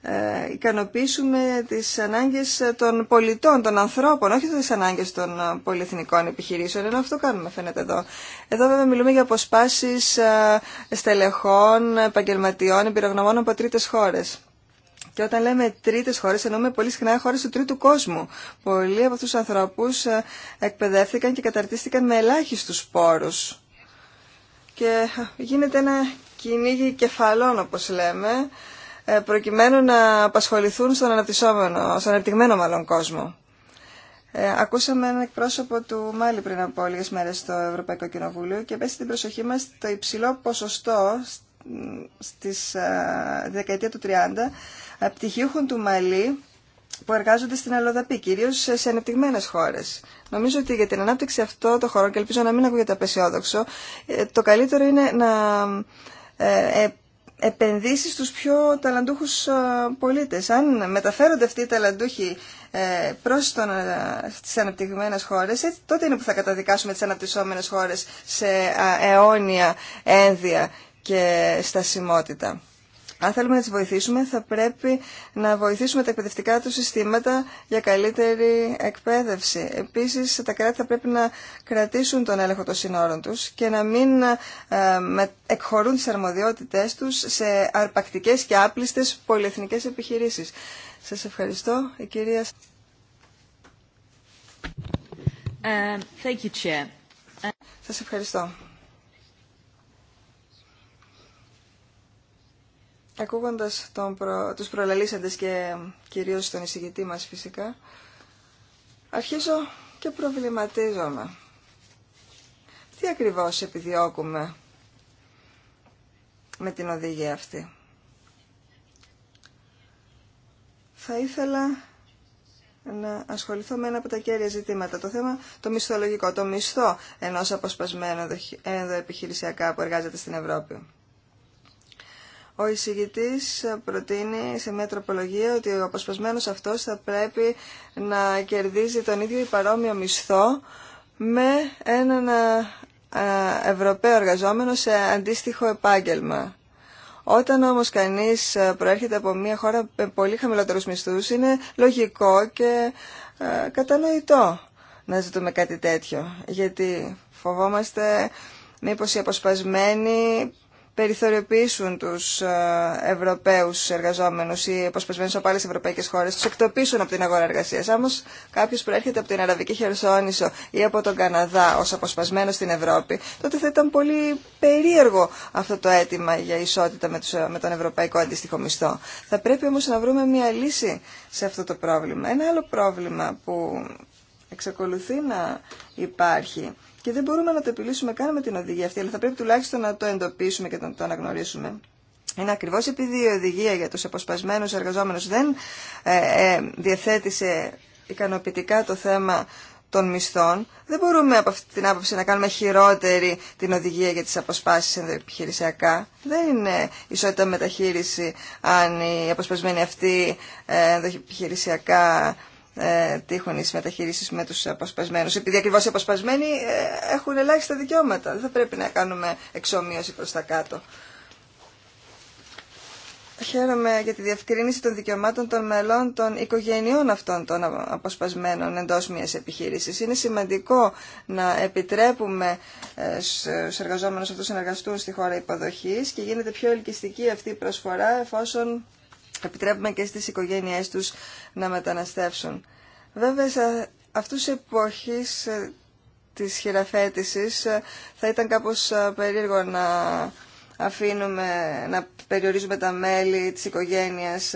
ε, ικανοποιήσουμε τις ανάγκες των πολιτών, των ανθρώπων, όχι τις ανάγκες των ε, πολυεθνικών επιχειρήσεων, ενώ αυτό κάνουμε φαίνεται εδώ. Εδώ βέβαια μιλούμε για αποσπάσεις ε, στελεχών, επαγγελματιών, εμπειρογνωμών από τρίτες χώρες. Και όταν λέμε τρίτε χώρε, εννοούμε πολύ συχνά χώρε του τρίτου κόσμου. Πολλοί από αυτού του ανθρώπου ε, εκπαιδεύτηκαν και καταρτίστηκαν με ελάχιστου πόρου. Και ε, γίνεται ένα κυνήγι κεφαλών, όπω λέμε, ε, προκειμένου να απασχοληθούν στον αναπτυσσόμενο, στον αναπτυγμένο μάλλον κόσμο. ακούσαμε ένα εκπρόσωπο του Μάλι πριν από λίγε μέρε στο Ευρωπαϊκό Κοινοβούλιο και πέσει την προσοχή μα το υψηλό ποσοστό στις ε, δεκαετία του 30 ε, πτυχίουχων του Μαλή που εργάζονται στην Αλοδαπή, κυρίω σε ανεπτυγμένε χώρε. Νομίζω ότι για την ανάπτυξη αυτών των χωρών, και ελπίζω να μην ακούγεται απεσιόδοξο, ε, το καλύτερο είναι να επενδύσει στους πιο ταλαντούχους πολίτες. Αν μεταφέρονται αυτοί οι ταλαντούχοι προς τι ανεπτυγμένε αναπτυγμένες χώρες, τότε είναι που θα καταδικάσουμε τις αναπτυσσόμενες χώρες σε αιώνια ένδια και στασιμότητα. Αν θέλουμε να τις βοηθήσουμε, θα πρέπει να βοηθήσουμε τα εκπαιδευτικά του συστήματα για καλύτερη εκπαίδευση. Επίσης, τα κράτη θα πρέπει να κρατήσουν τον έλεγχο των συνόρων τους και να μην ε, εκχωρούν τις αρμοδιότητές τους σε αρπακτικές και άπλιστες πολυεθνικές επιχειρήσεις. Σας ευχαριστώ, η ε, Σας ευχαριστώ. Ακούγοντας τον προ... τους προλαλήσαντες και κυρίως τον εισηγητή μας φυσικά, αρχίζω και προβληματίζομαι. Τι ακριβώς επιδιώκουμε με την οδηγία αυτή. Θα ήθελα να ασχοληθώ με ένα από τα κέρια ζητήματα. Το θέμα το μισθολογικό, το μισθό ενός αποσπασμένου ενδοεπιχειρησιακά που εργάζεται στην Ευρώπη. Ο εισηγητής προτείνει σε μια τροπολογία ότι ο αποσπασμένος αυτός θα πρέπει να κερδίζει τον ίδιο ή παρόμοιο μισθό με έναν ε, Ευρωπαίο εργαζόμενο σε αντίστοιχο επάγγελμα. Όταν όμως κανείς ε, προέρχεται από μια χώρα με πολύ χαμηλότερους μισθούς είναι λογικό και ε, κατανοητό να ζητούμε κάτι τέτοιο. Γιατί φοβόμαστε μήπως οι αποσπασμένοι περιθωριοποιήσουν τους ε, Ευρωπαίους εργαζόμενους ή αποσπασμένους από άλλες ευρωπαϊκές χώρες, τους εκτοπίσουν από την αγορά εργασίας. Όμως κάποιος προέρχεται από την Αραβική Χερσόνησο ή από τον Καναδά ως αποσπασμένος στην Ευρώπη, τότε θα ήταν πολύ περίεργο αυτό το αίτημα για ισότητα με, ε, τον ευρωπαϊκό αντίστοιχο μισθό. Θα πρέπει όμως να βρούμε μια λύση σε αυτό το πρόβλημα. Ένα άλλο πρόβλημα που εξακολουθεί να υπάρχει και δεν μπορούμε να το επιλύσουμε καν με την οδηγία αυτή, αλλά θα πρέπει τουλάχιστον να το εντοπίσουμε και να το αναγνωρίσουμε. Είναι ακριβώς επειδή η οδηγία για τους αποσπασμένους εργαζόμενους δεν ε, ε διαθέτησε ικανοποιητικά το θέμα των μισθών, δεν μπορούμε από αυτή την άποψη να κάνουμε χειρότερη την οδηγία για τις αποσπάσεις ενδοεπιχειρησιακά. Δεν είναι ισότητα μεταχείριση αν οι αποσπασμένοι αυτοί ε, ενδοεπιχειρησιακά ε, τύχουν οι μεταχειρήσει με του αποσπασμένου. Επειδή ακριβώ οι αποσπασμένοι ε, έχουν ελάχιστα δικαιώματα. Δεν θα πρέπει να κάνουμε εξομοίωση προ τα κάτω. Χαίρομαι για τη διευκρίνηση των δικαιωμάτων των μελών των οικογενειών αυτών των αποσπασμένων εντός μιας επιχείρησης. Είναι σημαντικό να επιτρέπουμε ε, στους εργαζόμενους αυτούς να εργαστούν στη χώρα υποδοχής και γίνεται πιο ελκυστική αυτή η προσφορά εφόσον επιτρέπουμε και στις οικογένειές τους να μεταναστεύσουν. Βέβαια, σε αυτούς τις εποχές ε, της χειραφέτησης ε, θα ήταν κάπως ε, περίεργο να αφήνουμε να περιορίζουμε τα μέλη της οικογένειας,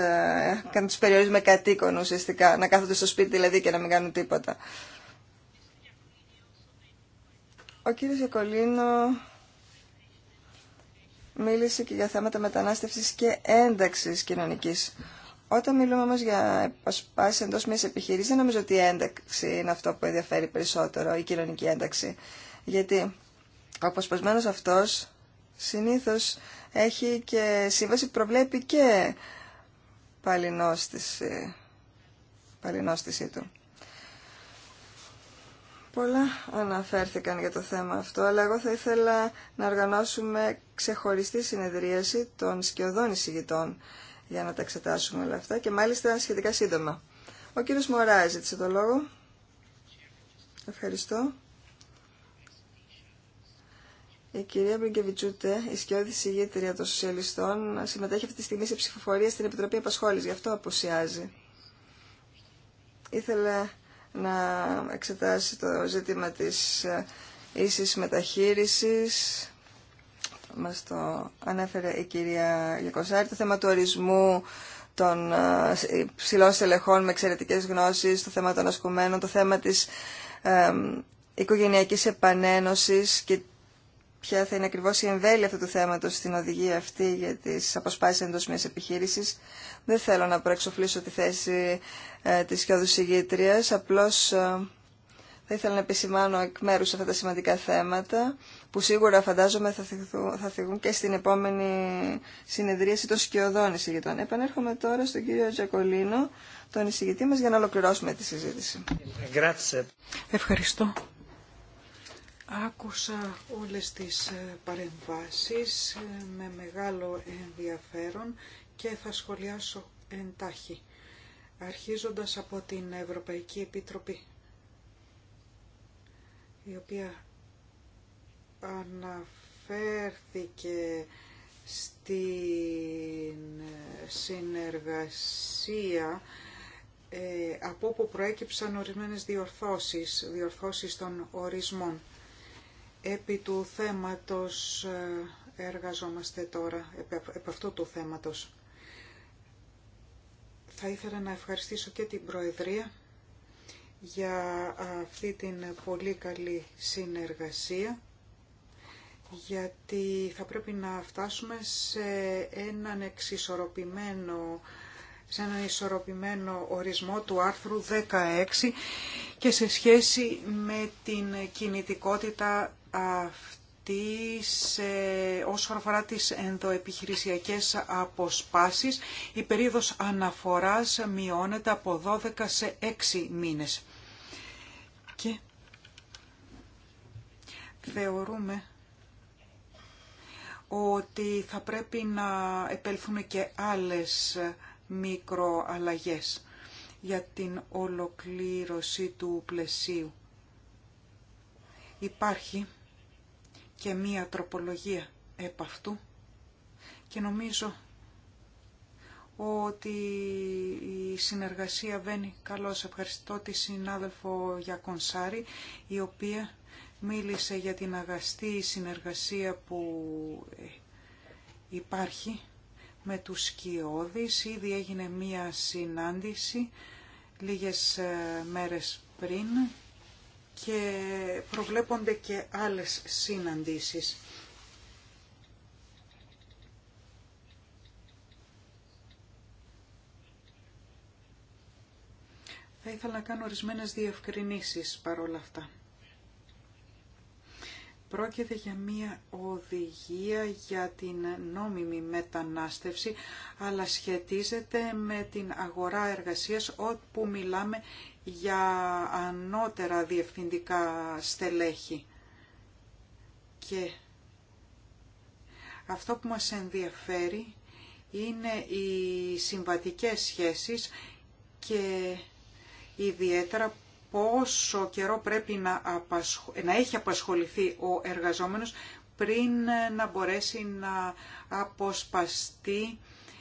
να τους περιορίζουμε κατοίκον ουσιαστικά, να κάθονται στο σπίτι δηλαδή και να μην κάνουν τίποτα. Ο κύριος Ιακολίνο μίλησε και για θέματα μετανάστευσης και ένταξης κοινωνικής. Όταν μιλούμε όμως για αποσπάσεις εντός μιας επιχειρήσης, δεν νομίζω ότι η ένταξη είναι αυτό που ενδιαφέρει περισσότερο, η κοινωνική ένταξη. Γιατί ο αποσπασμένος αυτός συνήθως έχει και σύμβαση που προβλέπει και παλινόστηση, παλινόστηση του. Πολλά αναφέρθηκαν για το θέμα αυτό, αλλά εγώ θα ήθελα να οργανώσουμε ξεχωριστή συνεδρίαση των σκιωδών εισηγητών για να τα εξετάσουμε όλα αυτά και μάλιστα σχετικά σύντομα. Ο κύριος Μωράς ζήτησε το λόγο. Ευχαριστώ. Η κυρία Μπριγκεβιτσούτε, η σκιώδη συγγήτρια των Σοσιαλιστών, συμμετέχει αυτή τη στιγμή σε ψηφοφορία στην Επιτροπή Απασχόληση. γι' αυτό αποσιάζει. Ήθελε να εξετάσει το ζήτημα της ε, ίσης μεταχείρισης. Μας το ανέφερε η κυρία Γεκοσάρη, το θέμα του ορισμού των ε, ψηλών στελεχών με εξαιρετικέ γνώσεις, το θέμα των ασκουμένων, το θέμα της ε, οικογενειακής επανένωσης και ποια θα είναι ακριβώς η εμβέλεια αυτού του θέματος στην οδηγία αυτή για τις αποσπάσεις εντός μιας επιχείρησης. Δεν θέλω να προεξοφλήσω τη θέση ε, της Κιόδους απλώς ε, θα ήθελα να επισημάνω εκ μέρου αυτά τα σημαντικά θέματα, που σίγουρα φαντάζομαι θα θυγούν, και στην επόμενη συνεδρίαση των σκιωδών εισηγητών. Επανέρχομαι τώρα στον κύριο Τζακολίνο, τον εισηγητή μας, για να ολοκληρώσουμε τη συζήτηση. Ευχαριστώ. Άκουσα όλες τις ε, παρεμβάσεις ε, με μεγάλο ενδιαφέρον και θα σχολιάσω εντάχει, αρχίζοντας από την Ευρωπαϊκή Επιτροπή, η οποία αναφέρθηκε στην ε, συνεργασία από όπου προέκυψαν ορισμένες διορθώσεις, διορθώσεις των ορισμών. Επί του θέματος ε, εργαζόμαστε τώρα, επ' αυτού του θέματος. Θα ήθελα να ευχαριστήσω και την Προεδρία για αυτή την πολύ καλή συνεργασία γιατί θα πρέπει να φτάσουμε σε έναν εξισορροπημένο σε έναν ισορροπημένο ορισμό του άρθρου 16 και σε σχέση με την κινητικότητα σε όσον αφορά τις ενδοεπιχειρησιακές αποσπάσεις η περίοδος αναφοράς μειώνεται από 12 σε 6 μήνες. Και θεωρούμε ότι θα πρέπει να επέλθουν και άλλες μικροαλλαγές για την ολοκλήρωση του πλαισίου. Υπάρχει και μία τροπολογία επ' αυτού και νομίζω ότι η συνεργασία βαίνει καλώς. Ευχαριστώ τη συνάδελφο Γιακονσάρη, η οποία μίλησε για την αγαστή συνεργασία που ε, υπάρχει με τους σκιώδεις. Ήδη έγινε μία συνάντηση λίγες ε, μέρες πριν και προβλέπονται και άλλες συναντήσεις. Θα ήθελα να κάνω ορισμένες διευκρινήσεις παρόλα αυτά. Πρόκειται για μία οδηγία για την νόμιμη μετανάστευση, αλλά σχετίζεται με την αγορά εργασίας όπου μιλάμε για ανώτερα διευθυντικά στελέχη. Και αυτό που μας ενδιαφέρει είναι οι συμβατικές σχέσεις και ιδιαίτερα πόσο καιρό πρέπει να, να έχει απασχοληθεί ο εργαζόμενος πριν να μπορέσει να αποσπαστεί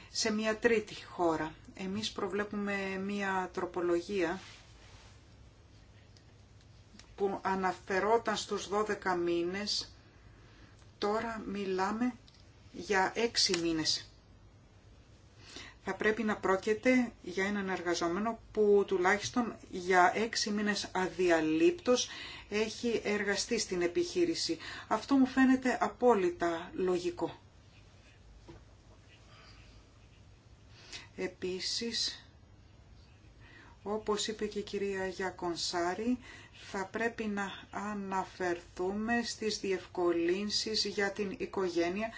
σε μια τρίτη χώρα. Εμείς προβλέπουμε μια τροπολογία που αναφερόταν στους 12 μήνες, τώρα μιλάμε για 6 μήνες. Θα πρέπει να πρόκειται για έναν εργαζόμενο που τουλάχιστον για 6 μήνες αδιαλείπτος έχει εργαστεί στην επιχείρηση. Αυτό μου φαίνεται απόλυτα λογικό. Επίσης, όπως είπε και η κυρία Γιακονσάρη, θα πρέπει να αναφερθούμε στις διευκολύνσεις για την οικογένεια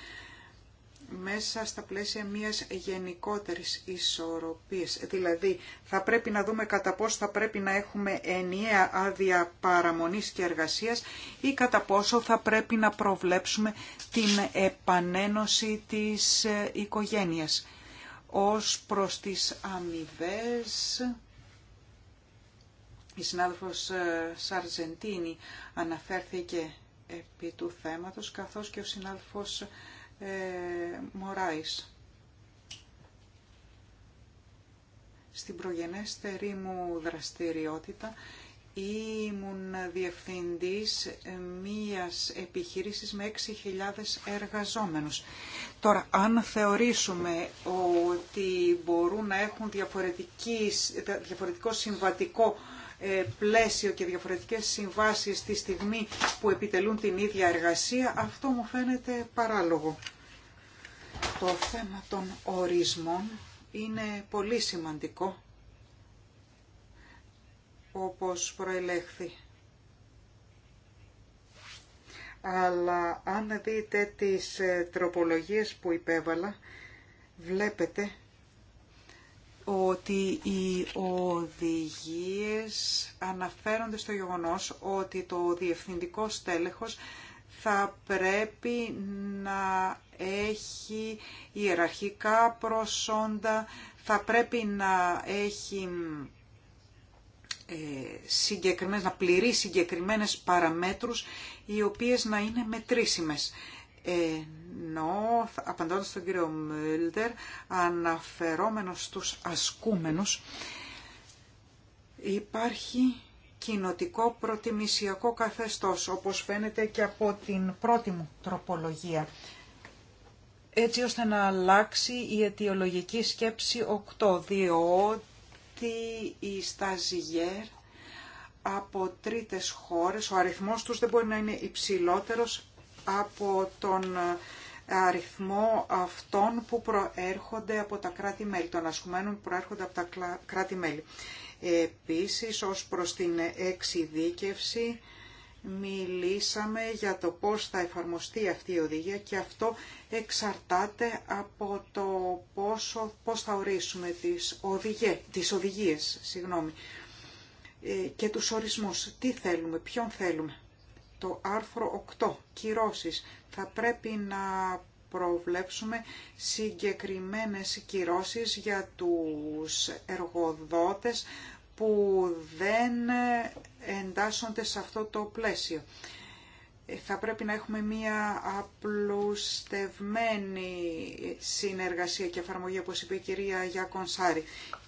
μέσα στα πλαίσια μιας γενικότερης ισορροπίας. Δηλαδή, θα πρέπει να δούμε κατά πόσο θα πρέπει να έχουμε ενιαία άδεια παραμονής και εργασίας ή κατά πόσο θα πρέπει να προβλέψουμε την επανένωση της ε, οικογένειας ως προς τις αμοιβές η συνάδελφος ε, Σαρζεντίνη αναφέρθηκε επί του θέματος, καθώς και ο συνάδελφος ε, Μωράης. Στην προγενέστερή μου δραστηριότητα ήμουν διευθυντής ε, μίας επιχείρησης με 6.000 εργαζόμενους. Τώρα, αν θεωρήσουμε ότι μπορούν να έχουν διαφορετικό συμβατικό ε, πλαίσιο και διαφορετικές συμβάσεις τη στιγμή που επιτελούν την ίδια εργασία, αυτό μου φαίνεται παράλογο. Το θέμα των ορισμών είναι πολύ σημαντικό, όπως προελέχθη. Αλλά αν δείτε τις ε, τροπολογίες που υπέβαλα, βλέπετε ότι οι οδηγίες αναφέρονται στο γεγονός ότι το διευθυντικό στέλεχος θα πρέπει να έχει ιεραρχικά προσόντα, θα πρέπει να έχει ε, συγκεκριμένες, να πληρεί συγκεκριμένες παραμέτρους οι οποίες να είναι μετρήσιμες ενώ απαντώντας στον κύριο Μίλτερ αναφερόμενος στους ασκούμενους υπάρχει κοινοτικό προτιμησιακό καθεστώς όπως φαίνεται και από την πρώτη μου τροπολογία έτσι ώστε να αλλάξει η αιτιολογική σκέψη 8 διότι η σταζιγέρ από τρίτες χώρες, ο αριθμός τους δεν μπορεί να είναι υψηλότερος από τον ε, αριθμό αυτών που προέρχονται από τα κράτη-μέλη, των ασκουμένων που προέρχονται από τα κράτη-μέλη. Επίσης, ως προς την εξειδίκευση, μιλήσαμε για το πώς θα εφαρμοστεί αυτή η οδηγία και αυτό εξαρτάται από το πόσο, πώς θα ορίσουμε τις, οδηγίε, τις οδηγίες συγγνώμη, ε, και τους ορισμούς. Τι θέλουμε, ποιον θέλουμε το άρθρο 8, κυρώσεις. Θα πρέπει να προβλέψουμε συγκεκριμένες κυρώσεις για τους εργοδότες που δεν εντάσσονται σε αυτό το πλαίσιο. Ε, θα πρέπει να έχουμε μία απλουστευμένη συνεργασία και εφαρμογή, όπως είπε η κυρία Γιακονσάρη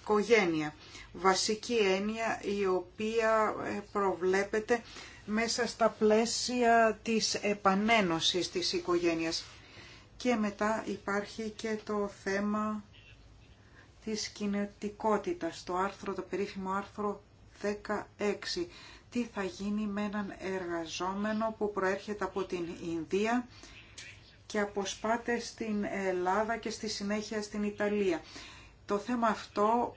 οικογένεια. Βασική έννοια η οποία ε, προβλέπεται μέσα στα πλαίσια της επανένωσης της οικογένειας. Και μετά υπάρχει και το θέμα της κινητικότητας, το άρθρο, το περίφημο άρθρο 16. Τι θα γίνει με έναν εργαζόμενο που προέρχεται από την Ινδία και αποσπάται στην Ελλάδα και στη συνέχεια στην Ιταλία. Το θέμα αυτό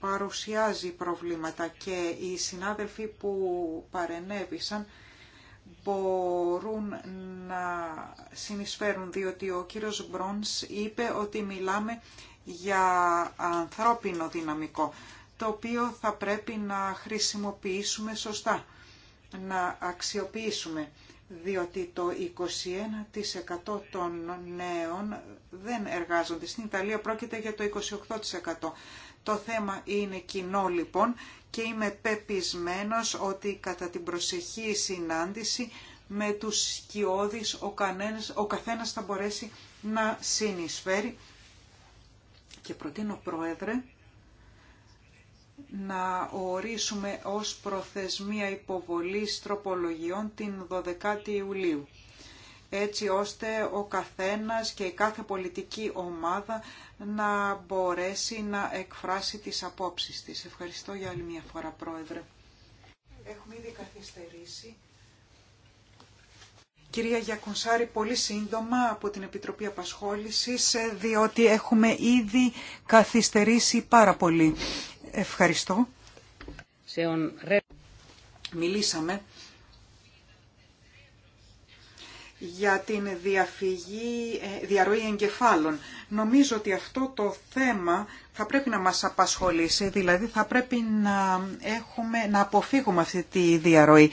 παρουσιάζει προβλήματα και οι συνάδελφοι που παρενέβησαν μπορούν να συνεισφέρουν διότι ο κύριος Μπρόνς είπε ότι μιλάμε για ανθρώπινο δυναμικό το οποίο θα πρέπει να χρησιμοποιήσουμε σωστά, να αξιοποιήσουμε διότι το 21% των νέων δεν εργάζονται. Στην Ιταλία πρόκειται για το 28%. Το θέμα είναι κοινό λοιπόν και είμαι πεπισμένος ότι κατά την προσεχή συνάντηση με τους σκιώδεις ο, κανένας, ο καθένας θα μπορέσει να συνεισφέρει. Και προτείνω πρόεδρε να ορίσουμε ως προθεσμία υποβολής τροπολογιών την 12η Ιουλίου έτσι ώστε ο καθένας και η κάθε πολιτική ομάδα να μπορέσει να εκφράσει τις απόψεις της. Ευχαριστώ για άλλη μια φορά, Πρόεδρε. Έχουμε ήδη καθυστερήσει. Κυρία Γιακουνσάρη, πολύ σύντομα από την Επιτροπή Απασχόλησης, διότι έχουμε ήδη καθυστερήσει πάρα πολύ. Ευχαριστώ. Μιλήσαμε για την διαφυγή, ε, διαρροή εγκεφάλων. Νομίζω ότι αυτό το θέμα θα πρέπει να μας απασχολήσει, δηλαδή θα πρέπει να, έχουμε, να αποφύγουμε αυτή τη διαρροή.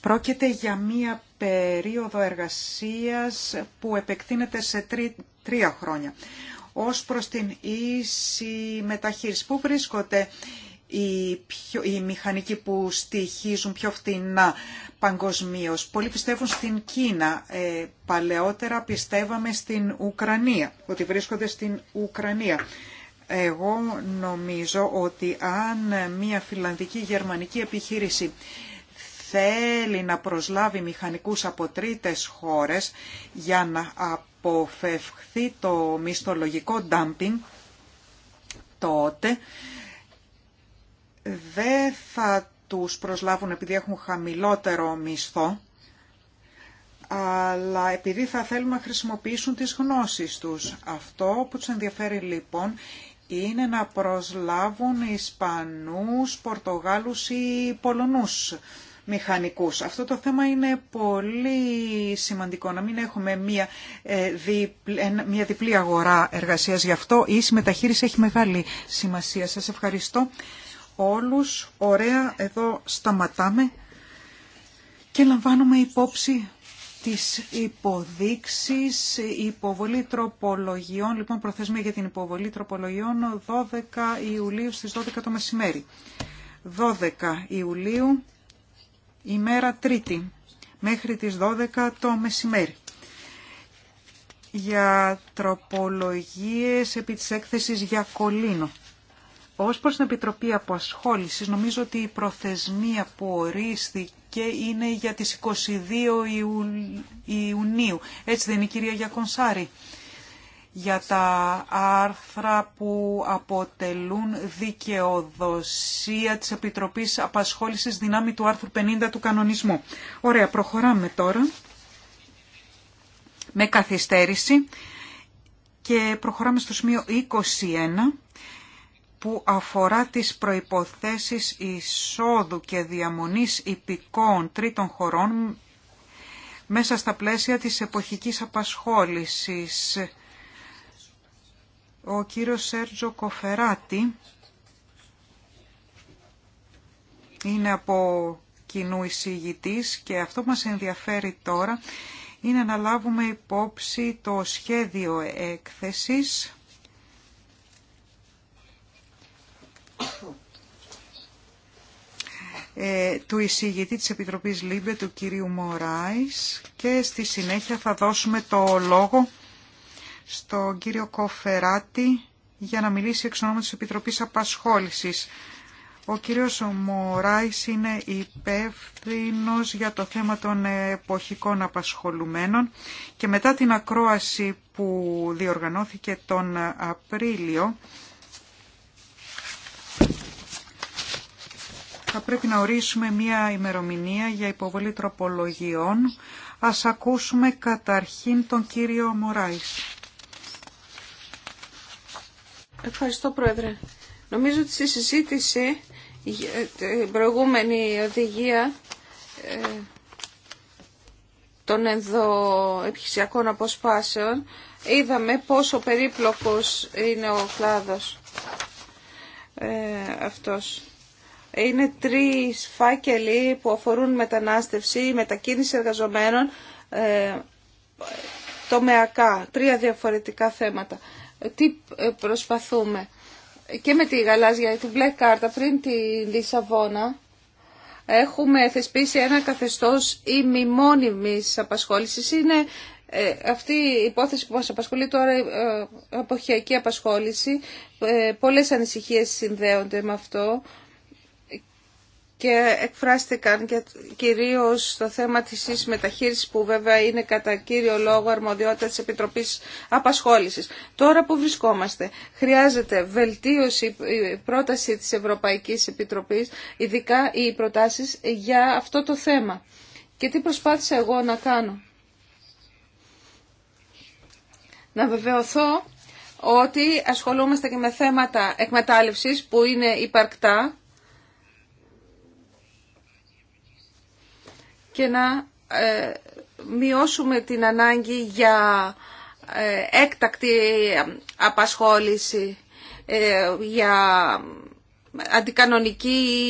Πρόκειται για μία περίοδο εργασίας που επεκτείνεται σε τρία χρόνια ως προς την ίση μεταχείριση. Πού βρίσκονται οι, πιο, οι μηχανικοί που στοιχίζουν πιο φτηνά παγκοσμίω. Πολλοί πιστεύουν στην Κίνα. Ε, παλαιότερα πιστεύαμε στην Ουκρανία, ότι βρίσκονται στην Ουκρανία. Εγώ νομίζω ότι αν μια φιλανδική-γερμανική επιχείρηση θέλει να προσλάβει μηχανικούς από τρίτες χώρες για να αποφευχθεί το μισθολογικό dumping, τότε δεν θα τους προσλάβουν επειδή έχουν χαμηλότερο μισθό, αλλά επειδή θα θέλουν να χρησιμοποιήσουν τις γνώσεις τους. Αυτό που τους ενδιαφέρει λοιπόν είναι να προσλάβουν Ισπανούς, Πορτογάλους ή Πολωνούς μηχανικούς. Αυτό το θέμα είναι πολύ σημαντικό, να μην έχουμε μια, ε, μια διπλή αγορά εργασίας. Γι' αυτό η συμμεταχείριση έχει μεγάλη σημασία. Σας ευχαριστώ όλους. Ωραία, εδώ σταματάμε και λαμβάνουμε υπόψη τις υποδείξεις, υποβολή τροπολογιών, λοιπόν προθεσμία για την υποβολή τροπολογιών 12 Ιουλίου στις 12 το μεσημέρι. 12 Ιουλίου ημέρα Τρίτη μέχρι τις 12 το μεσημέρι για τροπολογίες επί της έκθεσης για κολίνο. Ως προς την Επιτροπή Αποασχόλησης, νομίζω ότι η προθεσμία που ορίστηκε είναι για τις 22 Ιουνίου. Έτσι δεν είναι η κυρία Γιακονσάρη για τα άρθρα που αποτελούν δικαιοδοσία της Επιτροπής Απασχόλησης δυνάμει του άρθρου 50 του κανονισμού. Ωραία, προχωράμε τώρα με καθυστέρηση και προχωράμε στο σημείο 21 που αφορά τις προϋποθέσεις εισόδου και διαμονής υπηκών τρίτων χωρών μέσα στα πλαίσια της εποχικής απασχόλησης ο κύριος Σέρτζο Κοφεράτη είναι από κοινού εισηγητής και αυτό που μας ενδιαφέρει τώρα είναι να λάβουμε υπόψη το σχέδιο έκθεσης ε, του εισηγητή της Επιτροπής Λίμπε, του κυρίου Μωράης και στη συνέχεια θα δώσουμε το λόγο στον κύριο Κοφεράτη για να μιλήσει εξ ονόματος της Επιτροπής Απασχόλησης. Ο κύριος Μωράης είναι υπεύθυνο για το θέμα των εποχικών απασχολουμένων και μετά την ακρόαση που διοργανώθηκε τον Απρίλιο θα πρέπει να ορίσουμε μία ημερομηνία για υποβολή τροπολογιών. Ας ακούσουμε καταρχήν τον κύριο Μωράης. Ευχαριστώ, Πρόεδρε. Νομίζω ότι στη συζήτηση την προηγούμενη οδηγία ε, των ενδοεπιχειρησιακών αποσπάσεων είδαμε πόσο περίπλοκος είναι ο κλάδος ε, αυτός. Είναι τρεις φάκελοι που αφορούν μετανάστευση, μετακίνηση εργαζομένων, ε, τομεακά, τρία διαφορετικά θέματα τι ε, προσπαθούμε. Και με τη γαλάζια, την μπλε κάρτα πριν τη Λισαβόνα, έχουμε θεσπίσει ένα καθεστώς ημιμόνιμης απασχόλησης. Είναι ε, αυτή η υπόθεση που μας απασχολεί τώρα, η ε, αποχειακή απασχόληση. Πολλές ανησυχίες συνδέονται με αυτό και εκφράστηκαν και κυρίως το θέμα της που βέβαια είναι κατά κύριο λόγο αρμοδιότητα της Επιτροπής Απασχόλησης. Τώρα που βρισκόμαστε χρειάζεται βελτίωση η πρόταση της Ευρωπαϊκής Επιτροπής, ειδικά οι προτάσεις για αυτό το θέμα. Και τι προσπάθησα εγώ να κάνω. Να βεβαιωθώ ότι ασχολούμαστε και με θέματα εκμετάλλευσης που είναι υπαρκτά και να ε, μειώσουμε την ανάγκη για ε, έκτακτη απασχόληση, ε, για αντικανονική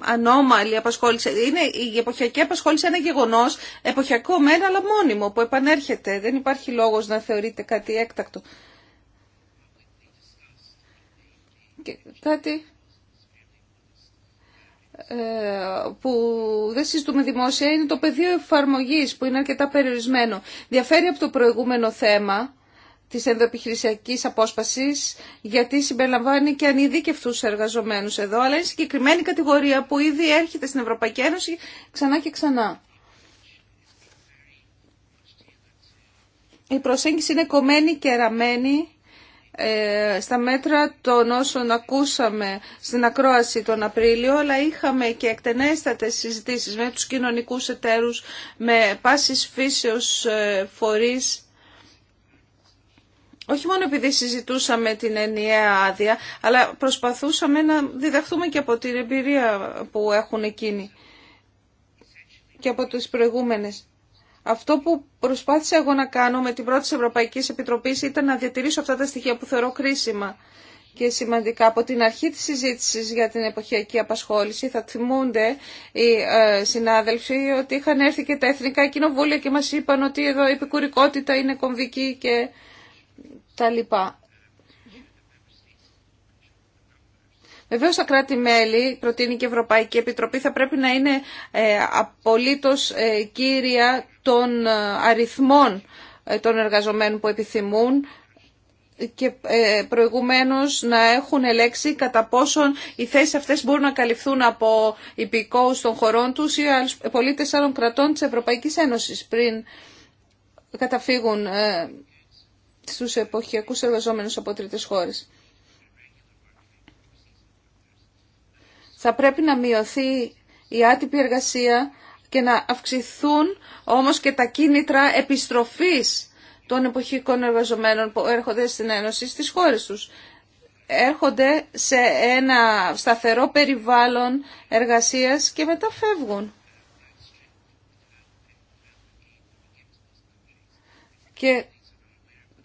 ανώμαλη απασχόληση. Είναι η εποχιακή απασχόληση ένα γεγονός, εποχιακό μεν αλλά μόνιμο που επανέρχεται. Δεν υπάρχει λόγος να θεωρείται κάτι έκτακτο. Και κάτι ε, που δεν συζητούμε δημόσια είναι το πεδίο εφαρμογής που είναι αρκετά περιορισμένο. Διαφέρει από το προηγούμενο θέμα της ενδοεπιχειρησιακής απόσπασης γιατί συμπεριλαμβάνει και ανειδίκευτούς εργαζομένους εδώ αλλά είναι συγκεκριμένη κατηγορία που ήδη έρχεται στην Ευρωπαϊκή Ένωση ξανά και ξανά. Η προσέγγιση είναι κομμένη και ραμμένη ε, στα μέτρα των όσων ακούσαμε στην ακρόαση τον Απρίλιο, αλλά είχαμε και εκτενέστατες συζητήσεις με τους κοινωνικούς εταίρους, με πάσης φύσεως ε, φορείς, όχι μόνο επειδή συζητούσαμε την ενιαία άδεια, αλλά προσπαθούσαμε να διδαχθούμε και από την εμπειρία που έχουν εκείνοι και από τις προηγούμενες. Αυτό που προσπάθησα εγώ να κάνω με την πρώτη ευρωπαϊκή Επιτροπή ήταν να διατηρήσω αυτά τα στοιχεία που θεωρώ κρίσιμα και σημαντικά. Από την αρχή της συζήτησης για την εποχιακή απασχόληση θα θυμούνται οι ε, συνάδελφοι ότι είχαν έρθει και τα Εθνικά Κοινοβούλια και μας είπαν ότι εδώ η επικουρικότητα είναι κομβική και τα λοιπά. Βεβαίω τα κράτη-μέλη, προτείνει και η Ευρωπαϊκή Επιτροπή, θα πρέπει να είναι ε, απολύτως ε, κύρια των ε, αριθμών των εργαζομένων που επιθυμούν και προηγουμένως να έχουν ελέξει κατά πόσον οι θέσεις αυτές μπορούν να καλυφθούν από υπηκόους των χωρών τους ή πολίτες άλλων κρατών της Ευρωπαϊκής Ένωσης πριν καταφύγουν στους εποχιακούς εργαζόμενους από τρίτες χώρες. Θα πρέπει να μειωθεί η άτυπη εργασία και να αυξηθούν όμως και τα κίνητρα επιστροφής των εποχικών εργαζομένων που έρχονται στην Ένωση στις χώρες τους. Έρχονται σε ένα σταθερό περιβάλλον εργασίας και μετά φεύγουν. Και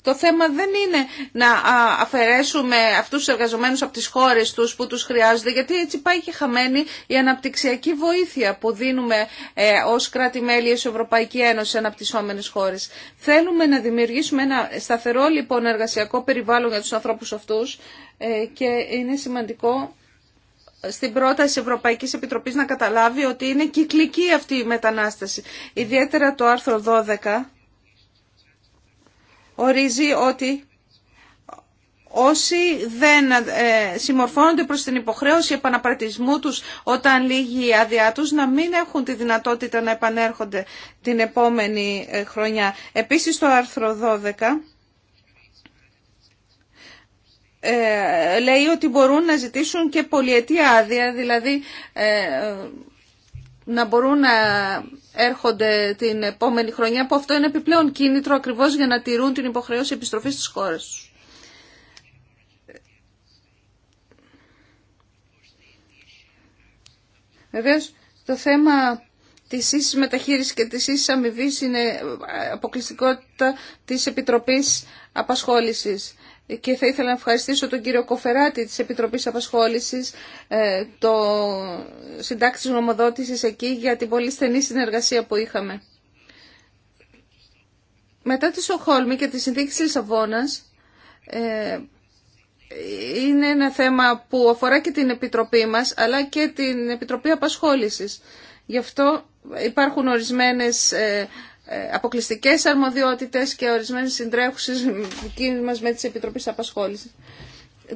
το θέμα δεν είναι να αφαιρέσουμε αυτούς τους εργαζομένους από τις χώρες τους που τους χρειάζονται, γιατί έτσι πάει και χαμένη η αναπτυξιακή βοήθεια που δίνουμε ε, ως κράτη-μέλη ως Ευρωπαϊκή Ένωση σε αναπτυσσόμενες χώρες. Θέλουμε να δημιουργήσουμε ένα σταθερό λοιπόν εργασιακό περιβάλλον για τους ανθρώπους αυτούς ε, και είναι σημαντικό ε, στην πρόταση Ευρωπαϊκής Επιτροπής να καταλάβει ότι είναι κυκλική αυτή η μετανάσταση. Ιδιαίτερα το άρθρο 12 ορίζει ότι όσοι δεν ε, συμμορφώνονται προς την υποχρέωση επαναπρατισμού τους όταν λύγει η άδειά τους να μην έχουν τη δυνατότητα να επανέρχονται την επόμενη ε, χρονιά. Επίσης το άρθρο 12 ε, λέει ότι μπορούν να ζητήσουν και πολυετή άδεια, δηλαδή να μπορούν να έρχονται την επόμενη χρονιά, που αυτό είναι επιπλέον κίνητρο ακριβώς για να τηρούν την υποχρέωση επιστροφής στις χώρες τους. Βεβαίως, το θέμα της ίσης μεταχείρισης και της ίσης αμοιβή είναι αποκλειστικότητα της Επιτροπής Απασχόλησης και θα ήθελα να ευχαριστήσω τον κύριο Κοφεράτη της Επιτροπής Απασχόλησης, ε, το συντάξει εκεί για την πολύ στενή συνεργασία που είχαμε. Μετά τη Σοχόλμη και τη συνθήκη της Λισαβόνας, ε, είναι ένα θέμα που αφορά και την Επιτροπή μας, αλλά και την Επιτροπή Απασχόλησης. Γι' αυτό υπάρχουν ορισμένες ε, ε, αποκλειστικές αρμοδιότητες και ορισμένες συντρέχουσες δική μας με τις Επιτροπές Απασχόλησης.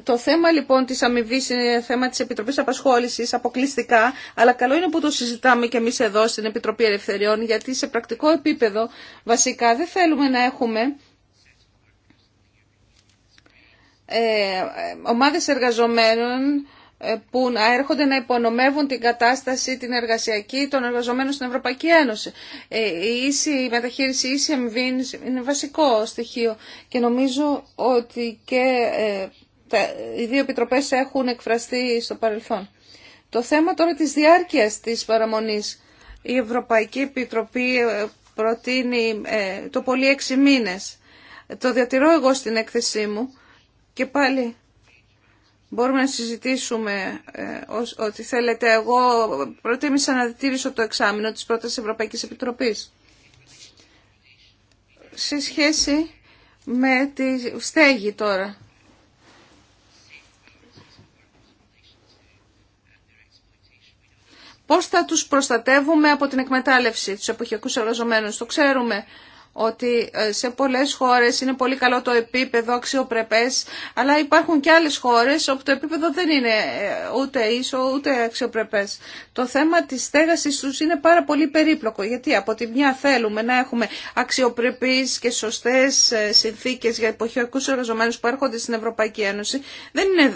Το θέμα λοιπόν της αμοιβή είναι θέμα της Επιτροπής Απασχόλησης αποκλειστικά, αλλά καλό είναι που το συζητάμε και εμείς εδώ στην Επιτροπή Ελευθεριών, γιατί σε πρακτικό επίπεδο βασικά δεν θέλουμε να έχουμε ε, ομάδες εργαζομένων ε, που έρχονται να υπονομεύουν την κατάσταση την εργασιακή των εργαζομένων στην Ευρωπαϊκή Ένωση. Ε, η, ίση, η μεταχείριση ίση είναι βασικό στοιχείο και νομίζω ότι και ε, οι δύο επιτροπές έχουν εκφραστεί στο παρελθόν. Το θέμα τώρα της διάρκειας της παραμονής. Η Ευρωπαϊκή Επιτροπή προτείνει το πολύ έξι μήνες. Το διατηρώ εγώ στην έκθεσή μου και πάλι Μπορούμε να συζητήσουμε ε, ό,τι θέλετε. Εγώ προτίμησα να τήρησω το εξάμεινο της πρώτης Ευρωπαϊκής Επιτροπής. Σε σχέση με τη στέγη τώρα. Πώς θα τους προστατεύουμε από την εκμετάλλευση, τους εποχιακούς εργαζομένους. Το ξέρουμε ότι ε, σε πολλές χώρες είναι πολύ καλό το επίπεδο αξιοπρεπές, αλλά υπάρχουν και άλλες χώρες όπου το επίπεδο δεν είναι ε, ούτε ίσο ούτε αξιοπρεπές. Το θέμα της στέγασης τους είναι πάρα πολύ περίπλοκο, γιατί από τη μια θέλουμε να έχουμε αξιοπρεπείς και σωστές ε, συνθήκες για εποχιακούς εργαζομένους που έρχονται στην Ευρωπαϊκή Ένωση. Δεν είναι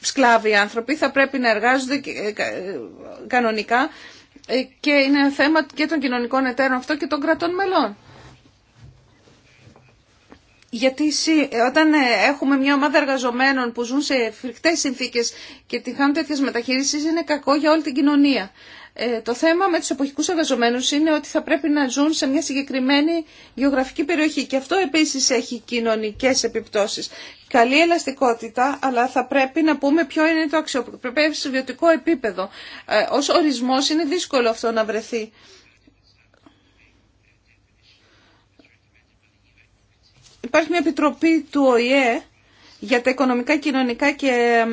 σκλάβοι άνθρωποι, θα πρέπει να εργάζονται κανονικά και είναι θέμα και των κοινωνικών εταίρων αυτό και των κρατών μελών. Γιατί όταν ε, έχουμε μια ομάδα εργαζομένων που ζουν σε φρικτές συνθήκες και τη χάνουν τέτοιες μεταχείρισεις είναι κακό για όλη την κοινωνία. Ε, το θέμα με τους εποχικούς εργαζομένους είναι ότι θα πρέπει να ζουν σε μια συγκεκριμένη γεωγραφική περιοχή και αυτό επίσης έχει κοινωνικές επιπτώσεις. Καλή ελαστικότητα, αλλά θα πρέπει να πούμε ποιο είναι το σε βιωτικό επίπεδο. Ε, ως ορισμός είναι δύσκολο αυτό να βρεθεί. Υπάρχει μια επιτροπή του ΟΗΕ για τα οικονομικά, κοινωνικά και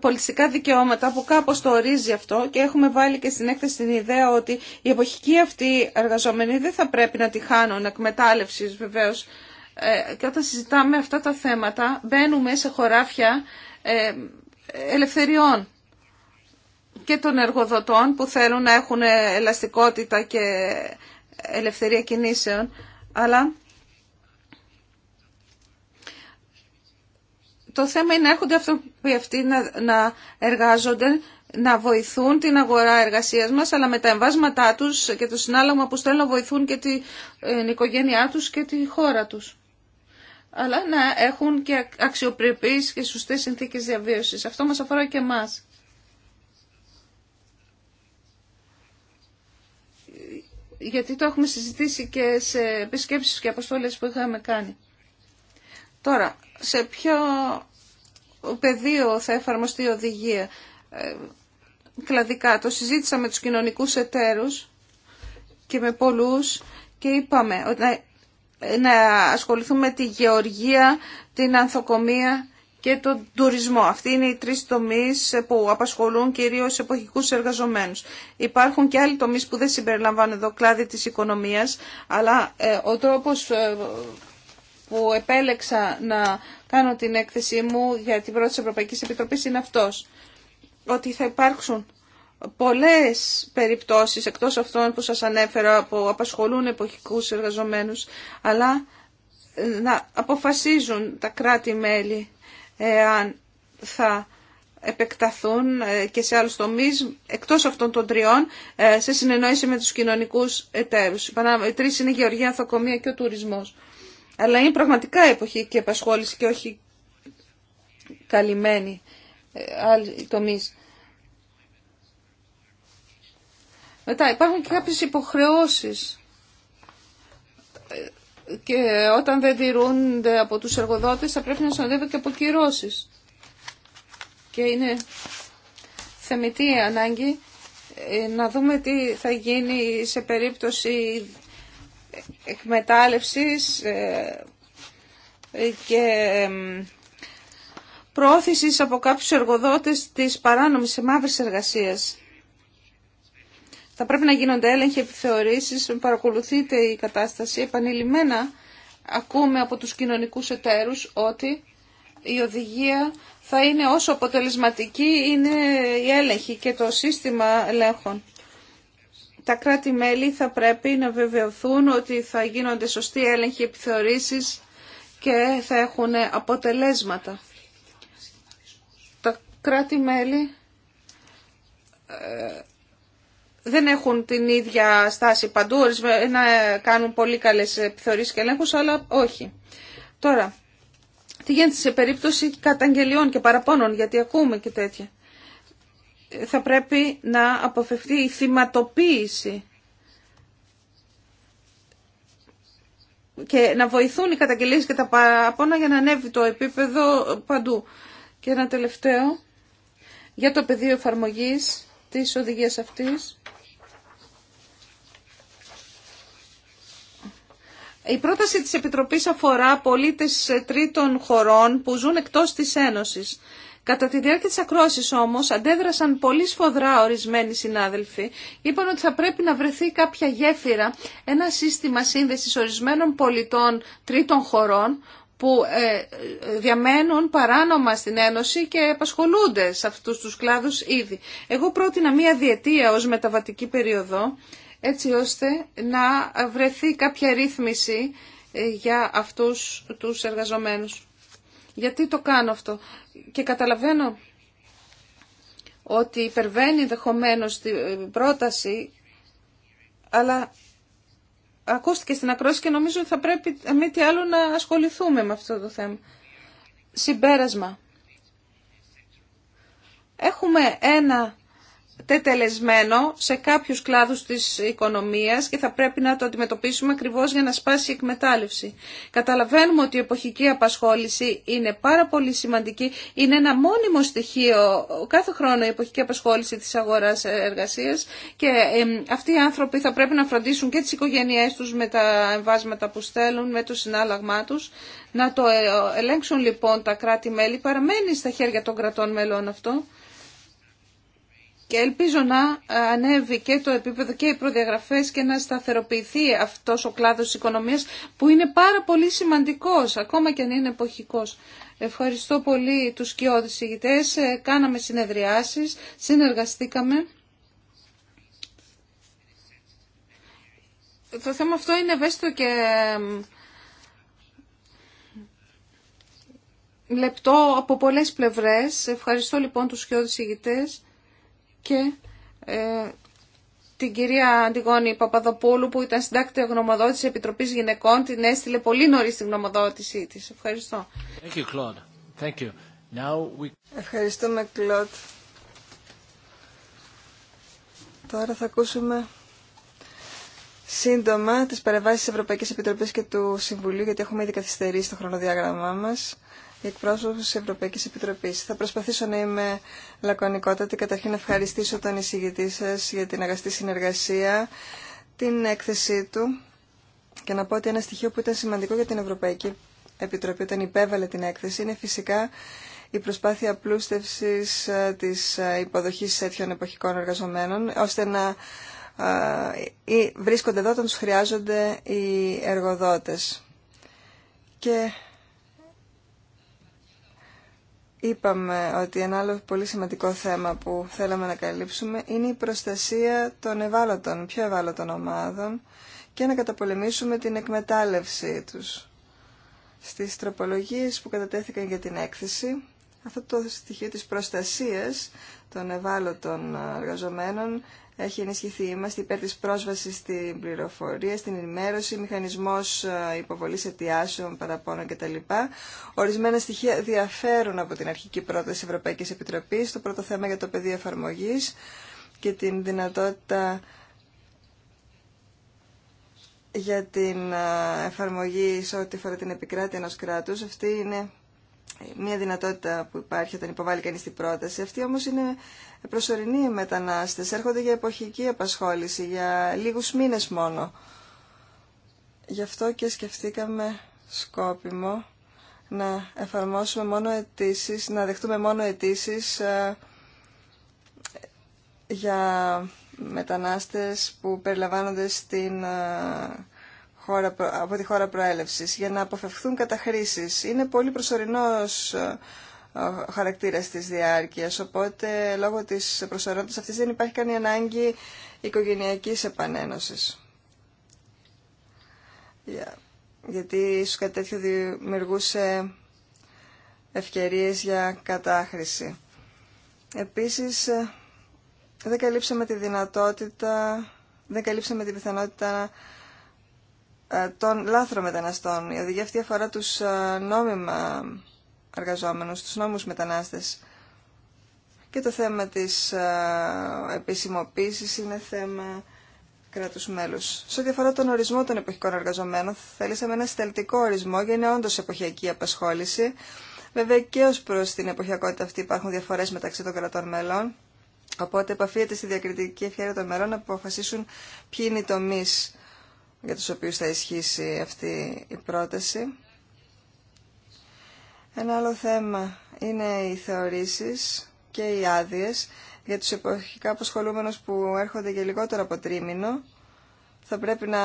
πολιτιστικά δικαιώματα που κάπως το ορίζει αυτό και έχουμε βάλει και στην έκθεση την ιδέα ότι οι εποχικοί αυτοί εργαζόμενοι δεν θα πρέπει να τη χάνουν εκμετάλλευση βεβαίως ε, και όταν συζητάμε αυτά τα θέματα μπαίνουμε σε χωράφια ε, ελευθεριών και των εργοδοτών που θέλουν να έχουν ελαστικότητα και ελευθερία κινήσεων αλλά Το θέμα είναι να έρχονται αυτοί να, εργάζονται, να βοηθούν την αγορά εργασίας μας, αλλά με τα εμβάσματά τους και το συνάλλαγμα που στέλνουν να βοηθούν και την ε, οικογένειά τους και τη χώρα τους. Αλλά να έχουν και αξιοπρεπείς και σωστές συνθήκες διαβίωσης. Αυτό μας αφορά και εμάς. γιατί το έχουμε συζητήσει και σε επισκέψεις και αποστόλες που είχαμε κάνει. Τώρα, σε ποιο πεδίο θα εφαρμοστεί η οδηγία. Ε, κλαδικά το συζήτησα με τους κοινωνικούς εταίρους και με πολλούς και είπαμε ότι να ασχοληθούμε με τη γεωργία, την ανθοκομία και τον τουρισμό. Αυτοί είναι οι τρεις τομείς που απασχολούν κυρίως εποχικούς εργαζομένους. Υπάρχουν και άλλοι τομείς που δεν συμπεριλαμβάνουν εδώ κλάδι της οικονομίας, αλλά ε, ο τρόπος ε, που επέλεξα να κάνω την έκθεσή μου για την πρώτη Ευρωπαϊκή Επιτροπή είναι αυτός. Ότι θα υπάρξουν πολλές περιπτώσεις εκτός αυτών που σας ανέφερα που απασχολούν εποχικούς εργαζομένους αλλά να αποφασίζουν τα κράτη-μέλη αν θα επεκταθούν ε, και σε άλλους τομείς εκτός αυτών των τριών ε, σε συνεννόηση με τους κοινωνικούς εταίρους. Οι τρεις είναι η γεωργία, η και ο τουρισμός. Αλλά είναι πραγματικά εποχή και επασχόληση και όχι καλυμμένη ε, άλλη τομής. Μετά υπάρχουν και κάποιες υποχρεώσεις ε, και όταν δεν τηρούνται από τους εργοδότες θα πρέπει να συνοδεύουν και από Και είναι θεμητή ανάγκη ε, να δούμε τι θα γίνει σε περίπτωση εκμετάλλευσης ε, και προώθησης από κάποιους εργοδότες της παράνομης σε μαύρης εργασίας. Θα πρέπει να γίνονται έλεγχοι επιθεωρήσεις, παρακολουθείτε η κατάσταση. Επανειλημμένα ακούμε από τους κοινωνικούς εταίρους ότι η οδηγία θα είναι όσο αποτελεσματική είναι η έλεγχη και το σύστημα ελέγχων τα κράτη-μέλη θα πρέπει να βεβαιωθούν ότι θα γίνονται σωστοί έλεγχοι επιθεωρήσεις και θα έχουν αποτελέσματα. Τα κράτη-μέλη ε, δεν έχουν την ίδια στάση παντού, να κάνουν πολύ καλές επιθεωρήσεις και ελέγχους, αλλά όχι. Τώρα, τι γίνεται σε περίπτωση καταγγελιών και παραπώνων, γιατί ακούμε και τέτοια θα πρέπει να αποφευθεί η θυματοποίηση και να βοηθούν οι καταγγελίες και τα παράπονα για να ανέβει το επίπεδο παντού. Και ένα τελευταίο για το πεδίο εφαρμογής της οδηγίας αυτής. Η πρόταση της Επιτροπής αφορά πολίτες τρίτων χωρών που ζουν εκτός της Ένωσης. Κατά τη διάρκεια της ακρόασης όμως αντέδρασαν πολύ σφοδρά ορισμένοι συνάδελφοι. Είπαν ότι θα πρέπει να βρεθεί κάποια γέφυρα, ένα σύστημα σύνδεσης ορισμένων πολιτών τρίτων χωρών που ε, διαμένουν παράνομα στην Ένωση και επασχολούνται σε αυτούς τους κλάδους ήδη. Εγώ πρότεινα μία διετία ως μεταβατική περίοδο έτσι ώστε να βρεθεί κάποια ρύθμιση ε, για αυτούς τους εργαζομένους. Γιατί το κάνω αυτό. Και καταλαβαίνω ότι υπερβαίνει ενδεχομένω την ε, πρόταση, αλλά ακούστηκε στην ακρόση και νομίζω ότι θα πρέπει με τι άλλο να ασχοληθούμε με αυτό το θέμα. Συμπέρασμα. Έχουμε ένα τετελεσμένο σε κάποιους κλάδους της οικονομίας και θα πρέπει να το αντιμετωπίσουμε ακριβώς για να σπάσει η εκμετάλλευση. Καταλαβαίνουμε ότι η εποχική απασχόληση είναι πάρα πολύ σημαντική, είναι ένα μόνιμο στοιχείο κάθε χρόνο η εποχική απασχόληση της αγοράς εργασίας και αυτοί οι άνθρωποι θα πρέπει να φροντίσουν και τις οικογένειές τους με τα εμβάσματα που στέλνουν, με το συνάλλαγμά τους. Να το ε, ελέγξουν λοιπόν τα κράτη-μέλη, παραμένει στα χέρια των κρατών μελών αυτό και ελπίζω να ανέβει και το επίπεδο και οι προδιαγραφές και να σταθεροποιηθεί αυτός ο κλάδος της οικονομίας που είναι πάρα πολύ σημαντικός, ακόμα και αν είναι εποχικός. Ευχαριστώ πολύ τους κοιόδης ηγητές, ε, κάναμε συνεδριάσεις, συνεργαστήκαμε. Το θέμα αυτό είναι ευαίσθητο και λεπτό από πολλές πλευρές. Ευχαριστώ λοιπόν τους κοιόδης ηγητές και ε, την κυρία Αντιγόνη Παπαδοπούλου που ήταν συντάκτη γνωμοδότης της Επιτροπής Γυναικών. Την έστειλε πολύ νωρίς την γνωμοδότησή της. Ευχαριστώ. Thank you, Now we... Ευχαριστούμε, Κλοντ. Τώρα θα ακούσουμε σύντομα τις παρεμβάσεις της Ευρωπαϊκής Επιτροπής και του Συμβουλίου, γιατί έχουμε ήδη καθυστερήσει το χρονοδιάγραμμά μας εκπρόσωπο τη Ευρωπαϊκή Επιτροπή. Θα προσπαθήσω να είμαι λακωνικότατη. Καταρχήν, να ευχαριστήσω τον εισηγητή σα για την αγαστή συνεργασία, την έκθεσή του και να πω ότι ένα στοιχείο που ήταν σημαντικό για την Ευρωπαϊκή Επιτροπή όταν υπέβαλε την έκθεση είναι φυσικά η προσπάθεια πλούστευση ε, της ε, υποδοχή τέτοιων εποχικών εργαζομένων, ώστε να ε, βρίσκονται εδώ όταν τους χρειάζονται οι εργοδότες. Και είπαμε ότι ένα άλλο πολύ σημαντικό θέμα που θέλαμε να καλύψουμε είναι η προστασία των ευάλωτων, πιο ευάλωτων ομάδων και να καταπολεμήσουμε την εκμετάλλευσή τους. Στις τροπολογίες που κατατέθηκαν για την έκθεση, αυτό το στοιχείο της προστασίας των ευάλωτων εργαζομένων έχει ενισχυθεί. Είμαστε υπέρ της πρόσβασης στην πληροφορία, στην ενημέρωση, μηχανισμός ε, υποβολής αιτιάσεων, παραπώνων κτλ. Ορισμένα στοιχεία διαφέρουν από την αρχική πρόταση Ευρωπαϊκής Επιτροπής. Το πρώτο θέμα για το πεδίο εφαρμογής και την δυνατότητα για την ε, εφαρμογή σε ό,τι αφορά την επικράτεια ενός κράτους. Αυτή είναι μια δυνατότητα που υπάρχει όταν υποβάλλει κανείς την πρόταση. Αυτοί όμως είναι προσωρινοί μετανάστες, έρχονται για εποχική απασχόληση, για λίγους μήνες μόνο. Γι' αυτό και σκεφτήκαμε σκόπιμο να εφαρμόσουμε μόνο αιτήσει, να δεχτούμε μόνο αιτήσει ε, για μετανάστες που περιλαμβάνονται στην ε, χώρα, από τη χώρα προέλευσης για να αποφευχθούν καταχρήσεις. Είναι πολύ προσωρινός ε, ο χαρακτήρας της διάρκειας, οπότε λόγω της προσωρινότητας αυτής δεν υπάρχει καν ανάγκη οικογενειακής επανένωσης. Yeah. Γιατί ίσως κάτι τέτοιο δημιουργούσε ευκαιρίες για κατάχρηση. Επίσης, ε, δεν καλύψαμε τη δυνατότητα, δεν καλύψαμε την πιθανότητα ε, των λάθρων μεταναστών. Η οδηγία αυτή αφορά τους ε, νόμιμα εργαζόμενους, τους νόμους μετανάστες. Και το θέμα της ε, επισημοποίησης είναι θέμα κράτους μέλους. Σε ό,τι αφορά τον ορισμό των εποχικών εργαζομένων, θέλησαμε ένα στελτικό ορισμό για είναι όντως εποχιακή απασχόληση. Βέβαια και ως προς την εποχιακότητα αυτή υπάρχουν διαφορές μεταξύ των κρατών μελών. Οπότε επαφείται στη διακριτική ευχαίρεια των μερών να αποφασίσουν ποιοι είναι οι τομείς για τους οποίους θα ισχύσει αυτή η πρόταση. Ένα άλλο θέμα είναι οι θεωρήσεις και οι άδειες. για τους εποχικά αποσχολούμενους που έρχονται για λιγότερο από τρίμηνο θα πρέπει να,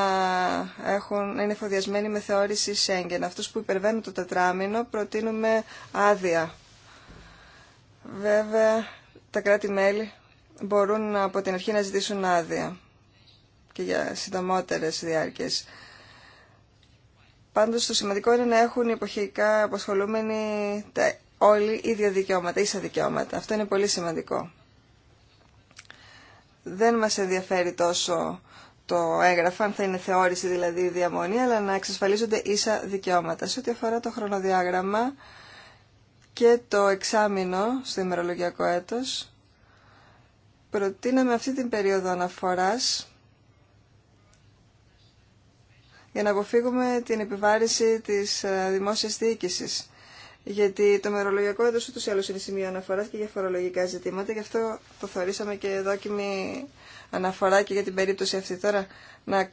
έχουν, να είναι εφοδιασμένοι με θεώρηση Σέγγεν. Αυτούς που υπερβαίνουν το τετράμινο προτείνουμε άδεια. Βέβαια, τα κράτη-μέλη μπορούν από την αρχή να ζητήσουν άδεια και για συντομότερες διάρκειες. Πάντως το σημαντικό είναι να έχουν οι εποχικά απασχολούμενοι τα, όλοι ίδια δικαιώματα, ίσα δικαιώματα. Αυτό είναι πολύ σημαντικό. Δεν μας ενδιαφέρει τόσο το έγγραφο, αν θα είναι θεώρηση δηλαδή η διαμονή, αλλά να εξασφαλίζονται ίσα δικαιώματα. Σε ό,τι αφορά το χρονοδιάγραμμα και το εξάμεινο στο ημερολογιακό έτος, προτείναμε αυτή την περίοδο αναφοράς για να αποφύγουμε την επιβάρηση της ε, δημόσιας διοίκησης. Γιατί το μερολογιακό έτος ούτως ή άλλως είναι σημείο αναφοράς και για φορολογικά ζητήματα, γι' αυτό το θεωρήσαμε και δόκιμη αναφορά και για την περίπτωση αυτή τώρα να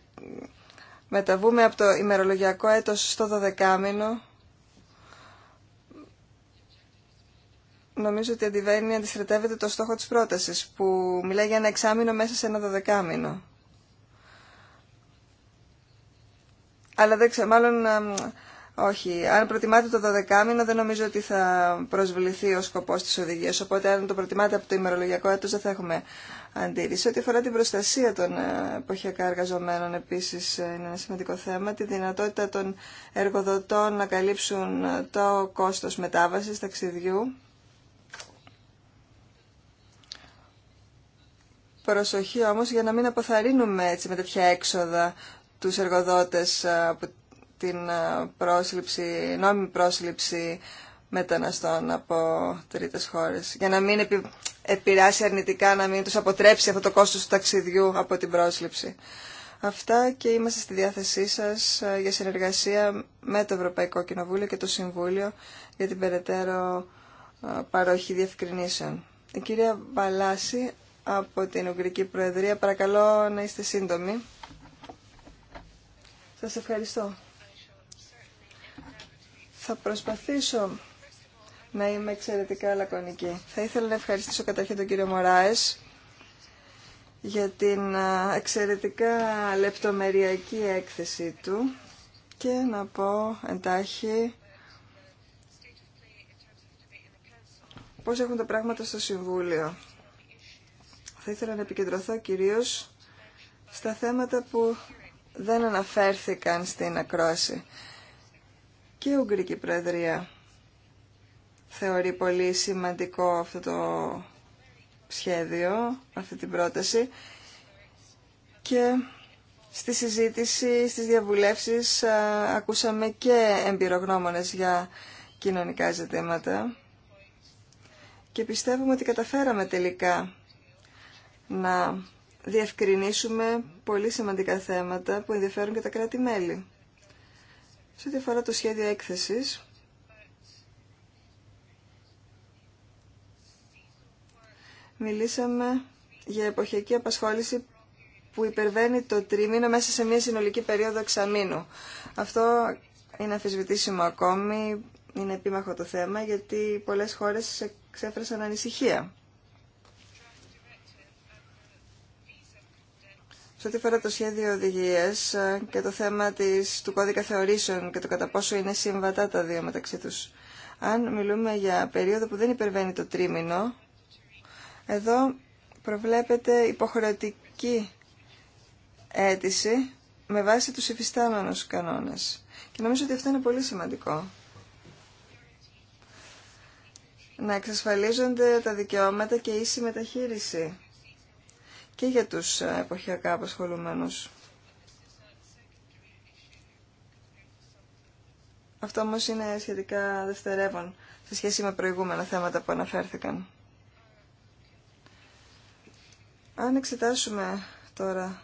μεταβούμε από το ημερολογιακό έτος στο δωδεκάμινο. Νομίζω ότι αντιβαίνει, αντιστρετεύεται το στόχο της πρότασης που μιλάει για ένα εξάμηνο μέσα σε ένα δωδεκάμινο. Αλλά δεν ξέρω, μάλλον όχι. Αν προτιμάτε το 12 μήνο δεν νομίζω ότι θα προσβληθεί ο σκοπό τη οδηγία. Οπότε αν το προτιμάτε από το ημερολογιακό έτο, δεν θα έχουμε αντίρρηση. Ό,τι αφορά την προστασία των ε, εποχιακά εργαζομένων επίση ε, είναι ένα σημαντικό θέμα. Τη δυνατότητα των εργοδοτών να καλύψουν ε, το κόστος μετάβαση ταξιδιού. Προσοχή όμως για να μην αποθαρρύνουμε έτσι με τέτοια έξοδα τους εργοδότες ε, από την ε, πρόσληψη, νόμιμη πρόσληψη μεταναστών από τρίτες χώρες για να μην επηρεάσει αρνητικά, να μην τους αποτρέψει αυτό το κόστος του ταξιδιού από την πρόσληψη. Αυτά και είμαστε στη διάθεσή σας ε, για συνεργασία με το Ευρωπαϊκό Κοινοβούλιο και το Συμβούλιο για την περαιτέρω παροχή διευκρινήσεων. Η κυρία Βαλάση από την Ουγγρική Προεδρία, παρακαλώ να είστε σύντομοι. Σας ευχαριστώ. Θα προσπαθήσω να είμαι εξαιρετικά λακωνική. Θα ήθελα να ευχαριστήσω καταρχήν τον κύριο Μωράες για την εξαιρετικά λεπτομεριακή έκθεση του και να πω εντάχει πώς έχουν τα πράγματα στο Συμβούλιο. Θα ήθελα να επικεντρωθώ κυρίως στα θέματα που δεν αναφέρθηκαν στην ακρόαση. Και η Ουγγρική Προεδρία θεωρεί πολύ σημαντικό αυτό το σχέδιο, αυτή την πρόταση και στη συζήτηση, στις διαβουλεύσεις ακούσαμε και εμπειρογνώμονες για κοινωνικά ζητήματα και πιστεύουμε ότι καταφέραμε τελικά να διευκρινίσουμε πολύ σημαντικά θέματα που ενδιαφέρουν και τα κράτη-μέλη. Σε ό,τι αφορά το σχέδιο έκθεσης, μιλήσαμε για εποχιακή απασχόληση που υπερβαίνει το τρίμηνο μέσα σε μια συνολική περίοδο εξαμήνου. Αυτό είναι αφισβητήσιμο ακόμη, είναι επίμαχο το θέμα, γιατί πολλές χώρες εξέφρασαν ανησυχία. ό,τι φορά το σχέδιο οδηγία και το θέμα της, του κώδικα θεωρήσεων και το κατά πόσο είναι συμβατά τα δύο μεταξύ τους. Αν μιλούμε για περίοδο που δεν υπερβαίνει το τρίμηνο, εδώ προβλέπεται υποχρεωτική αίτηση με βάση τους υφιστάμενους κανόνες. Και νομίζω ότι αυτό είναι πολύ σημαντικό. Να εξασφαλίζονται τα δικαιώματα και η συμμεταχείριση και για τους ε, εποχιακά απασχολούμενους. Αυτό όμως είναι σχετικά δευτερεύον σε σχέση με προηγούμενα θέματα που αναφέρθηκαν. Αν εξετάσουμε τώρα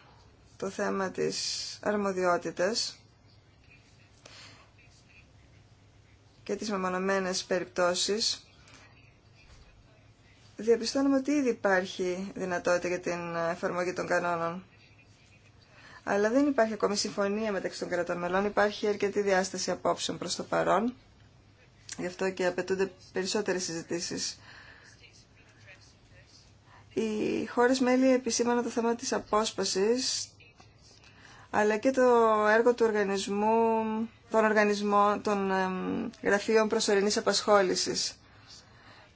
το θέμα της αρμοδιότητας και τις μεμονωμένες περιπτώσεις, διαπιστώνουμε ότι ήδη υπάρχει δυνατότητα για την εφαρμογή των κανόνων. Αλλά δεν υπάρχει ακόμη συμφωνία μεταξύ των κρατών μελών. Υπάρχει αρκετή διάσταση απόψεων προς το παρόν. Γι' αυτό και απαιτούνται περισσότερες συζητήσεις. Οι χώρες μέλη επισήμαναν το θέμα της απόσπασης, αλλά και το έργο του οργανισμού, των οργανισμών, των γραφείων προσωρινής απασχόλησης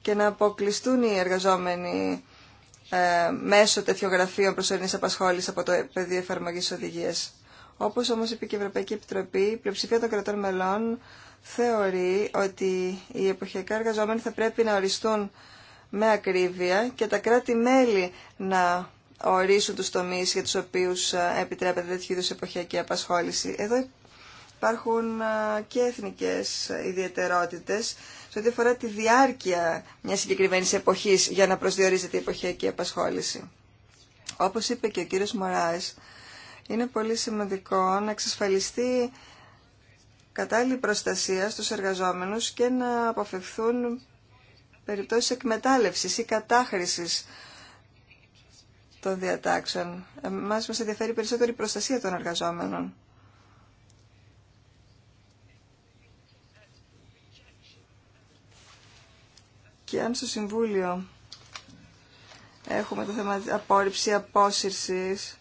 και να αποκλειστούν οι εργαζόμενοι ε, μέσω τέτοιων γραφείων προσωρινής απασχόλησης από το πεδίο εφαρμογής οδηγίε. Όπως όμως είπε και η Ευρωπαϊκή Επιτροπή, η πλειοψηφία των κρατών μελών θεωρεί ότι οι εποχιακά εργαζόμενοι θα πρέπει να οριστούν με ακρίβεια και τα κράτη-μέλη να ορίσουν τους τομείς για τους οποίους ε, επιτρέπεται τέτοιου είδους εποχιακή απασχόληση. Εδώ υπάρχουν και εθνικές ιδιαιτερότητες σε ό,τι αφορά τη διάρκεια μιας συγκεκριμένης εποχής για να προσδιορίζεται η εποχιακή απασχόληση. Όπως είπε και ο κύριος Μωράης, είναι πολύ σημαντικό να εξασφαλιστεί κατάλληλη προστασία στους εργαζόμενους και να αποφευθούν περιπτώσεις εκμετάλλευσης ή κατάχρησης των διατάξεων. Εμάς μας ενδιαφέρει περισσότερο η προστασία των διαταξεων εμας μας ενδιαφερει περισσότερη προστασια των εργαζομενων Και αν στο Συμβούλιο έχουμε το θέμα απόρριψη απόσυρσης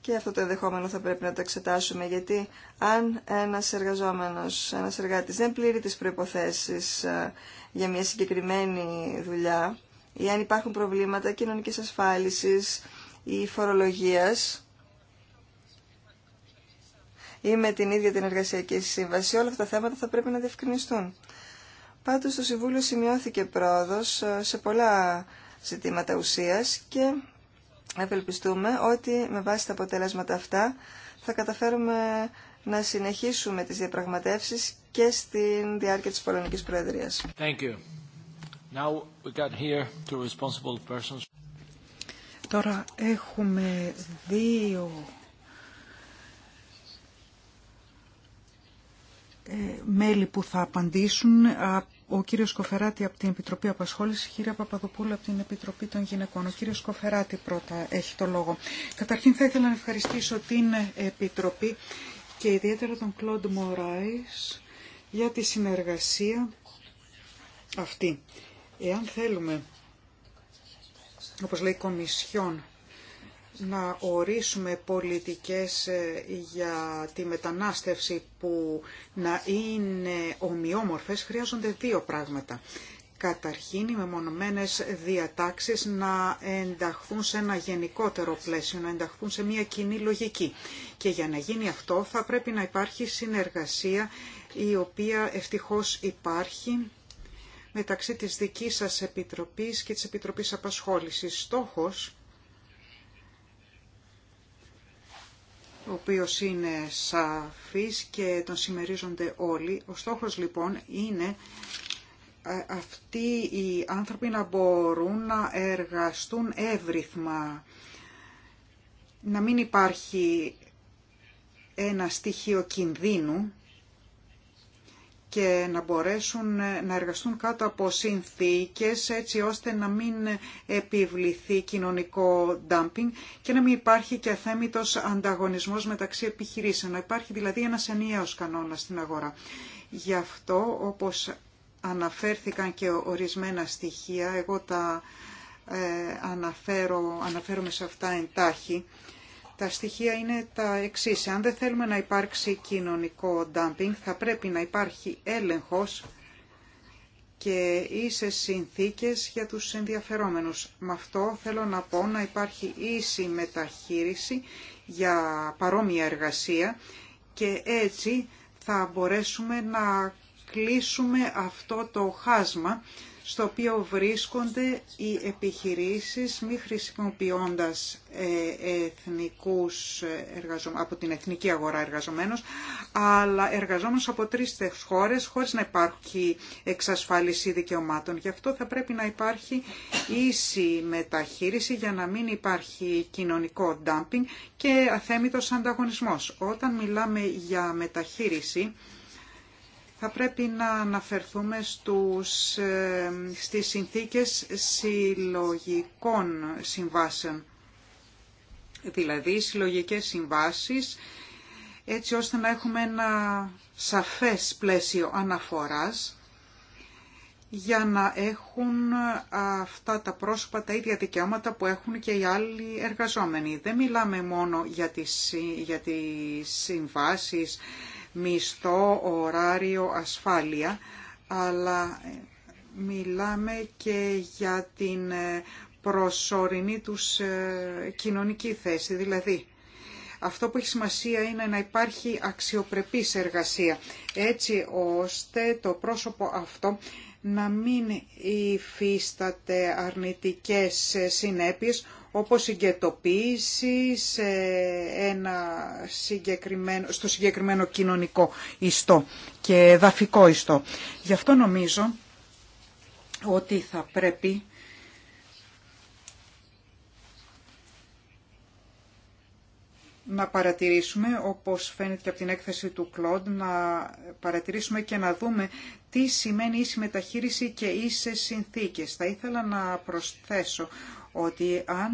και αυτό το ενδεχόμενο θα πρέπει να το εξετάσουμε γιατί αν ένας εργαζόμενος, ένας εργάτης δεν πλήρει τις προϋποθέσεις ε, για μια συγκεκριμένη δουλειά ή αν υπάρχουν προβλήματα κοινωνικής ασφάλισης ή φορολογίας ή με την ίδια την εργασιακή σύμβαση, όλα αυτά τα θέματα θα πρέπει να διευκρινιστούν. Πάντως στο Συμβούλιο σημειώθηκε πρόοδος ε, σε πολλά ζητήματα ουσίας και ευελπιστούμε ότι με βάση τα αποτέλεσματα αυτά θα καταφέρουμε να συνεχίσουμε τις διαπραγματεύσεις και στην διάρκεια της Πολωνικής Προεδρίας. Τώρα έχουμε δύο ε, μέλη που θα απαντήσουν από ο κύριος Σκοφεράτη από την Επιτροπή Απασχόληση, η κυρία Παπαδοπούλου από την Επιτροπή των Γυναικών. Ο κύριος Σκοφεράτη πρώτα έχει το λόγο. Καταρχήν θα ήθελα να ευχαριστήσω την Επιτροπή και ιδιαίτερα τον Κλοντ Μωράης για τη συνεργασία αυτή. Εάν θέλουμε, όπως λέει η Κομισιόν, να ορίσουμε πολιτικές ε, για τη μετανάστευση που να είναι ομοιόμορφες χρειάζονται δύο πράγματα. Καταρχήν οι μεμονωμένες διατάξεις να ενταχθούν σε ένα γενικότερο πλαίσιο, να ενταχθούν σε μια κοινή λογική. Και για να γίνει αυτό θα πρέπει να υπάρχει συνεργασία η οποία ευτυχώς υπάρχει μεταξύ της δικής σας Επιτροπής και της Επιτροπής Απασχόλησης. Στόχος ο οποίος είναι σαφής και τον συμμερίζονται όλοι. Ο στόχος λοιπόν είναι ε, αυτοί οι άνθρωποι να μπορούν να εργαστούν εύρυθμα, να μην υπάρχει ένα στοιχείο κινδύνου και να μπορέσουν ε, να εργαστούν κάτω από συνθήκες έτσι ώστε να μην επιβληθεί κοινωνικό dumping και να μην υπάρχει και αθέμητος ανταγωνισμός μεταξύ επιχειρήσεων. Να υπάρχει δηλαδή ένας ενιαίος κανόνας στην αγορά. Γι' αυτό όπως αναφέρθηκαν και ορισμένα στοιχεία, εγώ τα ε, αναφέρω, αναφέρομαι σε αυτά εντάχει, τα στοιχεία είναι τα εξή. Αν δεν θέλουμε να υπάρξει κοινωνικό dumping θα πρέπει να υπάρχει έλεγχος και ίσες συνθήκες για τους ενδιαφερόμενους. Με αυτό θέλω να πω να υπάρχει ίση μεταχείριση για παρόμοια εργασία και έτσι θα μπορέσουμε να κλείσουμε αυτό το χάσμα στο οποίο βρίσκονται οι επιχειρήσεις μη χρησιμοποιώντας ε, εθνικούς ε, από την εθνική αγορά εργαζομένους, αλλά εργαζόμενους από τρεις χώρες, χωρίς να υπάρχει εξασφάλιση δικαιωμάτων. Γι' αυτό θα πρέπει να υπάρχει ίση μεταχείριση για να μην υπάρχει κοινωνικό ντάμπινγκ και αθέμητος ανταγωνισμός. Όταν μιλάμε για μεταχείριση, θα πρέπει να αναφερθούμε στους, ε, στις συνθήκες συλλογικών συμβάσεων. Δηλαδή συλλογικές συμβάσεις έτσι ώστε να έχουμε ένα σαφές πλαίσιο αναφοράς για να έχουν αυτά τα πρόσωπα τα ίδια δικαιώματα που έχουν και οι άλλοι εργαζόμενοι. Δεν μιλάμε μόνο για τις, για τις συμβάσεις, μισθό, ωράριο, ασφάλεια, αλλά μιλάμε και για την ε, προσωρινή τους ε, κοινωνική θέση. Δηλαδή, αυτό που έχει σημασία είναι να υπάρχει αξιοπρεπής εργασία, έτσι ώστε το πρόσωπο αυτό να μην υφίσταται αρνητικές ε, συνέπειες όπως η σε ένα συγκεκριμένο, στο συγκεκριμένο κοινωνικό ιστό και δαφικό ιστό. Γι' αυτό νομίζω ότι θα πρέπει να παρατηρήσουμε, όπως φαίνεται και από την έκθεση του Κλοντ, να παρατηρήσουμε και να δούμε τι σημαίνει ίση μεταχείριση και ίσες συνθήκες. Θα ήθελα να προσθέσω ότι αν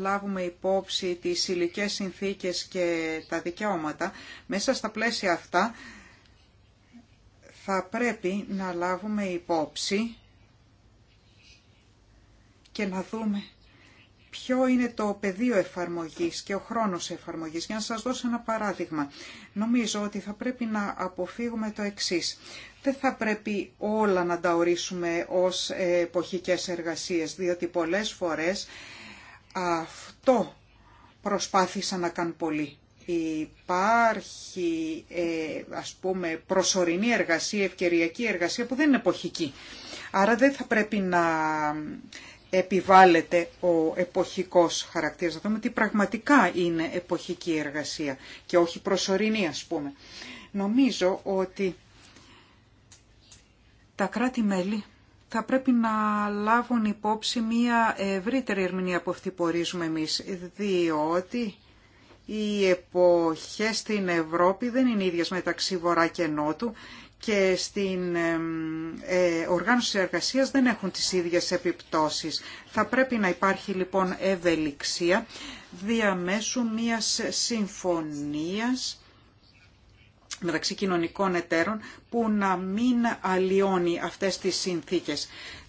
λάβουμε υπόψη τις ηλικέ συνθήκες και τα δικαιώματα, μέσα στα πλαίσια αυτά θα πρέπει να λάβουμε υπόψη και να δούμε ποιο είναι το πεδίο εφαρμογής και ο χρόνος εφαρμογής. Για να σας δώσω ένα παράδειγμα, νομίζω ότι θα πρέπει να αποφύγουμε το εξής. Δεν θα πρέπει όλα να τα ορίσουμε ως εποχικές εργασίες, διότι πολλές φορές αυτό προσπάθησαν να κάνουν πολύ. Υπάρχει, ε, ας πούμε, προσωρινή εργασία, ευκαιριακή εργασία που δεν είναι εποχική. Άρα δεν θα πρέπει να επιβάλλεται ο εποχικός χαρακτήρας. Να δούμε τι πραγματικά είναι εποχική εργασία και όχι προσωρινή ας πούμε. Νομίζω ότι τα κράτη-μέλη θα πρέπει να λάβουν υπόψη μία ευρύτερη ερμηνεία από αυτή που ορίζουμε εμείς, διότι οι εποχές στην Ευρώπη δεν είναι ίδιες μεταξύ Βορρά και Νότου και στην ε, οργάνωση δεν έχουν τις ίδιες επιπτώσεις. Θα πρέπει να υπάρχει λοιπόν ευελιξία διαμέσου μιας συμφωνίας μεταξύ κοινωνικών εταίρων που να μην αλλοιώνει αυτές τις συνθήκες.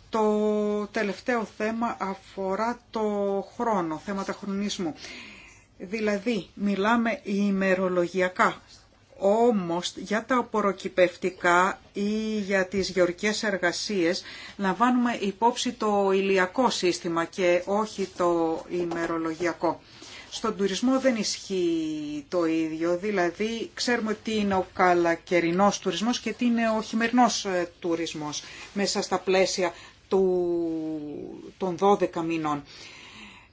Το τελευταίο θέμα αφορά το χρόνο, θέματα χρονισμού. Δηλαδή, μιλάμε ημερολογιακά όμως για τα απορροκυπευτικά ή για τις γεωργικές εργασίες λαμβάνουμε υπόψη το ηλιακό σύστημα και όχι το ημερολογιακό. Στον τουρισμό δεν ισχύει το ίδιο, δηλαδή ξέρουμε τι είναι ο καλακερινός τουρισμός και τι είναι ο χειμερινός ε, τουρισμός μέσα στα πλαίσια του, των 12 μηνών.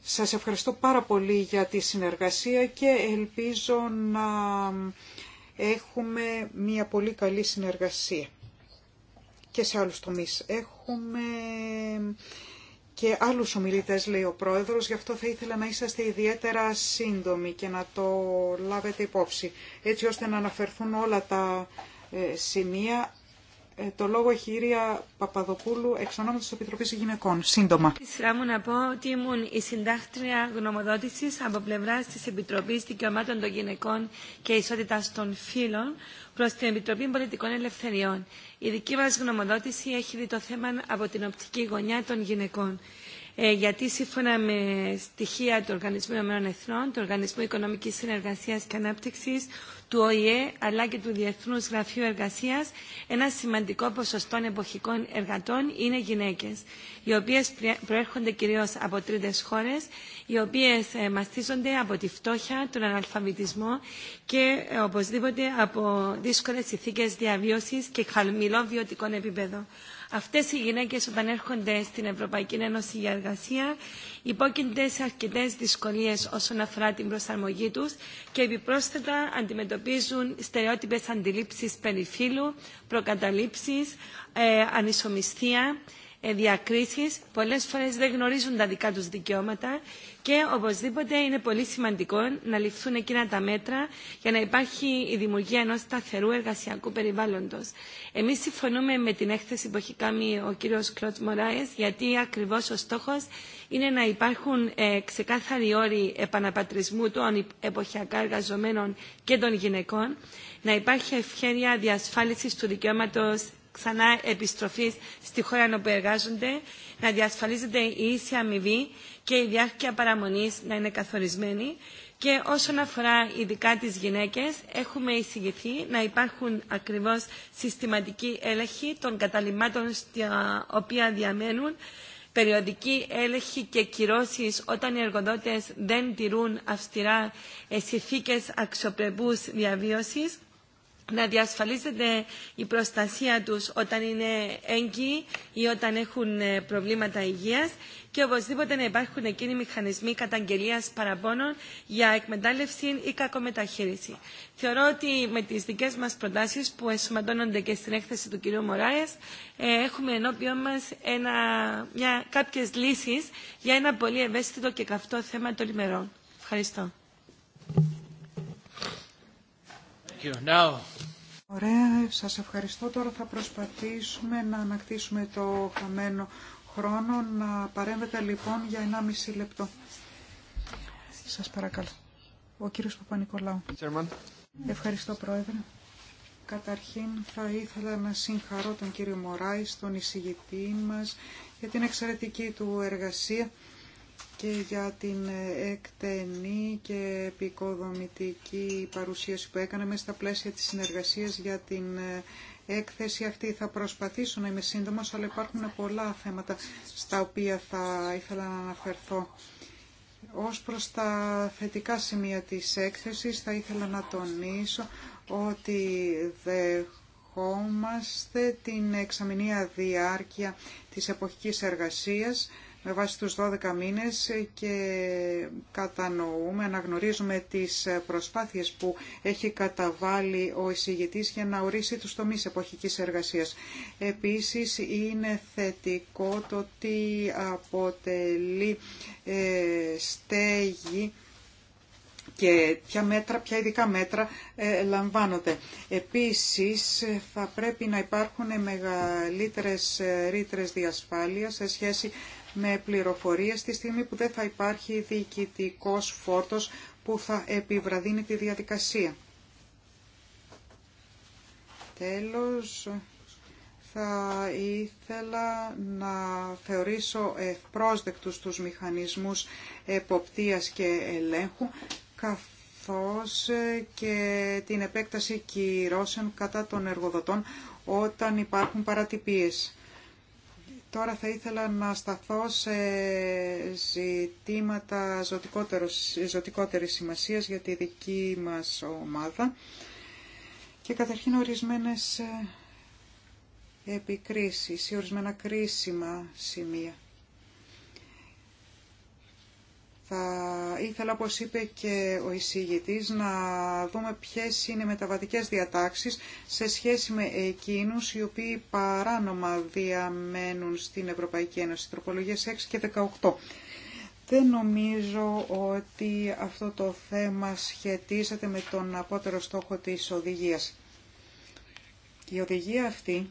Σας ευχαριστώ πάρα πολύ για τη συνεργασία και ελπίζω να Έχουμε μια πολύ καλή συνεργασία και σε άλλους τομείς. Έχουμε και άλλους ομιλητές, λέει ο Πρόεδρος, γι' αυτό θα ήθελα να είσαστε ιδιαίτερα σύντομοι και να το λάβετε υπόψη, έτσι ώστε να αναφερθούν όλα τα ε, σημεία ε, το λόγο έχει η κυρία Παπαδοπούλου, εξ ονόματο τη Επιτροπή Γυναικών. Σύντομα. Στη σειρά μου να πω ότι ήμουν η συντάκτρια γνωμοδότηση από πλευρά τη Επιτροπή Δικαιωμάτων των Γυναικών και Ισότητα των Φίλων προ την Επιτροπή Πολιτικών Ελευθεριών. Η δική μα γνωμοδότηση έχει δει το θέμα από την οπτική γωνιά των γυναικών. Ε, γιατί σύμφωνα με στοιχεία του Οργανισμού Ηνωμένων Εθνών, του Οργανισμού Οικονομικής και του ΟΗΕ αλλά και του Διεθνούς Γραφείου Εργασίας, ένα σημαντικό ποσοστό εποχικών εργατών είναι γυναίκες, οι οποίες προέρχονται κυρίως από τρίτες χώρες, οι οποίες ε, μαστίζονται από τη φτώχεια, τον αναλφαβητισμό και ε, οπωσδήποτε από δύσκολε ηθίκες διαβίωσης και χαμηλό βιωτικό επίπεδο. Αυτές οι γυναίκες όταν έρχονται στην Ευρωπαϊκή Ένωση για εργασία υπόκεινται σε αρκετές δυσκολίες όσον αφορά την προσαρμογή τους και επιπρόσθετα αντιμετωπίζουν στερεότυπες αντιλήψεις περί φύλου, προκαταλήψεις, ε, ανισομιστία. Ε, διακρίσεις πολλές φορές δεν γνωρίζουν τα δικά τους δικαιώματα και οπωσδήποτε είναι πολύ σημαντικό να ληφθούν εκείνα τα μέτρα για να υπάρχει η δημιουργία ενός σταθερού εργασιακού περιβάλλοντος. Εμείς συμφωνούμε με την έκθεση που έχει κάνει ο κύριο Κλωτ Μωράες γιατί ακριβώς ο στόχος είναι να υπάρχουν ε, ξεκάθαροι όροι επαναπατρισμού των εποχιακά εργαζομένων και των γυναικών, να υπάρχει ευχαίρεια διασφάλισης του δικαιώματο ξανά επιστροφή στη χώρα όπου εργάζονται, να διασφαλίζεται η ίση αμοιβή και η διάρκεια παραμονή να είναι καθορισμένη. Και όσον αφορά ειδικά τι γυναίκε, έχουμε εισηγηθεί να υπάρχουν ακριβώ συστηματικοί έλεγχοι των καταλήμματων στα οποία διαμένουν, περιοδική έλεγχη και κυρώσει όταν οι εργοδότε δεν τηρούν αυστηρά συνθήκε αξιοπρεπού διαβίωση να διασφαλίζεται η προστασία τους όταν είναι έγκυοι ή όταν έχουν ε, προβλήματα υγείας και οπωσδήποτε να υπάρχουν εκείνοι μηχανισμοί καταγγελίας παραπώνων για εκμετάλλευση ή κακομεταχείριση. Θεωρώ ότι με τις δικές μας προτάσεις που εσωματώνονται και στην έκθεση του κ. Μωράες ε, έχουμε ενώπιον μας ένα, μια, κάποιες λύσεις για ένα πολύ ευαίσθητο και καυτό θέμα των ημερών. Ευχαριστώ. Ωραία, σας ευχαριστώ. Τώρα θα προσπαθήσουμε να ανακτήσουμε το χαμένο χρόνο. Να παρέμβετε λοιπόν για 1,5 λεπτό. Σας παρακαλώ. Ο κύριος Παπα-Νικολάου. Ευχαριστώ Πρόεδρε. Καταρχήν θα ήθελα να συγχαρώ τον κύριο Μωράη, τον εισηγητή μας, για την εξαιρετική του εργασία και για την εκτενή και επικοδομητική παρουσίαση που έκαναμε στα πλαίσια της συνεργασίας για την ε, έκθεση αυτή. Θα προσπαθήσω να είμαι σύντομος, αλλά υπάρχουν πολλά θέματα στα οποία θα ήθελα να αναφερθώ. Ως προς τα θετικά σημεία της έκθεσης θα ήθελα να τονίσω ότι δεχόμαστε την εξαμηνία διάρκεια της εποχικής εργασίας με βάση τους 12 μήνες και κατανοούμε, αναγνωρίζουμε τις προσπάθειες που έχει καταβάλει ο εισηγητής για να ορίσει τους τομείς εποχικής εργασίας. Επίσης είναι θετικό το ότι αποτελεί ε, στέγη και ποια μέτρα, ποια ειδικά μέτρα ε, λαμβάνονται. Επίσης θα πρέπει να υπάρχουν μεγαλύτερες ρήτρες διασφάλειας σε σχέση με πληροφορίες τη στιγμή που δεν θα υπάρχει διοικητικός φόρτος που θα επιβραδύνει τη διαδικασία. Τέλος, θα ήθελα να θεωρήσω ευπρόσδεκτους τους μηχανισμούς εποπτείας και ελέγχου, καθώς και την επέκταση κυρώσεων κατά των εργοδοτών όταν υπάρχουν παρατυπίες. Τώρα θα ήθελα να σταθώ σε ζητήματα ζωτικότερης σημασίας για τη δική μας ομάδα και καταρχήν ορισμένες ε, επικρίσεις ή ορισμένα κρίσιμα σημεία. Θα ήθελα, όπως είπε και ο εισηγητής, να δούμε ποιες είναι οι μεταβατικές διατάξεις σε σχέση με εκείνους οι οποίοι παράνομα διαμένουν στην Ευρωπαϊκή Ένωση, τροπολογίες 6 και 18. Δεν νομίζω ότι αυτό το θέμα σχετίζεται με τον απότερο στόχο της οδηγίας. Η οδηγία αυτή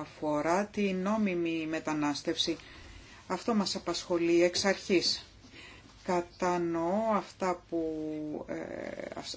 αφορά τη νόμιμη μετανάστευση αυτό μας απασχολεί εξ αρχής. Κατανοώ αυτά, που, ε,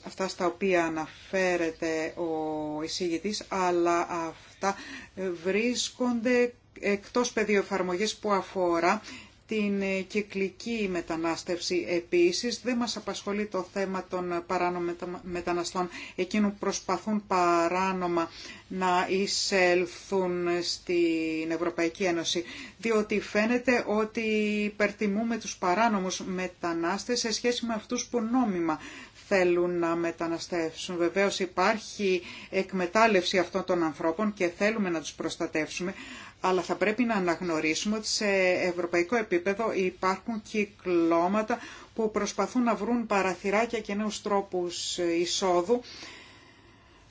αυτά στα οποία αναφέρεται ο εισηγητής, αλλά αυτά ε, βρίσκονται εκτός πεδίου εφαρμογής που αφορά την ε, κυκλική μετανάστευση επίσης. Δεν μας απασχολεί το θέμα των παράνομων μεταναστών, εκείνων που προσπαθούν παράνομα να εισέλθουν στην Ευρωπαϊκή Ένωση, διότι φαίνεται ότι υπερτιμούμε τους παράνομους μετανάστες σε σχέση με αυτούς που νόμιμα θέλουν να μεταναστεύσουν. Βεβαίως υπάρχει εκμετάλλευση αυτών των ανθρώπων και θέλουμε να τους προστατεύσουμε, αλλά θα πρέπει να αναγνωρίσουμε ότι σε ευρωπαϊκό επίπεδο υπάρχουν κυκλώματα που προσπαθούν να βρουν παραθυράκια και νέους τρόπους εισόδου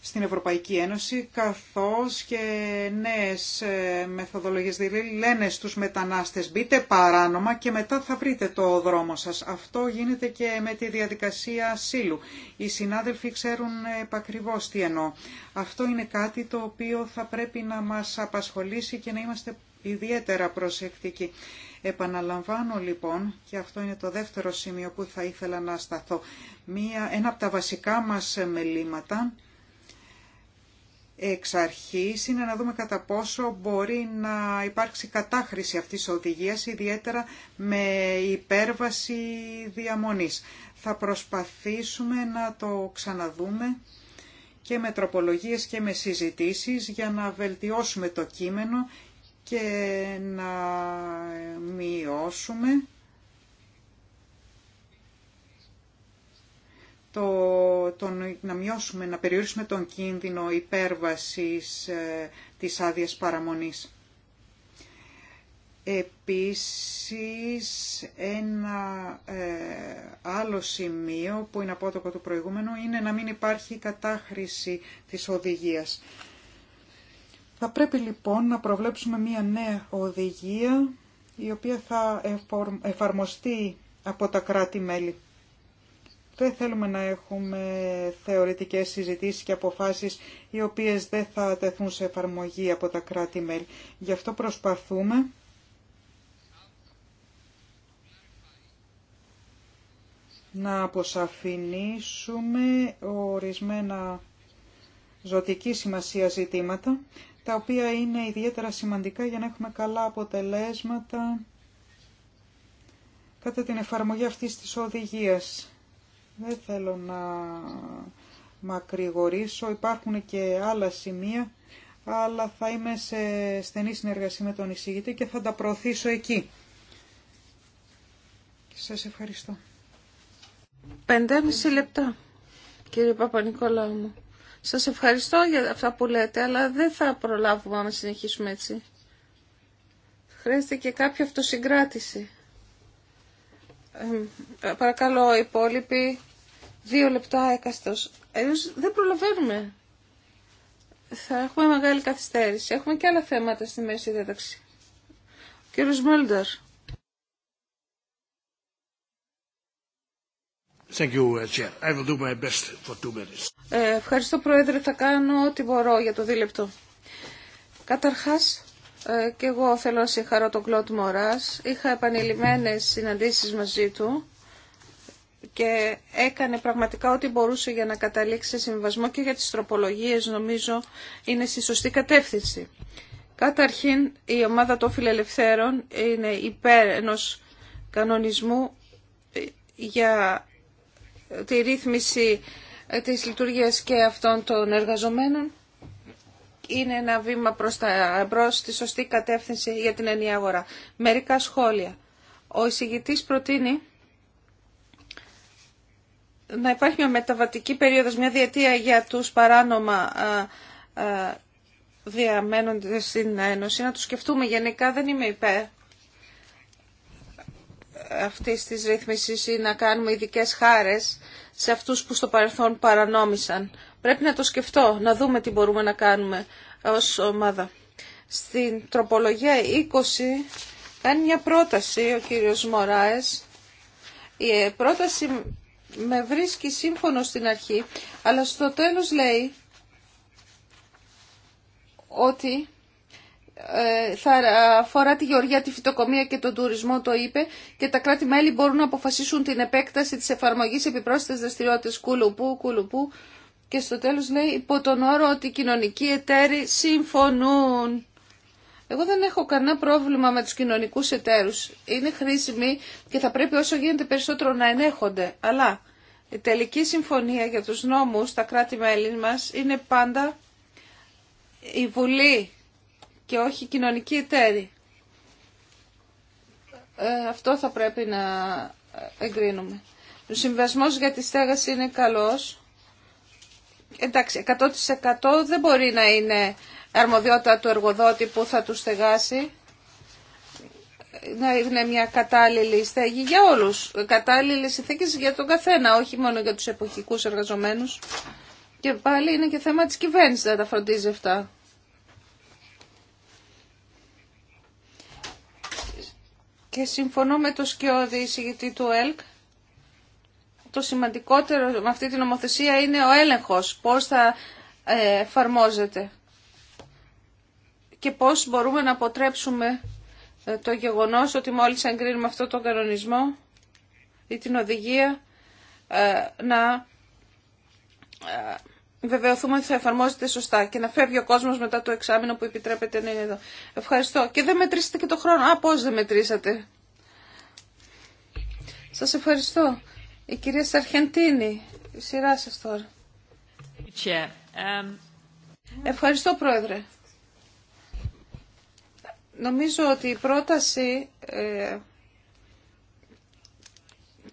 στην Ευρωπαϊκή Ένωση, καθώς και νέες ε, μεθοδολογίες, δηλαδή λένε στους μετανάστες μπείτε παράνομα και μετά θα βρείτε το δρόμο σας. Αυτό γίνεται και με τη διαδικασία ασύλου. Οι συνάδελφοι ξέρουν ε, επακριβώς τι εννοώ. Αυτό είναι κάτι το οποίο θα πρέπει να μας απασχολήσει και να είμαστε ιδιαίτερα προσεκτικοί. Επαναλαμβάνω λοιπόν, και αυτό είναι το δεύτερο σημείο που θα ήθελα να σταθώ, μία, ένα από τα βασικά μας μελήματα εξ αρχής είναι να δούμε κατά πόσο μπορεί να υπάρξει κατάχρηση αυτής της οδηγίας, ιδιαίτερα με υπέρβαση διαμονής. Θα προσπαθήσουμε να το ξαναδούμε και με τροπολογίες και με συζητήσεις για να βελτιώσουμε το κείμενο και να μειώσουμε το, να μειώσουμε, να περιορίσουμε τον κίνδυνο υπέρβασης ε, της άδειας παραμονής. Επίσης, ένα ε, άλλο σημείο που είναι απότοκο του προηγούμενου είναι να μην υπάρχει κατάχρηση της οδηγίας. Θα πρέπει λοιπόν να προβλέψουμε μία νέα οδηγία η οποία θα εφαρμοστεί από τα κράτη-μέλη. Δεν θέλουμε να έχουμε θεωρητικές συζητήσεις και αποφάσεις οι οποίες δεν θα τεθούν σε εφαρμογή από τα κράτη-μέλη. Γι' αυτό προσπαθούμε να αποσαφηνίσουμε ορισμένα ζωτική σημασία ζητήματα, τα οποία είναι ιδιαίτερα σημαντικά για να έχουμε καλά αποτελέσματα κατά την εφαρμογή αυτής της οδηγίας. Δεν θέλω να μακρηγορήσω, υπάρχουν και άλλα σημεία, αλλά θα είμαι σε στενή συνεργασία με τον εισηγητή και θα τα προωθήσω εκεί. σας ευχαριστω Πέντε Πεντέμιση λεπτά, κύριε Παπα-Νικολάου μου. Σας ευχαριστώ για αυτά που λέτε, αλλά δεν θα προλάβουμε να συνεχίσουμε έτσι. Χρειάζεται και κάποια αυτοσυγκράτηση. Ε, παρακαλώ, υπόλοιποι Δύο λεπτά έκαστος. Εμείς δεν προλαβαίνουμε. Θα έχουμε μεγάλη καθυστέρηση. Έχουμε και άλλα θέματα στη μέση διάταξη. Ο κύριος Thank you, Chair. ευχαριστώ, Πρόεδρε. Θα κάνω ό,τι μπορώ για το δίλεπτο. Καταρχάς, ε, και εγώ θέλω να συγχαρώ τον Κλοντ Μωράς. Είχα επανειλημμένες συναντήσεις μαζί του και έκανε πραγματικά ό,τι μπορούσε για να καταλήξει σε συμβασμό και για τις τροπολογίες νομίζω είναι στη σωστή κατεύθυνση. Καταρχήν η ομάδα των φιλελευθέρων είναι υπέρ ενός κανονισμού ε, για τη ρύθμιση ε, της λειτουργίας και αυτών των εργαζομένων. Είναι ένα βήμα προς τα στη σωστή κατεύθυνση για την ενιαία αγορά. Μερικά σχόλια. Ο εισηγητής προτείνει να υπάρχει μια μεταβατική περίοδος, μια διετία για τους παράνομα διαμένονται στην Ένωση. Να το σκεφτούμε γενικά, δεν είμαι υπέρ αυτή της ρύθμισης ή να κάνουμε ειδικέ χάρες σε αυτούς που στο παρελθόν παρανόμησαν. Πρέπει να το σκεφτώ, να δούμε τι μπορούμε να κάνουμε ως ομάδα. Στην τροπολογία 20 κάνει μια πρόταση ο κύριος Μωράες. Η πρόταση με βρίσκει σύμφωνο στην αρχή, αλλά στο τέλος λέει ότι ε, θα αφορά τη γεωργία, τη φυτοκομία και τον τουρισμό, το είπε, και τα κράτη-μέλη μπορούν να αποφασίσουν την επέκταση της εφαρμογής επιπρόσθετες δραστηριότητες κουλουπού, κουλουπού, και στο τέλος λέει υπό τον όρο ότι οι κοινωνικοί εταίροι συμφωνούν. Εγώ δεν έχω κανένα πρόβλημα με τους κοινωνικούς εταίρους. Είναι χρήσιμοι και θα πρέπει όσο γίνεται περισσότερο να ενέχονται. Αλλά η τελική συμφωνία για τους νόμους στα κράτη-μέλη μας είναι πάντα η Βουλή και όχι η κοινωνική εταίρη. Ε, αυτό θα πρέπει να εγκρίνουμε. Ο συμβασμός για τη στέγαση είναι καλός. Εντάξει, 100% δεν μπορεί να είναι αρμοδιότητα του εργοδότη που θα του στεγάσει να είναι μια κατάλληλη στέγη για όλου. Κατάλληλες συνθήκες για τον καθένα, όχι μόνο για τους εποχικούς εργαζομένους. Και πάλι είναι και θέμα της κυβέρνηση να τα φροντίζει αυτά. Και συμφωνώ με το σκιώδη εισηγητή του ΕΛΚ. Το σημαντικότερο με αυτή την νομοθεσία είναι ο έλεγχος, πώς θα ε, εφαρμόζεται και πώς μπορούμε να αποτρέψουμε ε, το γεγονός ότι μόλις εγκρίνουμε αυτό τον κανονισμό ή την οδηγία ε, να ε, βεβαιωθούμε ότι θα εφαρμόζεται σωστά και να φεύγει ο κόσμος μετά το εξάμεινο που επιτρέπεται να είναι εδώ. Ευχαριστώ. Και δεν μετρήσατε και το χρόνο. Α, πώς δεν μετρήσατε. Σας ευχαριστώ. Η κυρία Σαρχεντίνη, η σειρά σας τώρα. Um, ευχαριστώ, Πρόεδρε. Νομίζω ότι η πρόταση ε,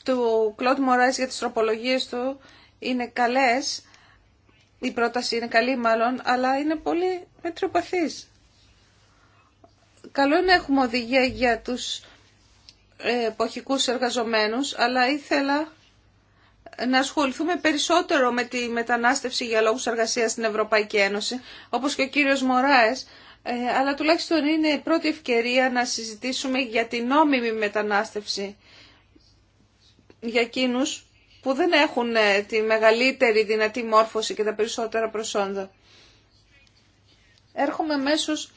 του Κλοντ Μωράης για τις τροπολογίες του είναι καλές, η πρόταση είναι καλή μάλλον, αλλά είναι πολύ μετριοπαθής. Καλό είναι να έχουμε οδηγία για τους ε, εποχικούς εργαζομένους, αλλά ήθελα να ασχοληθούμε περισσότερο με τη μετανάστευση για λόγους εργασίας στην Ευρωπαϊκή Ένωση, όπως και ο κύριος Μωράες, ε, αλλά τουλάχιστον είναι η πρώτη ευκαιρία να συζητήσουμε για την νόμιμη μετανάστευση για εκείνους που δεν έχουν ε, τη μεγαλύτερη δυνατή μόρφωση και τα περισσότερα προσόντα. Έρχομαι μέσως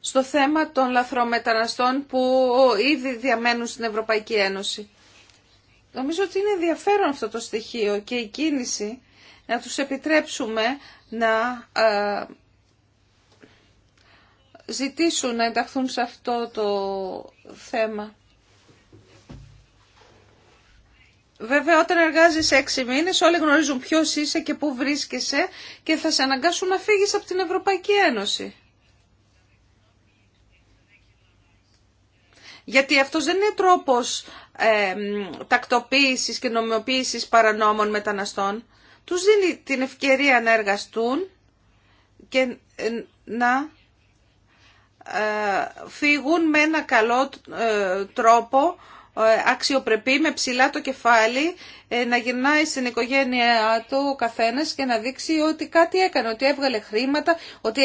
στο θέμα των λαθρομεταναστών που ήδη διαμένουν στην Ευρωπαϊκή Ένωση. Νομίζω ότι είναι ενδιαφέρον αυτό το στοιχείο και η κίνηση να τους επιτρέψουμε να ε, ζητήσουν να ενταχθούν σε αυτό το θέμα. Βέβαια όταν εργάζεσαι έξι μήνες όλοι γνωρίζουν ποιος είσαι και πού βρίσκεσαι και θα σε αναγκάσουν να φύγεις από την Ευρωπαϊκή Ένωση. Γιατί αυτός δεν είναι τρόπος ε, τακτοποίησης και νομιμοποίησης παρανόμων μεταναστών. Τους δίνει την ευκαιρία να εργαστούν και ε, να φύγουν με ένα καλό ε, τρόπο ε, αξιοπρεπή, με ψηλά το κεφάλι, ε, να γυρνάει στην οικογένεια του ο καθένας και να δείξει ότι κάτι έκανε, ότι έβγαλε χρήματα, ότι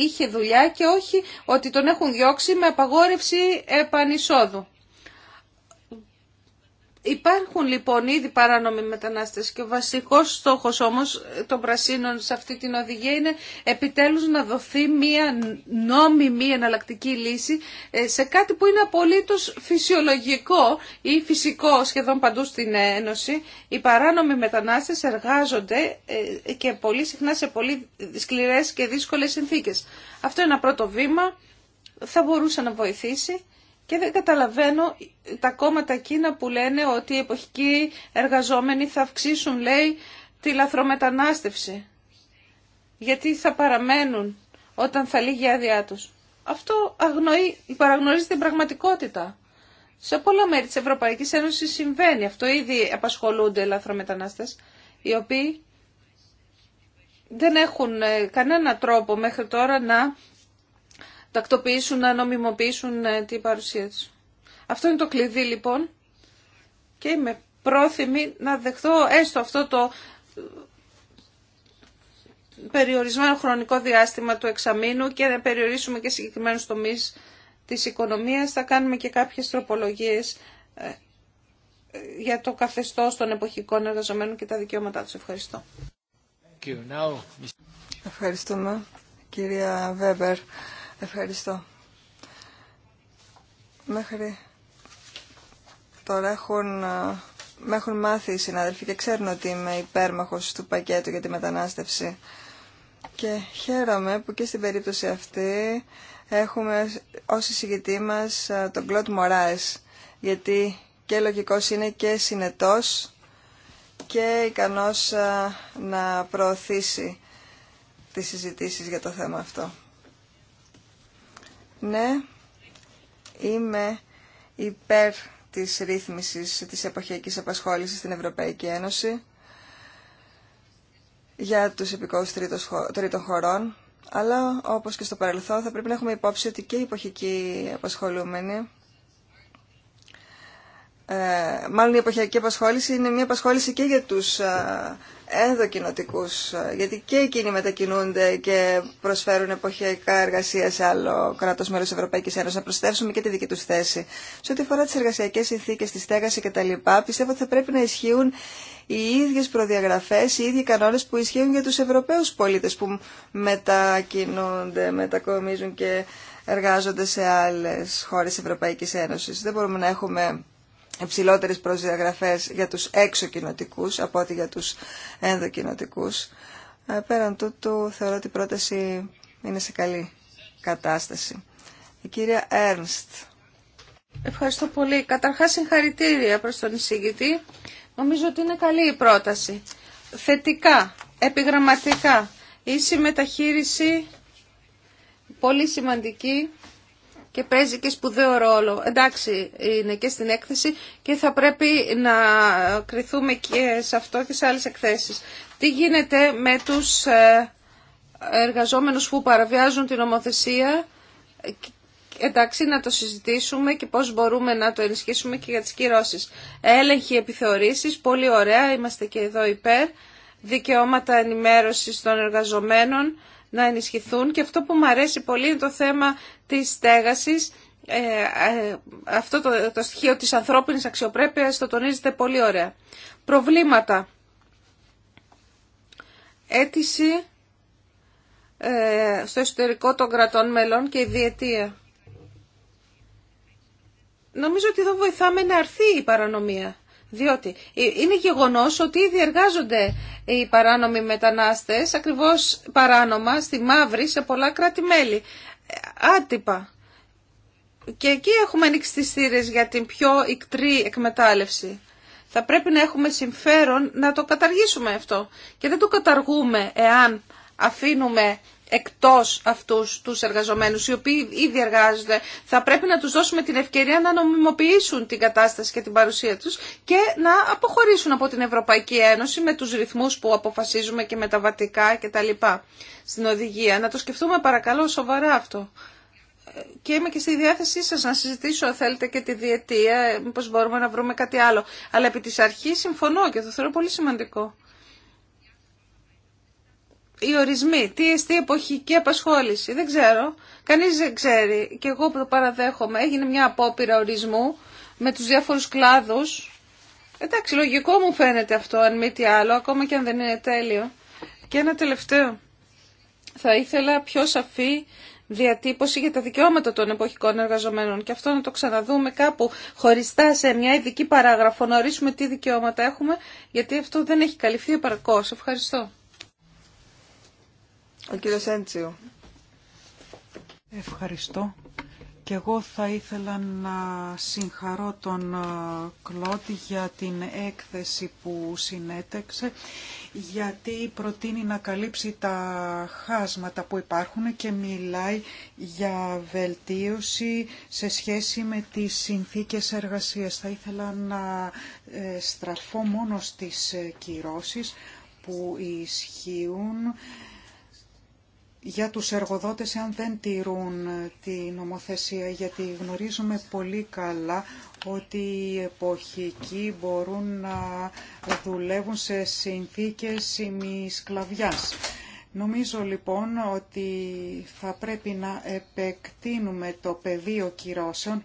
είχε δουλειά και όχι ότι τον έχουν διώξει με απαγόρευση επανεισόδου. Υπάρχουν λοιπόν ήδη παράνομοι μετανάστες και ο βασικός στόχος όμως των πρασίνων σε αυτή την οδηγία είναι επιτέλους να δοθεί μια νόμιμη εναλλακτική λύση ε, σε κάτι που είναι απολύτως φυσιολογικό ή φυσικό σχεδόν παντού στην Ένωση. Οι παράνομοι μετανάστες εργάζονται ε, και πολύ συχνά σε πολύ σκληρές και δύσκολες συνθήκες. Αυτό είναι ένα πρώτο βήμα, θα μπορούσε να βοηθήσει και δεν καταλαβαίνω τα κόμματα εκείνα που λένε ότι οι εποχικοί εργαζόμενοι θα αυξήσουν, λέει, τη λαθρομετανάστευση. Γιατί θα παραμένουν όταν θα λύγει η άδειά τους. Αυτό αγνοεί, παραγνωρίζει την πραγματικότητα. Σε πολλά μέρη της Ευρωπαϊκής Ένωσης συμβαίνει αυτό. Ήδη απασχολούνται λαθρομετανάστες, οι οποίοι δεν έχουν ε, κανένα τρόπο μέχρι τώρα να τακτοποιήσουν, να νομιμοποιήσουν ε, την παρουσία τους. Αυτό είναι το κλειδί λοιπόν και είμαι πρόθυμη να δεχθώ έστω αυτό το ε, περιορισμένο χρονικό διάστημα του εξαμήνου και να περιορίσουμε και συγκεκριμένους τομείς της οικονομίας. Θα κάνουμε και κάποιες τροπολογίες ε, για το καθεστώς των εποχικών εργαζομένων και τα δικαιώματά τους. Ευχαριστώ. Ευχαριστούμε κυρία Βέμπερ. Ευχαριστώ. Μέχρι τώρα έχουν, με έχουν μάθει οι συνάδελφοι και ξέρουν ότι είμαι υπέρμαχος του πακέτου για τη μετανάστευση. Και χαίρομαι που και στην περίπτωση αυτή έχουμε ως εισηγητή μας ε, τον Κλοντ Μωράες, γιατί και λογικός είναι και συνετός και ικανός ε, να προωθήσει τις συζητήσεις για το θέμα αυτό. Ναι, είμαι υπέρ της ρύθμισης της εποχιακής απασχόλησης στην Ευρωπαϊκή Ένωση για τους επικούς τρίτων χωρών, αλλά όπως και στο παρελθόν θα πρέπει να έχουμε υπόψη ότι και οι εποχικοί απασχολούμενοι ε, μάλλον η εποχιακή απασχόληση είναι μια απασχόληση και για τους ε, ενδοκινοτικούς, ε, γιατί και εκείνοι μετακινούνται και προσφέρουν εποχιακά εργασία σε άλλο κράτος μέλος της Ευρωπαϊκής Ένωσης. Να προσθέσουμε και τη δική τους θέση. Σε ό,τι αφορά τις εργασιακές συνθήκες, τη στέγαση κτλ. πιστεύω ότι θα πρέπει να ισχύουν οι ίδιες προδιαγραφές, οι ίδιοι κανόνες που ισχύουν για τους Ευρωπαίους πολίτες που μετακινούνται, μετακομίζουν και εργάζονται σε άλλες χώρες Ευρωπαϊκής Ένωσης. Δεν μπορούμε να έχουμε υψηλότερες προσδιαγραφές για τους εξωκοινοτικούς από ό,τι για τους ενδοκοινοτικούς. Ε, πέραν τούτου θεωρώ ότι η πρόταση είναι σε καλή κατάσταση. Η κυρία Έρνστ. Ευχαριστώ πολύ. Καταρχάς συγχαρητήρια προς τον εισηγητή. Νομίζω ότι είναι καλή η πρόταση. Θετικά, επιγραμματικά, ίση μεταχείριση, πολύ σημαντική και παίζει και σπουδαίο ρόλο. Εντάξει, είναι και στην έκθεση και θα πρέπει να κριθούμε και σε αυτό και σε άλλες εκθέσεις. Τι γίνεται με τους ε, εργαζόμενους που παραβιάζουν την ομοθεσία, εντάξει να το συζητήσουμε και πώς μπορούμε να το ενισχύσουμε και για τις κυρώσεις. Έλεγχοι επιθεωρήσεις, πολύ ωραία, είμαστε και εδώ υπέρ, δικαιώματα ενημέρωσης των εργαζομένων, να ενισχυθούν και αυτό που μου αρέσει πολύ είναι το θέμα της στέγασης. Ε, ε, αυτό το, το στοιχείο της ανθρώπινης αξιοπρέπειας το τονίζεται πολύ ωραία. Προβλήματα. Αίτηση ε, στο εσωτερικό των κρατών μελών και η διετία. Νομίζω ότι εδώ βοηθάμε να έρθει η παρανομία. Διότι ε, είναι γεγονό ότι ήδη εργάζονται οι παράνομοι μετανάστες, ακριβώς παράνομα, στη Μαύρη, σε πολλά κράτη-μέλη, ε, άτυπα. Και εκεί έχουμε ανοίξει τις για την πιο ικτρή εκμετάλλευση. Θα πρέπει να έχουμε συμφέρον να το καταργήσουμε αυτό. Και δεν το καταργούμε εάν αφήνουμε εκτός αυτούς τους εργαζομένους, οι οποίοι ήδη εργάζονται, θα πρέπει να τους δώσουμε την ευκαιρία να νομιμοποιήσουν την κατάσταση και την παρουσία τους και να αποχωρήσουν από την Ευρωπαϊκή Ένωση με τους ρυθμούς που αποφασίζουμε και με τα μεταβατικά κτλ. στην οδηγία. Να το σκεφτούμε παρακαλώ σοβαρά αυτό. Και είμαι και στη διάθεσή σα να συζητήσω αν θέλετε και τη διετία, μήπως μπορούμε να βρούμε κάτι άλλο. Αλλά επί της αρχής συμφωνώ και το θεωρώ πολύ σημαντικό οι ορισμοί, τι εστί εποχική απασχόληση, δεν ξέρω. Κανείς δεν ξέρει και εγώ που το παραδέχομαι. Έγινε μια απόπειρα ορισμού με τους διάφορους κλάδους. Εντάξει, λογικό μου φαίνεται αυτό, αν μη τι άλλο, ακόμα και αν δεν είναι τέλειο. Και ένα τελευταίο. Θα ήθελα πιο σαφή διατύπωση για τα δικαιώματα των εποχικών εργαζομένων και αυτό να το ξαναδούμε κάπου χωριστά σε μια ειδική παράγραφο να ορίσουμε τι δικαιώματα έχουμε γιατί αυτό δεν έχει καλυφθεί επαρκώς. Ευχαριστώ. Ο κύριος Έντσιου. Ευχαριστώ. Και εγώ θα ήθελα να συγχαρώ τον ε, κλώτη για την έκθεση που συνέτεξε, γιατί προτείνει να καλύψει τα χάσματα που υπάρχουν και μιλάει για βελτίωση σε σχέση με τις συνθήκες εργασίας. Θα ήθελα να ε, στραφώ μόνο στις ε, κυρώσεις που ισχύουν για τους εργοδότες αν δεν τηρούν τη νομοθεσία γιατί γνωρίζουμε πολύ καλά ότι οι εποχικοί μπορούν να δουλεύουν σε συνθήκες ημισκλαβιάς. Νομίζω λοιπόν ότι θα πρέπει να επεκτείνουμε το πεδίο κυρώσεων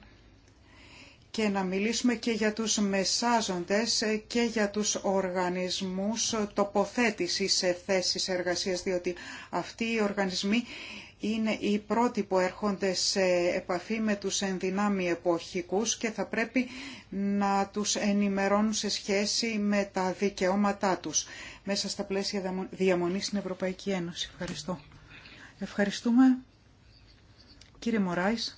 και να μιλήσουμε και για τους μεσάζοντες και για τους οργανισμούς τοποθέτησης σε θέσεις εργασίας, διότι αυτοί οι οργανισμοί είναι οι πρώτοι που έρχονται σε επαφή με τους ενδυνάμει εποχικούς και θα πρέπει να τους ενημερώνουν σε σχέση με τα δικαιώματά τους μέσα στα πλαίσια διαμονής στην Ευρωπαϊκή Ένωση. Ευχαριστώ. Ευχαριστούμε. Κύριε Μωράης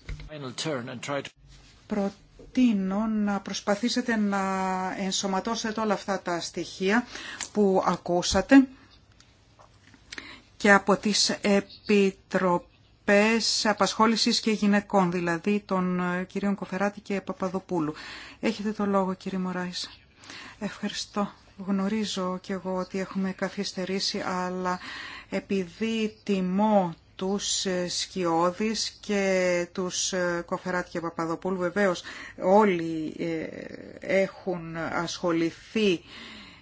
να προσπαθήσετε να ενσωματώσετε όλα αυτά τα στοιχεία που ακούσατε και από τις Επιτροπές Απασχόλησης και Γυναικών, δηλαδή των ε, κυρίων Κοφεράτη και Παπαδοπούλου. Έχετε το λόγο κύριε Μωράης. Ευχαριστώ. Γνωρίζω κι εγώ ότι έχουμε καθυστερήσει, αλλά επειδή τιμώ τους ε, Σκιώδης και τους ε, Κοφεράτη και Παπαδοπούλου. Βεβαίως όλοι ε, έχουν ασχοληθεί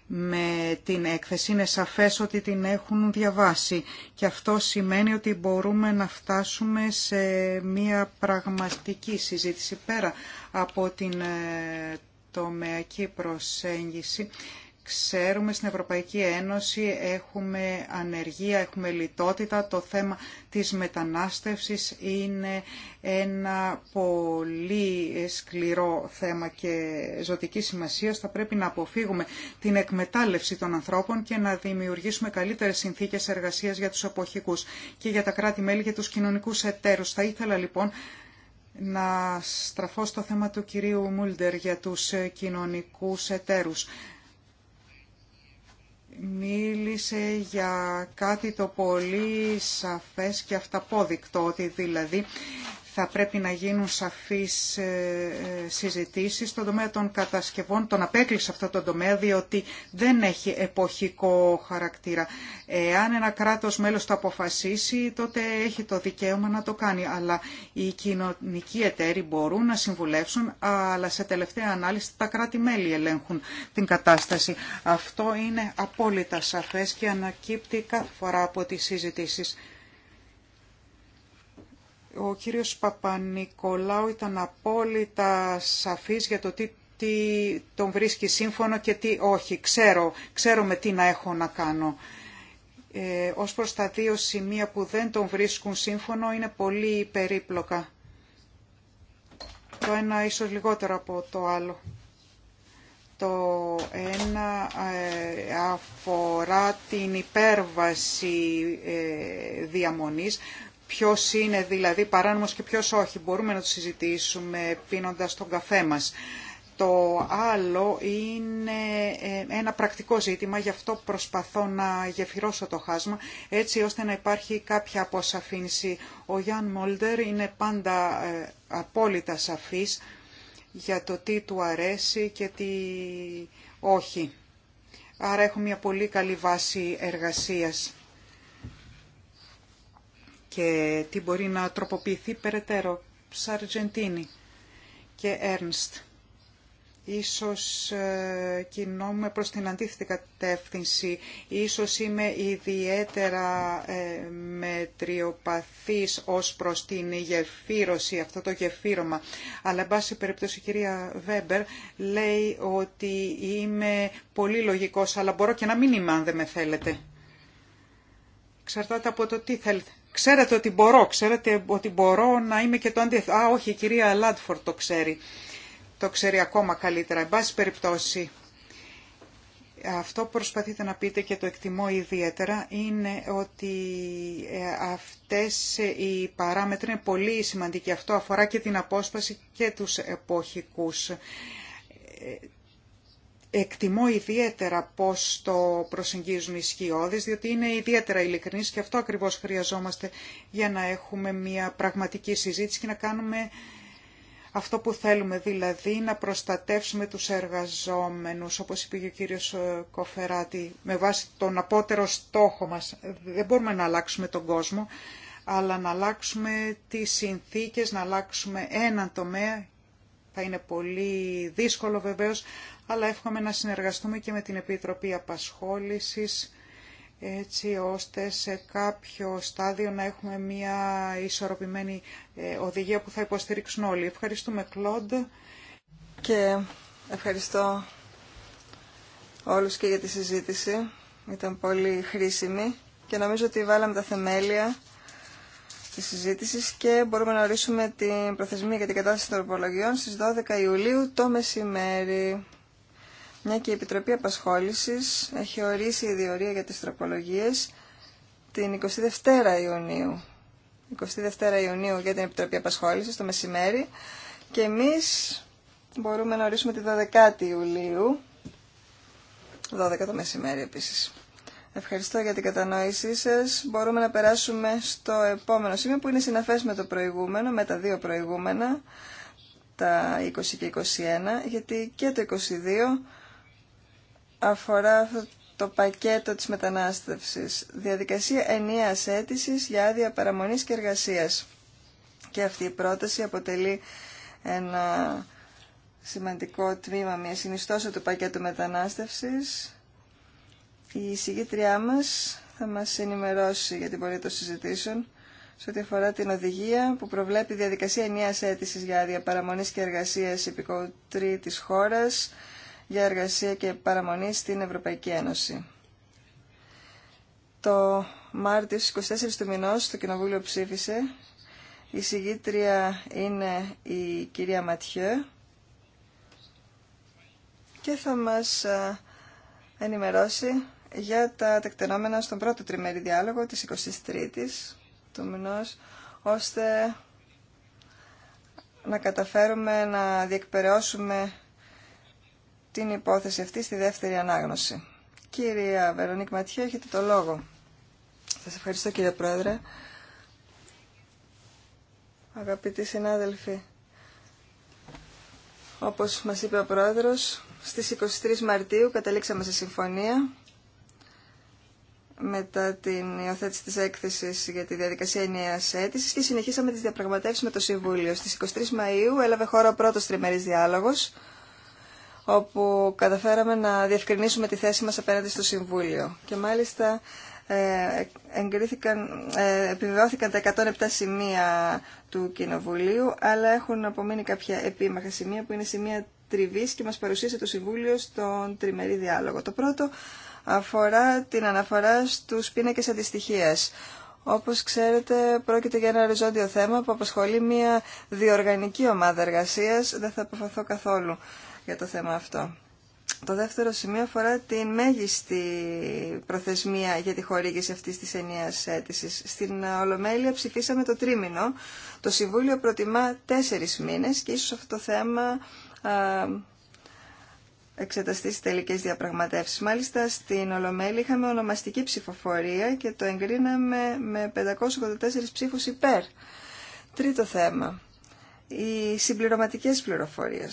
με την έκθεση. Είναι σαφές ότι την έχουν διαβάσει και αυτό σημαίνει ότι μπορούμε να φτάσουμε σε μια πραγματική συζήτηση πέρα από την τομεακή προσέγγιση ξέρουμε στην Ευρωπαϊκή Ένωση έχουμε ανεργία, έχουμε λιτότητα. Το θέμα της μετανάστευσης είναι ένα πολύ σκληρό θέμα και ζωτική σημασία. Θα πρέπει να αποφύγουμε την εκμετάλλευση των ανθρώπων και να δημιουργήσουμε καλύτερες συνθήκες εργασίας για τους αποχικούς και για τα κράτη-μέλη και τους κοινωνικούς εταίρους. Θα ήθελα λοιπόν να στραφώ στο θέμα του κυρίου Μούλντερ για τους κοινωνικούς εταίρους μίλησε για κάτι το πολύ σαφές και αυταπόδεικτο, ότι δηλαδή θα πρέπει να γίνουν σαφείς ε, ε, συζητήσεις στον τομέα των κατασκευών. Τον απέκλεισε αυτό το τομέα διότι δεν έχει εποχικό χαρακτήρα. Εάν ένα κράτος μέλος το αποφασίσει τότε έχει το δικαίωμα να το κάνει. Αλλά οι κοινωνικοί εταίροι μπορούν να συμβουλεύσουν αλλά σε τελευταία ανάλυση τα κράτη-μέλη ελέγχουν την κατάσταση. Αυτό είναι απόλυτα σαφές και ανακύπτει κάθε φορά από τις συζητήσεις. Ο κύριος Παπανικολάου ήταν απόλυτα σαφής για το τι, τον βρίσκει σύμφωνο και τι όχι. Ξέρω, ξέρω με τι να έχω να κάνω. Ε, ως προς τα δύο σημεία που δεν τον βρίσκουν σύμφωνο είναι πολύ περίπλοκα. Το ένα ίσως λιγότερο από το άλλο. Το ένα ε, αφορά την υπέρβαση ε, διαμονής Ποιο είναι δηλαδή παράνομος και ποιο όχι. Μπορούμε να το συζητήσουμε πίνοντας τον καφέ μας. Το άλλο είναι ε, ένα πρακτικό ζήτημα, γι' αυτό προσπαθώ να γεφυρώσω το χάσμα, έτσι ώστε να υπάρχει κάποια αποσαφήνιση. Ο Γιάν Μόλτερ είναι πάντα ε, απόλυτα σαφής για το τι του αρέσει και τι όχι. Άρα έχω μια πολύ καλή βάση εργασίας και τι μπορεί να τροποποιηθεί περαιτέρω. Σαρτζεντίνη και Έρνστ. Ίσως ε, κινούμε προς την αντίθετη κατεύθυνση. Ίσως είμαι ιδιαίτερα ε, μετριοπαθής ως προς την γεφύρωση, αυτό το γεφύρωμα. Αλλά, εν πάση περιπτώσει, η κυρία Βέμπερ λέει ότι είμαι πολύ λογικός, αλλά μπορώ και να μην είμαι αν δεν με θέλετε. Εξαρτάται από το τι θέλετε. Ξέρετε ότι μπορώ, ξέρετε ότι μπορώ να είμαι και το αντίθετο. Α, όχι, η κυρία Λάντφορτ το ξέρει. Το ξέρει ακόμα καλύτερα. Εν πάση περιπτώσει, αυτό που προσπαθείτε να πείτε και το εκτιμώ ιδιαίτερα είναι ότι ε, αυτές ε, οι παράμετροι είναι πολύ σημαντικοί. Αυτό αφορά και την απόσπαση και τους εποχικούς. Ε, εκτιμώ ιδιαίτερα πώς το προσεγγίζουν οι σκιώδεις, διότι είναι ιδιαίτερα ειλικρινείς και αυτό ακριβώς χρειαζόμαστε για να έχουμε μια πραγματική συζήτηση και να κάνουμε αυτό που θέλουμε, δηλαδή να προστατεύσουμε τους εργαζόμενους, όπως είπε και ο κύριος ε, Κοφεράτη, με βάση τον απότερο στόχο μας. Δεν μπορούμε να αλλάξουμε τον κόσμο, αλλά να αλλάξουμε τις συνθήκες, να αλλάξουμε έναν τομέα. Θα είναι πολύ δύσκολο βεβαίως, αλλά εύχομαι να συνεργαστούμε και με την Επιτροπή Απασχόλησης έτσι ώστε σε κάποιο στάδιο να έχουμε μια ισορροπημένη ε, οδηγία που θα υποστηρίξουν όλοι. Ευχαριστούμε Κλοντ. Και ευχαριστώ όλους και για τη συζήτηση. Ήταν πολύ χρήσιμη και νομίζω ότι βάλαμε τα θεμέλια της συζήτησης και μπορούμε να ορίσουμε την προθεσμία για την κατάσταση των υπολογιών στις 12 Ιουλίου το μεσημέρι μια ναι, και η Επιτροπή Απασχόλησης έχει ορίσει η διορία για τις τροπολογίες την 22 Ιουνίου. 22 Ιουνίου για την Επιτροπή Απασχόληση το μεσημέρι και εμείς μπορούμε να ορίσουμε τη 12η Ιουλίου 12 το μεσημέρι επίσης. Ευχαριστώ για την κατανόησή σας. Μπορούμε να περάσουμε στο επόμενο σημείο που είναι συναφές με το προηγούμενο, με τα δύο προηγούμενα, τα 20 και 21, γιατί και το 22 αφορά το πακέτο της μετανάστευσης. Διαδικασία ενίας αίτησης για άδεια παραμονής και εργασίας. Και αυτή η πρόταση αποτελεί ένα σημαντικό τμήμα, μια συνιστόσα του πακέτου μετανάστευσης. Η εισηγήτριά μας θα μας ενημερώσει για την πορεία των συζητήσεων σε ό,τι αφορά την οδηγία που προβλέπει διαδικασία ενία αίτησης για άδεια παραμονής και εργασίας υπηκοτρή της χώρας για εργασία και παραμονή στην Ευρωπαϊκή Ένωση. Το Μάρτιο 24 του μηνός το Κοινοβούλιο ψήφισε. Η συγγήτρια είναι η κυρία Ματιέ και θα μας ενημερώσει για τα τεκτενόμενα στον πρώτο τριμερή διάλογο της 23ης του μηνός, ώστε να καταφέρουμε να διεκπαιρεώσουμε την υπόθεση αυτή στη δεύτερη ανάγνωση. Κυρία Βερονίκ Ματιέ, έχετε το λόγο. Σας ευχαριστώ κύριε Πρόεδρε. Αγαπητοί συνάδελφοι, όπως μας είπε ο Πρόεδρος, στις 23 Μαρτίου καταλήξαμε σε συμφωνία μετά την υιοθέτηση της έκθεσης για τη διαδικασία ενιαίας αίτησης και συνεχίσαμε τις διαπραγματεύσεις με το Συμβούλιο. Στις 23 Μαΐου έλαβε χώρα ο πρώτος τριμερής διάλογος όπου καταφέραμε να διευκρινίσουμε τη θέση μας απέναντι στο Συμβούλιο. Και μάλιστα ε, ε επιβεβαιώθηκαν τα 107 σημεία του Κοινοβουλίου, αλλά έχουν απομείνει κάποια επίμαχα σημεία που είναι σημεία τριβής και μας παρουσίασε το Συμβούλιο στον τριμερή διάλογο. Το πρώτο αφορά την αναφορά στους πίνακες αντιστοιχία. Όπως ξέρετε, πρόκειται για ένα οριζόντιο θέμα που απασχολεί μια διοργανική ομάδα εργασίας. Δεν θα αποφαθώ καθόλου για το θέμα αυτό. Το δεύτερο σημείο αφορά την μέγιστη προθεσμία για τη χορήγηση αυτή τη ενιαία αίτηση. Στην Ολομέλεια ψηφίσαμε το τρίμηνο. Το Συμβούλιο προτιμά τέσσερι μήνε και ίσω αυτό το θέμα εξεταστεί στι τελικέ διαπραγματεύσει. Μάλιστα, στην Ολομέλεια είχαμε ονομαστική ψηφοφορία και το εγκρίναμε με 584 ψήφου υπέρ. Τρίτο θέμα. Οι συμπληρωματικέ πληροφορίε.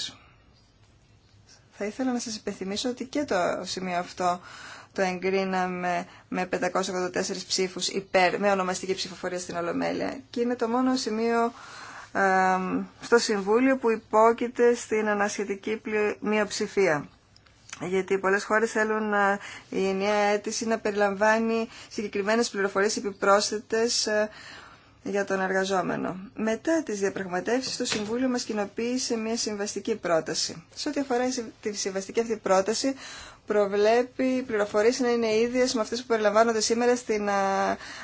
Θα ήθελα να σας υπενθυμίσω ότι και το σημείο αυτό το εγκρίναμε με 584 ψήφους υπέρ, με ονομαστική ψηφοφορία στην Ολομέλεια. Και είναι το μόνο σημείο στο Συμβούλιο που υπόκειται στην ανασχετική μειοψηφία. Γιατί πολλές χώρες θέλουν να, ε, η ενιαία αίτηση να περιλαμβάνει συγκεκριμένες πληροφορίες επιπρόσθετες ε, για τον εργαζόμενο. Μετά τις διαπραγματεύσεις, το Συμβούλιο μας κοινοποίησε μια συμβαστική πρόταση. Σε ό,τι αφορά τη συμβαστική αυτή πρόταση, προβλέπει οι πληροφορίες να είναι ίδιες με αυτές που περιλαμβάνονται σήμερα στην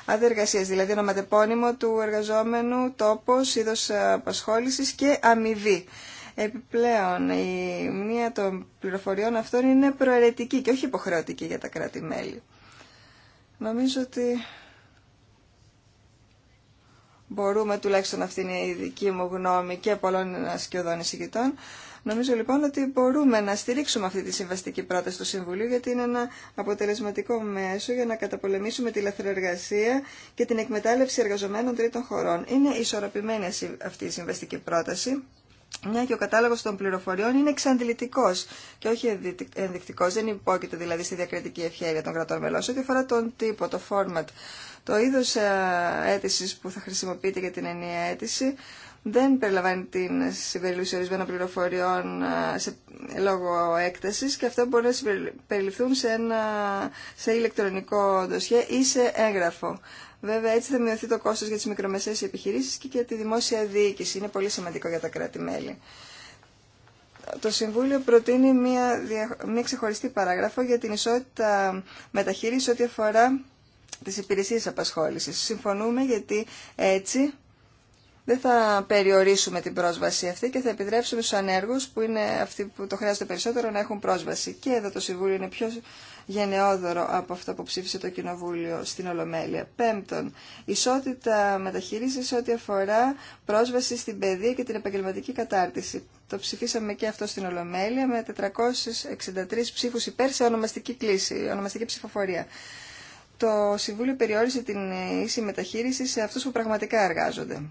άδεια εργασίας, δηλαδή ονοματεπώνυμο του εργαζόμενου, τόπος, είδος απασχόλησης και αμοιβή. Επιπλέον, η μία των πληροφοριών αυτών είναι προαιρετική και όχι υποχρεωτική για τα κράτη-μέλη. Νομίζω ότι μπορούμε, τουλάχιστον αυτή είναι η δική μου γνώμη και πολλών ασκιωδών εισηγητών, Νομίζω λοιπόν ότι μπορούμε να στηρίξουμε αυτή τη συμβαστική πρόταση του Συμβουλίου γιατί είναι ένα αποτελεσματικό μέσο για να καταπολεμήσουμε τη λαθροεργασία και την εκμετάλλευση εργαζομένων τρίτων χωρών. Είναι ισορροπημένη αυτή η συμβαστική πρόταση. Μια και ο κατάλογο των πληροφοριών είναι εξαντλητικό και όχι ενδεικτικό, δεν υπόκειται δηλαδή στη διακριτική ευχαίρεια των κρατών μελών. Σε ό,τι αφορά τον τύπο, το format το είδο ε, αίτηση που θα χρησιμοποιείται για την ενιαία αίτηση δεν περιλαμβάνει την συμπεριλήψη ορισμένων πληροφοριών ε, σε, λόγω έκταση και αυτό μπορεί να συμπεριληφθούν σε, ένα, σε ηλεκτρονικό ντοσιέ ή σε έγγραφο. Βέβαια, έτσι θα μειωθεί το κόστο για τι μικρομεσαίε επιχειρήσει και για τη δημόσια διοίκηση. Είναι πολύ σημαντικό για τα κράτη-μέλη. Το Συμβούλιο προτείνει μία, μία ξεχωριστή παράγραφο για την ισότητα μεταχείριση ό,τι αφορά τις υπηρεσίες απασχόλησης. Συμφωνούμε γιατί έτσι δεν θα περιορίσουμε την πρόσβαση αυτή και θα επιτρέψουμε στους ανέργους που είναι αυτοί που το χρειάζεται περισσότερο να έχουν πρόσβαση. Και εδώ το Συμβούλιο είναι πιο γενναιόδωρο από αυτό που ψήφισε το Κοινοβούλιο στην Ολομέλεια. Πέμπτον, ισότητα μεταχείρισης σε ό,τι αφορά πρόσβαση στην παιδεία και την επαγγελματική κατάρτιση. Το ψηφίσαμε και αυτό στην Ολομέλεια με 463 ψήφους υπέρ σε ονομαστική κλίση, ονομαστική ψηφοφορία το Συμβούλιο περιόρισε την ίση μεταχείριση σε αυτούς που πραγματικά εργάζονται.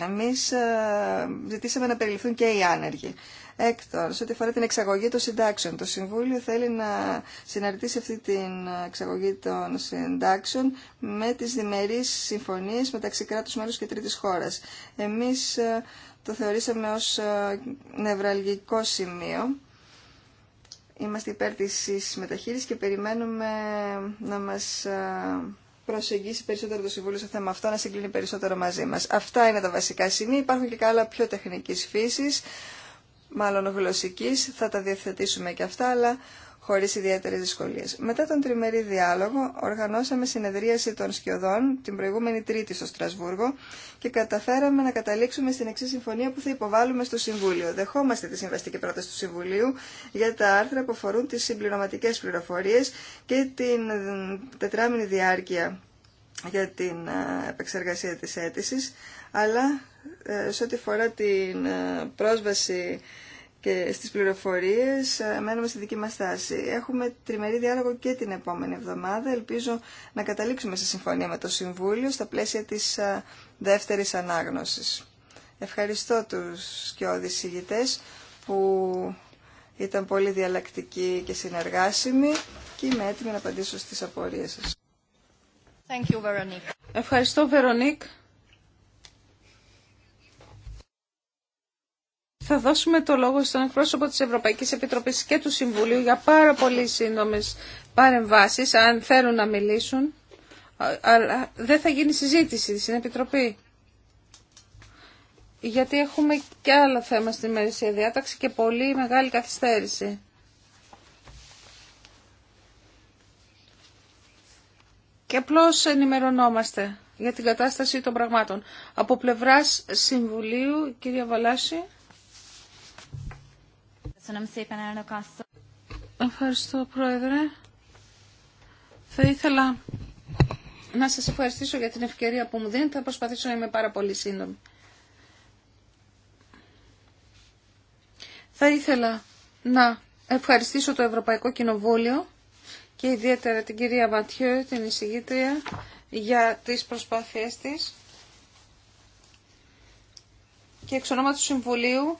Εμείς ε, ζητήσαμε να περιληφθούν και οι άνεργοι. Έκτον, σε ό,τι αφορά την εξαγωγή των συντάξεων, το Συμβούλιο θέλει να συναρτήσει αυτή την εξαγωγή των συντάξεων με τις διμερείς συμφωνίες μεταξύ κράτους μέλους και τρίτης χώρας. Εμείς ε, το θεωρήσαμε ως ε, νευραλγικό σημείο Είμαστε υπέρ της μεταχείρισης και περιμένουμε να μας προσεγγίσει περισσότερο το Συμβούλιο στο θέμα αυτό, να συγκλίνει περισσότερο μαζί μας. Αυτά είναι τα βασικά σημεία. Υπάρχουν και άλλα πιο τεχνικής φύσης, μάλλον γλωσσικής. Θα τα διευθετήσουμε και αυτά, αλλά Χωρί ιδιαίτερες δυσκολίε. Μετά τον τριμερή διάλογο οργανώσαμε συνεδρίαση των σκιωδών την προηγούμενη Τρίτη στο Στρασβούργο και καταφέραμε να καταλήξουμε στην εξή συμφωνία που θα υποβάλουμε στο Συμβούλιο. Δεχόμαστε τη συμβαστική πρόταση του Συμβουλίου για τα άρθρα που αφορούν τις συμπληρωματικέ πληροφορίε και την τετράμινη διάρκεια για την ε, επεξεργασία της αίτησης, αλλά ε, σε ό,τι φορά την ε, πρόσβαση και στις πληροφορίες ε, μένουμε στη δική μας στάση. Έχουμε τριμερή διάλογο και την επόμενη εβδομάδα. Ελπίζω να καταλήξουμε σε συμφωνία με το Συμβούλιο στα πλαίσια της ε, δεύτερης ανάγνωσης. Ευχαριστώ τους και ηγητές που ήταν πολύ διαλλακτικοί και συνεργάσιμοι και είμαι έτοιμη να απαντήσω στις απορίες σας. Thank you, Ευχαριστώ, Βερονίκ. Θα δώσουμε το λόγο στον εκπρόσωπο της Ευρωπαϊκής Επιτροπής και του Συμβουλίου για πάρα πολύ σύντομες παρεμβάσεις, αν θέλουν να μιλήσουν. Αλλά δεν θα γίνει συζήτηση στην Επιτροπή. Γιατί έχουμε και άλλα θέματα στην ημερησία διάταξη και πολύ μεγάλη καθυστέρηση. Και απλώ ενημερωνόμαστε για την κατάσταση των πραγμάτων. Από πλευράς Συμβουλίου, κυρία Βαλάση. Ευχαριστώ, Πρόεδρε. Θα ήθελα να σας ευχαριστήσω για την ευκαιρία που μου δίνετε. Θα προσπαθήσω να είμαι πάρα πολύ σύντομη. Θα ήθελα να ευχαριστήσω το Ευρωπαϊκό Κοινοβούλιο και ιδιαίτερα την κυρία Βατιού, την εισηγήτρια, για τις προσπάθειές της. Και εξ ονόματος του Συμβουλίου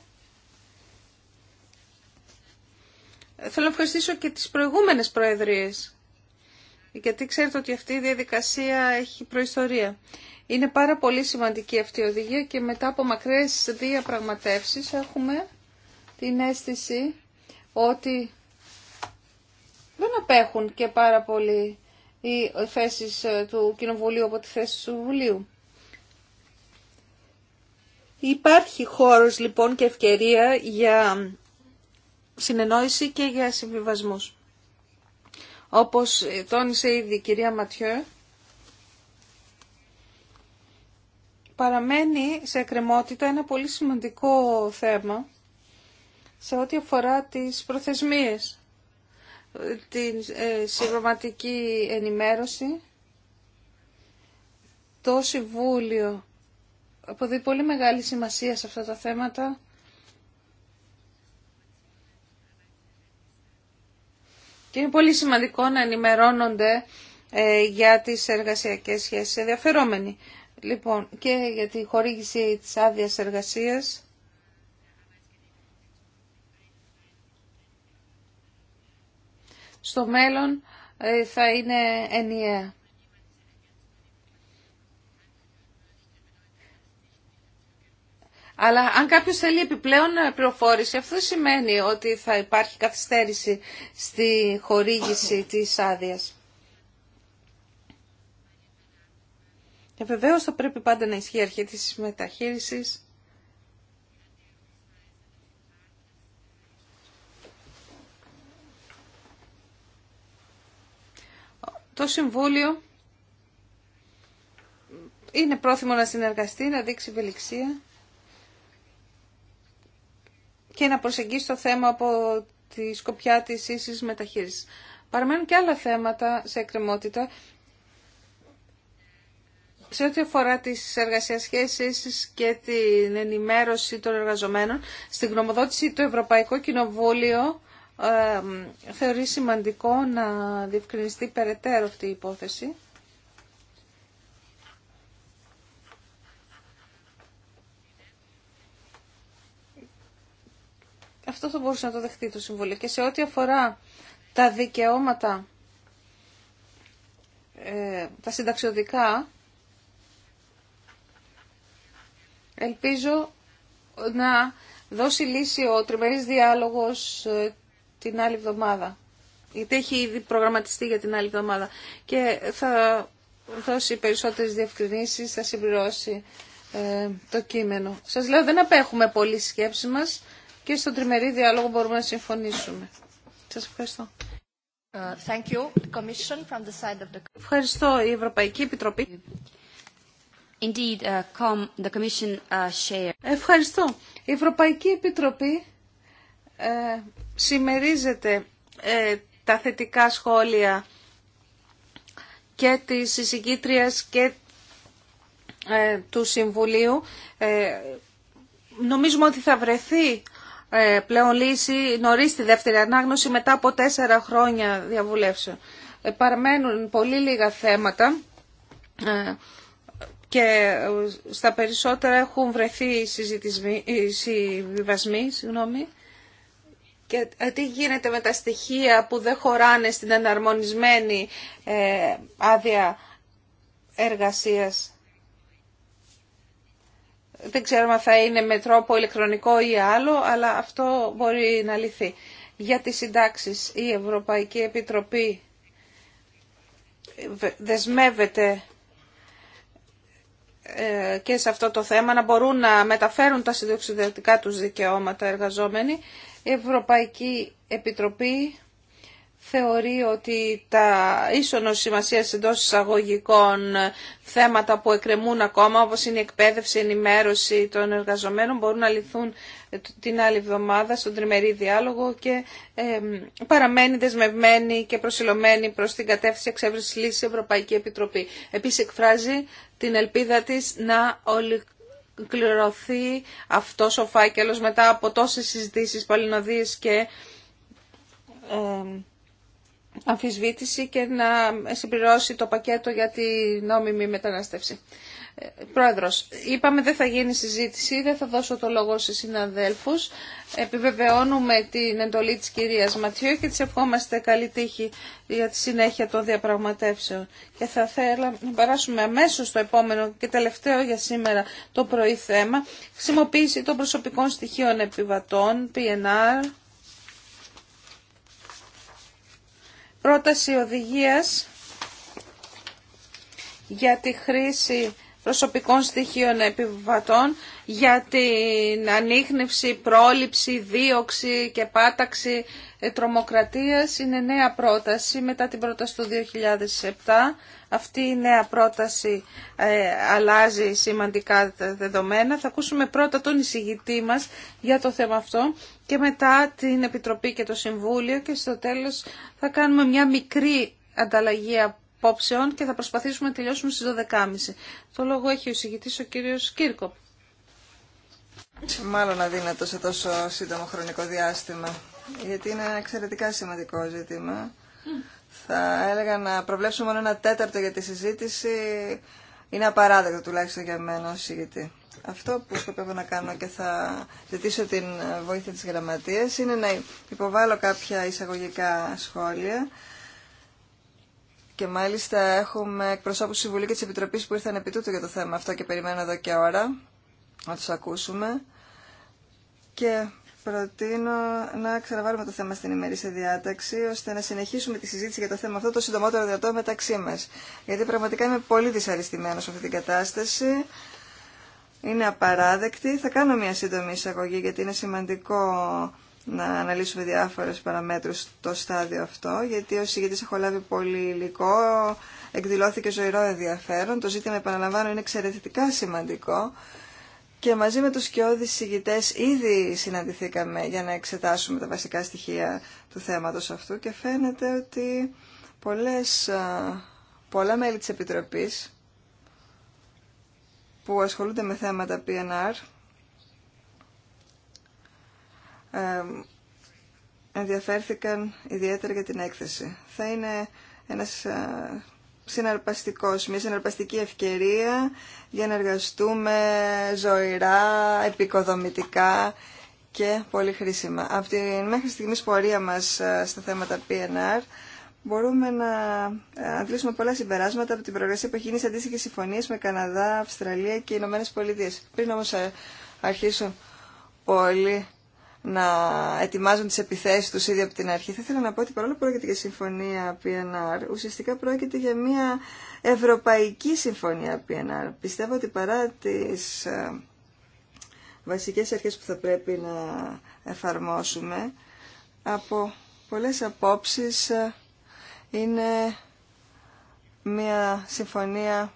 Θέλω να ευχαριστήσω και τις προηγούμενες προεδρίες, γιατί ξέρετε ότι αυτή η διαδικασία έχει προϊστορία. Είναι πάρα πολύ σημαντική αυτή η οδηγία και μετά από μακρές διαπραγματεύσεις έχουμε την αίσθηση ότι δεν απέχουν και πάρα πολύ οι θέσεις ε, του Κοινοβουλίου από τη θέση του Βουλίου. Υπάρχει χώρος λοιπόν και ευκαιρία για συνεννόηση και για συμβιβασμούς. Όπως τόνισε ήδη η κυρία Ματιώ παραμένει σε εκκρεμότητα ένα πολύ σημαντικό θέμα σε ό,τι αφορά τις προθεσμίες, την ε, συγκροματική ενημέρωση, το Συμβούλιο Αποδεί πολύ μεγάλη σημασία σε αυτά τα θέματα Και είναι πολύ σημαντικό να ενημερώνονται ε, για τις εργασιακές σχέσεις ενδιαφερόμενοι. Λοιπόν, και για τη χορήγηση της άδεια εργασίας. Στο μέλλον ε, θα είναι ενιαία. Αλλά αν κάποιος θέλει επιπλέον πληροφόρηση, αυτό σημαίνει ότι θα υπάρχει καθυστέρηση στη χορήγηση της άδεια. Και βεβαίω θα πρέπει πάντα να ισχύει αρχή της μεταχείρισης. Το Συμβούλιο είναι πρόθυμο να συνεργαστεί, να δείξει ευελιξία και να προσεγγίσει το θέμα από τη σκοπιά της ίσης μεταχείρισης. Παραμένουν και άλλα θέματα σε εκκρεμότητα σε ό,τι αφορά τις εργασιακές σχέσεις και την ενημέρωση των εργαζομένων, στην γνωμοδότηση του Ευρωπαϊκού Κοινοβούλιο ε, θεωρεί σημαντικό να διευκρινιστεί περαιτέρω αυτή η υπόθεση. Αυτό θα μπορούσε να το δεχτεί το Συμβούλιο. Και σε ό,τι αφορά τα δικαιώματα, ε, τα συνταξιωτικά, ελπίζω να δώσει λύση ο τριμερής διάλογος ε, την άλλη εβδομάδα. Γιατί έχει ήδη προγραμματιστεί για την άλλη εβδομάδα. Και θα δώσει περισσότερες διευκρινήσεις, θα συμπληρώσει ε, το κείμενο. Σας λέω δεν απέχουμε πολύ σκέψη μας και στον τριμερή διάλογο μπορούμε να συμφωνήσουμε. Σας ευχαριστώ. Uh, ευχαριστώ η Ευρωπαϊκή Επιτροπή. Uh, uh, ευχαριστώ. Η Ευρωπαϊκή Επιτροπή ε, συμμερίζεται ε, τα θετικά σχόλια και της συζητήτριας και ε, του Συμβουλίου. Ε, νομίζουμε ότι θα βρεθεί ε, πλέον λύση νωρί τη δεύτερη ανάγνωση μετά από τέσσερα χρόνια διαβουλεύσεων. Ε, παραμένουν πολύ λίγα θέματα ε, και στα περισσότερα έχουν βρεθεί συμβιβασμοί. Συγγνώμη. Και τι γίνεται με τα στοιχεία που δεν χωράνε στην εναρμονισμένη άδεια εργασίας. Δεν ξέρω αν θα είναι με τρόπο ηλεκτρονικό ή άλλο, αλλά αυτό μπορεί να λυθεί. Για τις συντάξεις η Ευρωπαϊκή Επιτροπή δεσμεύεται ε, και σε αυτό το θέμα να μπορούν να μεταφέρουν τα συνταξιδευτικά τους δικαιώματα εργαζόμενοι. Η Ευρωπαϊκή Επιτροπή θεωρεί ότι τα ίσονος σημασία εντό εισαγωγικών θέματα που εκκρεμούν ακόμα, όπως είναι η εκπαίδευση, η ενημέρωση των εργαζομένων, μπορούν να λυθούν την άλλη εβδομάδα στον τριμερή διάλογο και ε, παραμένει δεσμευμένη και προσιλωμένη προς την κατεύθυνση εξέβρισης λύσης Ευρωπαϊκή Επιτροπή. Επίσης εκφράζει την ελπίδα της να ολοκληρωθεί αυτός ο φάκελος μετά από τόσες συζητήσεις, παλινοδίες και αμφισβήτηση και να συμπληρώσει το πακέτο για τη νόμιμη μετανάστευση. Ε, πρόεδρος, είπαμε δεν θα γίνει συζήτηση, δεν θα δώσω το λόγο στους συναδέλφους. Επιβεβαιώνουμε την εντολή της κυρίας Ματιού και της ευχόμαστε καλή τύχη για τη συνέχεια των διαπραγματεύσεων. Και θα θέλαμε να περάσουμε αμέσως στο επόμενο και τελευταίο για σήμερα το πρωί θέμα, χρησιμοποίηση των προσωπικών στοιχείων επιβατών, PNR. πρόταση οδηγίας για τη χρήση προσωπικών στοιχείων επιβατών για την ανείχνευση, πρόληψη, δίωξη και πάταξη ε, τρομοκρατίας. Είναι νέα πρόταση μετά την πρόταση του 2007. Αυτή η νέα πρόταση ε, αλλάζει σημαντικά δεδομένα. Θα ακούσουμε πρώτα τον εισηγητή μας για το θέμα αυτό και μετά την Επιτροπή και το Συμβούλιο και στο τέλος θα κάνουμε μια μικρή ανταλλαγή απόψεων και θα προσπαθήσουμε να τελειώσουμε στις 12.30. Το λόγο έχει ο εισηγητής ο κύριος Κύρκο. Μάλλον αδύνατο σε τόσο σύντομο χρονικό διάστημα, γιατί είναι εξαιρετικά σημαντικό ζήτημα. Θα έλεγα να προβλέψουμε μόνο ένα τέταρτο για τη συζήτηση. Είναι απαράδεκτο τουλάχιστον για μένα ως ηγητή. Αυτό που σκοπεύω να κάνω και θα ζητήσω την βοήθεια της γραμματείας είναι να υποβάλω κάποια εισαγωγικά σχόλια και μάλιστα έχουμε εκπροσώπους του Συμβουλίου και της Επιτροπής που ήρθαν επί τούτου για το θέμα αυτό και περιμένω εδώ και ώρα να τους ακούσουμε και προτείνω να ξαναβάλουμε το θέμα στην ημερή σε διάταξη ώστε να συνεχίσουμε τη συζήτηση για το θέμα αυτό το συντομότερο δυνατό μεταξύ μας γιατί πραγματικά είμαι πολύ δυσαρεστημένος σε αυτή την κατάσταση είναι απαράδεκτη. Θα κάνω μια σύντομη εισαγωγή γιατί είναι σημαντικό να αναλύσουμε διάφορες παραμέτρους στο στάδιο αυτό, γιατί ο συγγετής έχω λάβει πολύ υλικό, εκδηλώθηκε ζωηρό ενδιαφέρον, το ζήτημα επαναλαμβάνω είναι εξαιρετικά σημαντικό και μαζί με τους σκιώδεις συγγητές ήδη συναντηθήκαμε για να εξετάσουμε τα βασικά στοιχεία του θέματος αυτού και φαίνεται ότι πολλές, πολλά μέλη της Επιτροπής που ασχολούνται με θέματα PNR ενδιαφέρθηκαν ιδιαίτερα για την έκθεση. Θα είναι ένας ε, συναρπαστικός, μια συναρπαστική ευκαιρία για να εργαστούμε ζωηρά, επικοδομητικά και πολύ χρήσιμα. Από την μέχρι στιγμής πορεία μας ε, στα θέματα PNR μπορούμε ε, να αντλήσουμε πολλά συμπεράσματα από την προεργασία που έχει γίνει σε αντίστοιχε συμφωνίε με Καναδά, Αυστραλία και Ηνωμένε Πολιτείε. Πριν όμω ε, αρχίσω πολύ να ετοιμάζουν τι επιθέσει του ήδη από την αρχή, θα ήθελα να πω ότι παρόλο που πρόκειται για συμφωνία PNR, ουσιαστικά πρόκειται για μια ευρωπαϊκή συμφωνία PNR. Πιστεύω ότι παρά τι ε, βασικές αρχές που θα πρέπει να εφαρμόσουμε από πολλές απόψεις είναι μια συμφωνία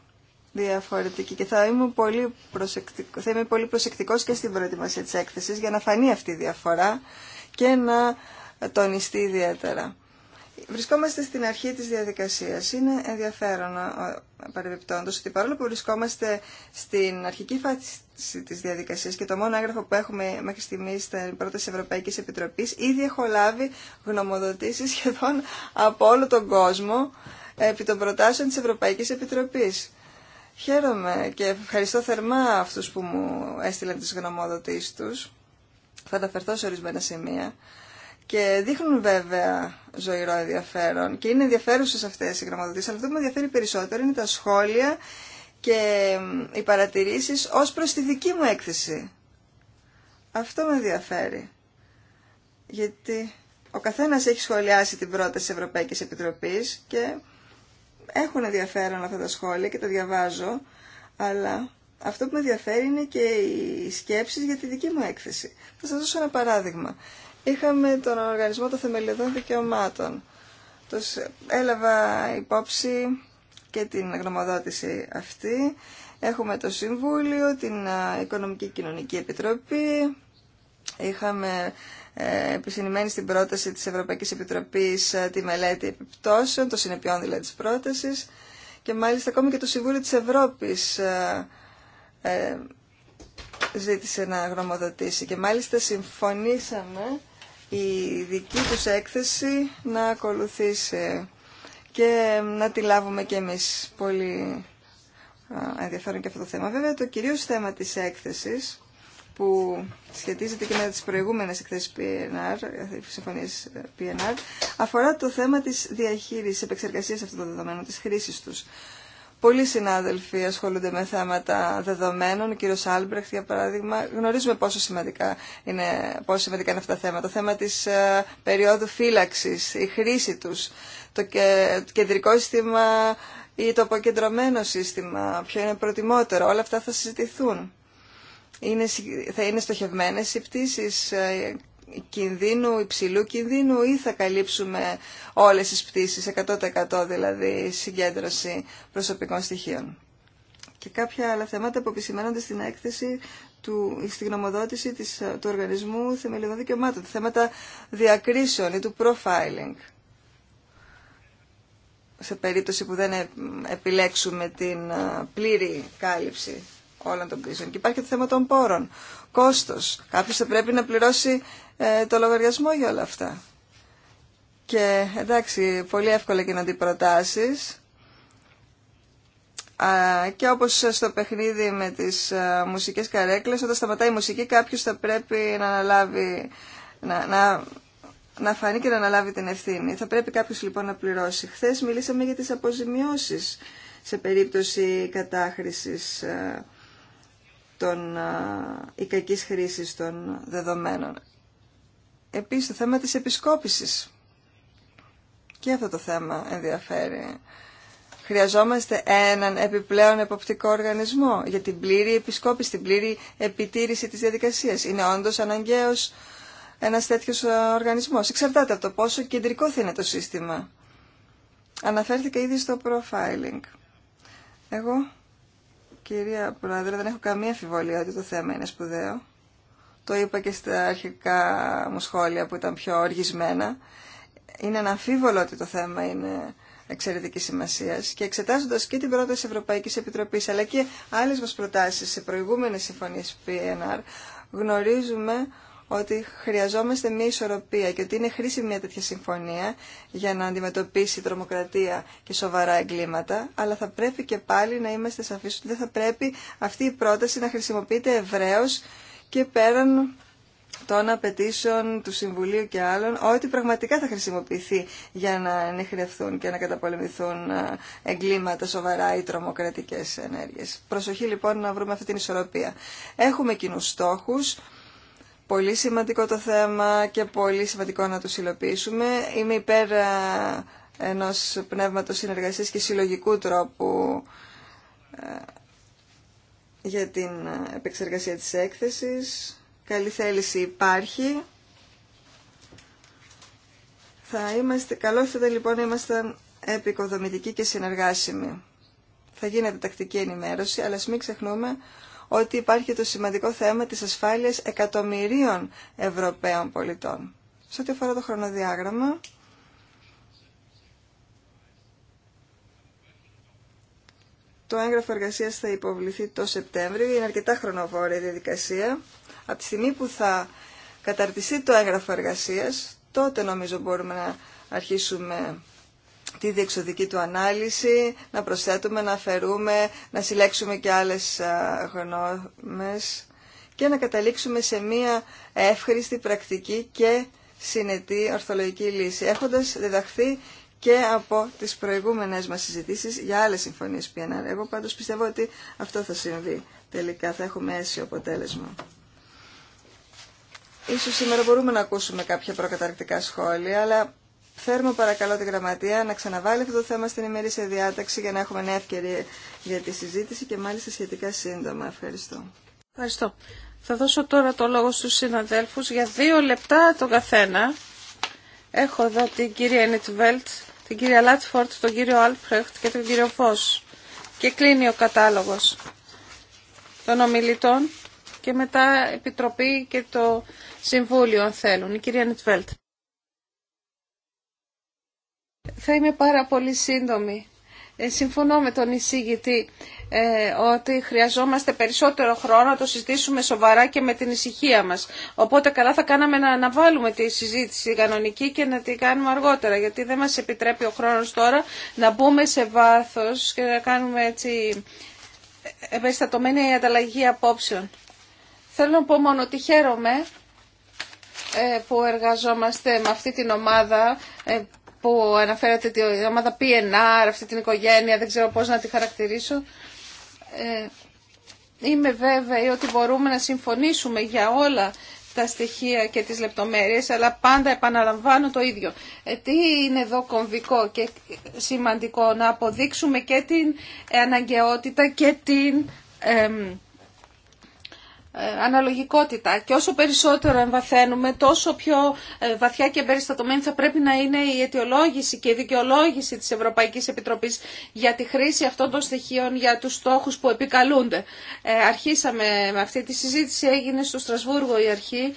διαφορετική και θα είμαι πολύ, προσεκτικό, θα είμαι πολύ προσεκτικός και στην προετοιμασία της έκθεσης για να φανεί αυτή η διαφορά και να τονιστεί ιδιαίτερα. Βρισκόμαστε στην αρχή της διαδικασίας. Είναι ενδιαφέρον ε, παρεμπιπτόντως ότι παρόλο που βρισκόμαστε στην αρχική φάση Τη διαδικασία και το μόνο έγγραφο που έχουμε μέχρι στιγμή στην πρόταση Ευρωπαϊκή Επιτροπή ήδη έχω λάβει γνωμοδοτήσεις σχεδόν από όλο τον κόσμο επί των προτάσεων της Ευρωπαϊκής Επιτροπής. Χαίρομαι και ευχαριστώ θερμά αυτούς που μου έστειλαν τις γνωμοδοτήσεις τους. Θα αναφερθώ σε ορισμένα σημεία και δείχνουν βέβαια ζωηρό ενδιαφέρον και είναι ενδιαφέρουσε αυτέ οι γνωμοδοτήσει. Αλλά αυτό που με ενδιαφέρει περισσότερο είναι τα σχόλια και οι παρατηρήσεις ως προς τη δική μου έκθεση. Αυτό με ενδιαφέρει. Γιατί ο καθένας έχει σχολιάσει την πρόταση της Ευρωπαϊκής Επιτροπής και έχουν ενδιαφέρον αυτά τα σχόλια και τα διαβάζω, αλλά αυτό που με ενδιαφέρει είναι και οι σκέψεις για τη δική μου έκθεση. Θα σας δώσω ένα παράδειγμα. Είχαμε τον Οργανισμό των Θεμελιωδών Δικαιωμάτων. έλαβα υπόψη και την γνωμοδότηση αυτή. Έχουμε το Συμβούλιο, την Οικονομική Κοινωνική Επιτροπή. Είχαμε ε, επισυνημένη στην πρόταση της Ευρωπαϊκής Επιτροπής ε, τη μελέτη επιπτώσεων, το συνεπειών δηλαδή της πρότασης. Και μάλιστα ακόμη και το Συμβούλιο της Ευρώπης ε, ζήτησε να γνωμοδοτήσει. Και μάλιστα συμφωνήσαμε η δική τους έκθεση να ακολουθήσει και να τη λάβουμε και εμείς πολύ ενδιαφέρον και αυτό το θέμα. Βέβαια το κυρίως θέμα της έκθεσης που σχετίζεται και με τις προηγούμενες εκθέσεις PNR, ε, συμφωνίες ε, PNR, αφορά το θέμα της διαχείρισης, επεξεργασίας αυτών των δεδομένων, της χρήσης τους. Πολλοί συνάδελφοι ασχολούνται με θέματα δεδομένων. Ο κύριος Άλμπρεχτ, για παράδειγμα, γνωρίζουμε πόσο σημαντικά, είναι, πόσο σημαντικά είναι αυτά τα θέματα. Το θέμα της ε, περίοδου φύλαξης, η χρήση τους, το κεντρικό σύστημα ή το αποκεντρωμένο σύστημα, ποιο είναι προτιμότερο. Όλα αυτά θα συζητηθούν. Είναι, θα είναι στοχευμένες οι πτήσεις, ε, κινδύνου, υψηλού κινδύνου ή θα καλύψουμε όλες τις πτήσεις, 100% δηλαδή συγκέντρωση προσωπικών στοιχείων. Και κάποια άλλα θέματα που επισημαίνονται στην έκθεση του, στη γνωμοδότηση της, του Οργανισμού Θεμελιωδών Δικαιωμάτων, θέματα διακρίσεων ή του profiling. Σε περίπτωση που δεν ε, επιλέξουμε την ε, πλήρη κάλυψη όλων των πτήσεων Και υπάρχει το θέμα των πόρων. Κόστος. Κάποιος θα πρέπει να πληρώσει ε, το λογαριασμό για όλα αυτά. Και εντάξει, πολύ εύκολα να την προτάσεις και όπως στο παιχνίδι με τις ε, μουσικές καρέκλες, όταν σταματάει η μουσική κάποιος θα πρέπει να αναλάβει, να, να, φανεί και να αναλάβει την ευθύνη. Θα πρέπει κάποιος λοιπόν να πληρώσει. Χθες μιλήσαμε για τις αποζημιώσεις σε περίπτωση κατάχρησης ε, των, ή κακής χρήσης των δεδομένων. Επίσης το θέμα της επισκόπησης. Και αυτό το θέμα ενδιαφέρει. Χρειαζόμαστε έναν επιπλέον εποπτικό οργανισμό για την πλήρη επισκόπηση, την πλήρη επιτήρηση της διαδικασίας. Είναι όντως αναγκαίος ένας τέτοιος οργανισμός. Εξαρτάται από το πόσο κεντρικό θα είναι το σύστημα. Αναφέρθηκα ήδη στο profiling. Εγώ, κυρία Πρόεδρε, δεν έχω καμία αφιβολία ότι το θέμα είναι σπουδαίο το είπα και στα αρχικά μου σχόλια που ήταν πιο οργισμένα, είναι αναμφίβολο ότι το θέμα είναι εξαιρετική σημασία και εξετάζοντα και την πρόταση Ευρωπαϊκή Επιτροπή αλλά και άλλε μα προτάσει σε προηγούμενε συμφωνίε PNR, γνωρίζουμε ότι χρειαζόμαστε μια ισορροπία και ότι είναι χρήσιμη μια τέτοια συμφωνία για να αντιμετωπίσει τρομοκρατία και σοβαρά εγκλήματα, αλλά θα πρέπει και πάλι να είμαστε σαφείς ότι δεν θα πρέπει αυτή η πρόταση να χρησιμοποιείται ευρέω και πέραν των απαιτήσεων του Συμβουλίου και άλλων ότι πραγματικά θα χρησιμοποιηθεί για να ανεχρευθούν και να καταπολεμηθούν ε, εγκλήματα σοβαρά ή τρομοκρατικέ ενέργειε. Προσοχή λοιπόν να βρούμε αυτή την ισορροπία. Έχουμε κοινού στόχου. Πολύ σημαντικό το θέμα και πολύ σημαντικό να του υλοποιήσουμε. Είμαι υπέρ ε, ενός πνεύματος συνεργασίας και συλλογικού τρόπου ε, για την επεξεργασία της έκθεσης. Καλή θέληση υπάρχει. Θα είμαστε, καλό θα ήταν λοιπόν να ήμασταν επικοδομητικοί και συνεργάσιμοι. Θα γίνεται τακτική ενημέρωση, αλλά μην ξεχνούμε ότι υπάρχει το σημαντικό θέμα της ασφάλειας εκατομμυρίων Ευρωπαίων πολιτών. Σε ό,τι αφορά το χρονοδιάγραμμα, Το έγγραφο εργασία θα υποβληθεί το Σεπτέμβριο. Είναι αρκετά χρονοβόρη η διαδικασία. Από τη στιγμή που θα καταρτιστεί το έγγραφο εργασία, τότε νομίζω μπορούμε να αρχίσουμε τη διεξοδική του ανάλυση, να προσθέτουμε, να αφαιρούμε, να συλλέξουμε και άλλες γνώμες και να καταλήξουμε σε μία εύχριστη, πρακτική και συνετή ορθολογική λύση, έχοντας διδαχθεί και από τις προηγούμενες μας συζητήσεις για άλλες συμφωνίες PNR. Εγώ πάντως πιστεύω ότι αυτό θα συμβεί τελικά, θα έχουμε αίσιο αποτέλεσμα. Ίσως σήμερα μπορούμε να ακούσουμε κάποια προκαταρκτικά σχόλια, αλλά θέλουμε παρακαλώ την Γραμματεία να ξαναβάλει αυτό το θέμα στην σε διάταξη για να έχουμε νέα ευκαιρία για τη συζήτηση και μάλιστα σχετικά σύντομα. Ευχαριστώ. Ευχαριστώ. Θα δώσω τώρα το λόγο στους συναδέλφους για δύο λεπτά τον καθένα. Έχω εδώ την κυρία Νιτβέλτ την κυρία Λάτσφορτ, τον κύριο Αλφρέχτ και τον κύριο Φως. Και κλείνει ο κατάλογος των ομιλητών και μετά Επιτροπή και το Συμβούλιο αν θέλουν. Η κυρία Νιτβέλτ. Θα είμαι πάρα πολύ σύντομη. Ε, συμφωνώ με τον εισηγητή ε, ότι χρειαζόμαστε περισσότερο χρόνο να το συζητήσουμε σοβαρά και με την ησυχία μας. Οπότε καλά θα κάναμε να αναβάλουμε τη συζήτηση κανονική και να τη κάνουμε αργότερα, γιατί δεν μας επιτρέπει ο χρόνος τώρα να μπούμε σε βάθος και να κάνουμε έτσι επεστατωμένη ανταλλαγή απόψεων. Θέλω να πω μόνο ότι χαίρομαι ε, που εργαζόμαστε με αυτή την ομάδα που αναφέρατε τη ομάδα PNR, αυτή την οικογένεια, δεν ξέρω πώς να τη χαρακτηρίσω. Ε, είμαι βέβαιη ότι μπορούμε να συμφωνήσουμε για όλα τα στοιχεία και τις λεπτομέρειες, αλλά πάντα επαναλαμβάνω το ίδιο. Ε, τι είναι εδώ κομβικό και σημαντικό να αποδείξουμε και την αναγκαιότητα και την... Ε, αναλογικότητα. Και όσο περισσότερο εμβαθαίνουμε, τόσο πιο ε, βαθιά και εμπεριστατωμένη θα πρέπει να είναι η αιτιολόγηση και η δικαιολόγηση της Ευρωπαϊκής Επιτροπής για τη χρήση αυτών των στοιχείων για τους στόχους που επικαλούνται. Ε, αρχίσαμε με αυτή τη συζήτηση, έγινε στο Στρασβούργο η αρχή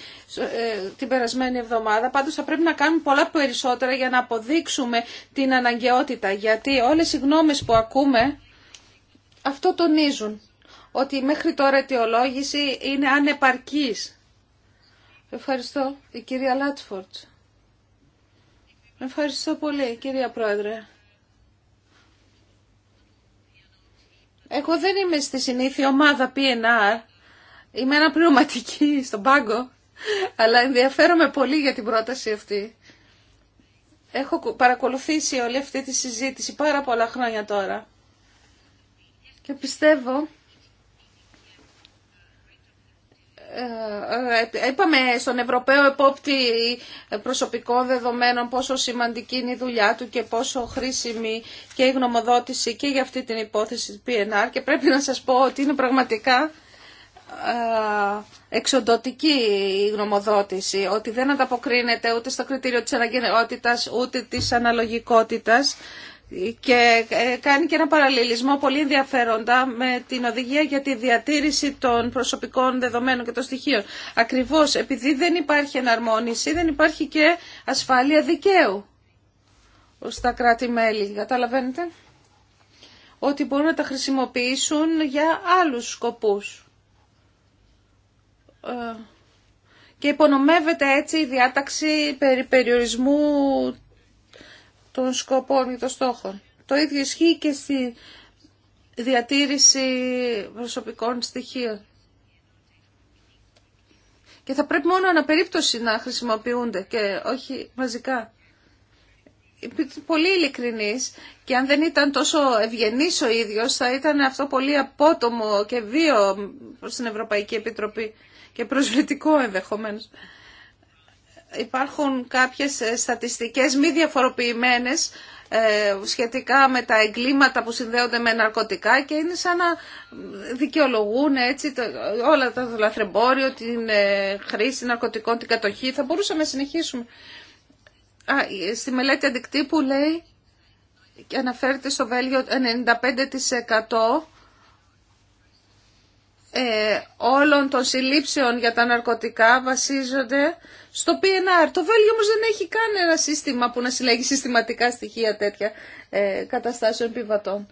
την περασμένη εβδομάδα. Πάντως θα πρέπει να κάνουμε πολλά περισσότερα για να αποδείξουμε την αναγκαιότητα, γιατί όλες οι γνώμες που ακούμε αυτό τονίζουν ότι μέχρι τώρα η αιτιολόγηση είναι ανεπαρκής. Ευχαριστώ, η κυρία Λάτσφορτ. Ευχαριστώ πολύ, κυρία Πρόεδρε. Εγώ δεν είμαι στη συνήθεια ομάδα PNR. Είμαι ένα πνευματική στον πάγκο. Αλλά ενδιαφέρομαι πολύ για την πρόταση αυτή. Έχω παρακολουθήσει όλη αυτή τη συζήτηση πάρα πολλά χρόνια τώρα. Και πιστεύω Ε, ε, είπαμε στον Ευρωπαίο Επόπτη προσωπικών δεδομένων πόσο σημαντική είναι η δουλειά του και πόσο χρήσιμη και η γνωμοδότηση και για αυτή την υπόθεση PNR και πρέπει να σας πω ότι είναι πραγματικά ε, εξοντοτική η γνωμοδότηση, ότι δεν ανταποκρίνεται ούτε στο κριτήριο της αναγκαιότητας ούτε της αναλογικότητας και ε, κάνει και ένα παραλληλισμό πολύ ενδιαφέροντα με την οδηγία για τη διατήρηση των προσωπικών δεδομένων και των στοιχείων. Ακριβώς επειδή δεν υπάρχει εναρμόνιση, δεν υπάρχει και ασφάλεια δικαίου στα κράτη-μέλη. Καταλαβαίνετε ότι μπορούν να τα χρησιμοποιήσουν για άλλους σκοπούς. Ε, και υπονομεύεται έτσι η διάταξη περί περιορισμού των σκοπών ή των στόχων. Το ίδιο ισχύει και στη διατήρηση προσωπικών στοιχείων. Και θα πρέπει μόνο αναπερίπτωση να χρησιμοποιούνται και όχι μαζικά. Πολύ ειλικρινής και αν δεν ήταν τόσο ευγενής ο ίδιος θα ήταν αυτό πολύ απότομο και βίο στην Ευρωπαϊκή Επιτροπή και προσβλητικό ενδεχομένω υπάρχουν κάποιες ε, στατιστικές μη διαφοροποιημένες ε, σχετικά με τα εγκλήματα που συνδέονται με ναρκωτικά και είναι σαν να δικαιολογούν έτσι όλα τα λαθρεμπόριο, την ε, χρήση ναρκωτικών, την κατοχή. Θα μπορούσαμε να συνεχίσουμε. στη μελέτη αντικτύπου λέει και αναφέρεται στο Βέλγιο 95% όλων των συλλήψεων για τα ναρκωτικά βασίζονται στο PNR. Το Βέλγιο όμω δεν έχει καν ένα σύστημα που να συλλέγει συστηματικά στοιχεία τέτοια ε, καταστάσεων επιβατών.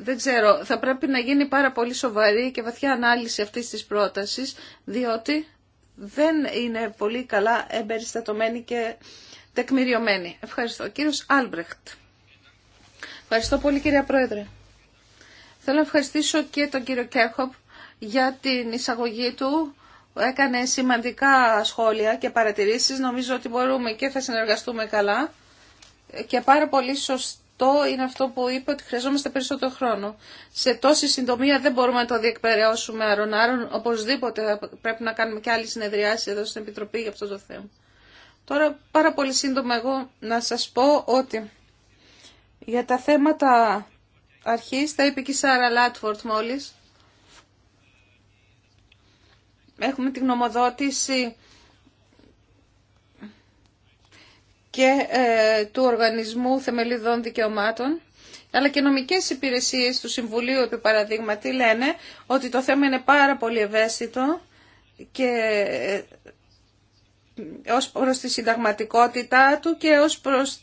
Δεν ξέρω, θα πρέπει να γίνει πάρα πολύ σοβαρή και βαθιά ανάλυση αυτής της πρότασης, διότι δεν είναι πολύ καλά εμπεριστατωμένη και τεκμηριωμένη. Ευχαριστώ. Κύριος Άλμπρεχτ. Ευχαριστώ πολύ κυρία Πρόεδρε. Θέλω να ευχαριστήσω και τον κύριο Κέρχοπ για την εισαγωγή του έκανε σημαντικά σχόλια και παρατηρήσεις. Νομίζω ότι μπορούμε και θα συνεργαστούμε καλά. Και πάρα πολύ σωστό είναι αυτό που είπε ότι χρειαζόμαστε περισσότερο χρόνο. Σε τόση συντομία δεν μπορούμε να το διεκπαιρεωσουμε αρων αρων Οπωσδήποτε πρέπει να κάνουμε και άλλη συνεδριάση εδώ στην Επιτροπή για αυτό το θέμα. Τώρα πάρα πολύ σύντομα εγώ να σας πω ότι για τα θέματα αρχής τα είπε και η Σάρα Λάτφορτ μόλις Έχουμε τη γνωμοδότηση και ε, του Οργανισμού Θεμελιδών Δικαιωμάτων, αλλά και νομικές υπηρεσίες του Συμβουλίου, επί παραδείγματι, λένε ότι το θέμα είναι πάρα πολύ ευαίσθητο και ε, ως προς τη συνταγματικότητά του και ως προς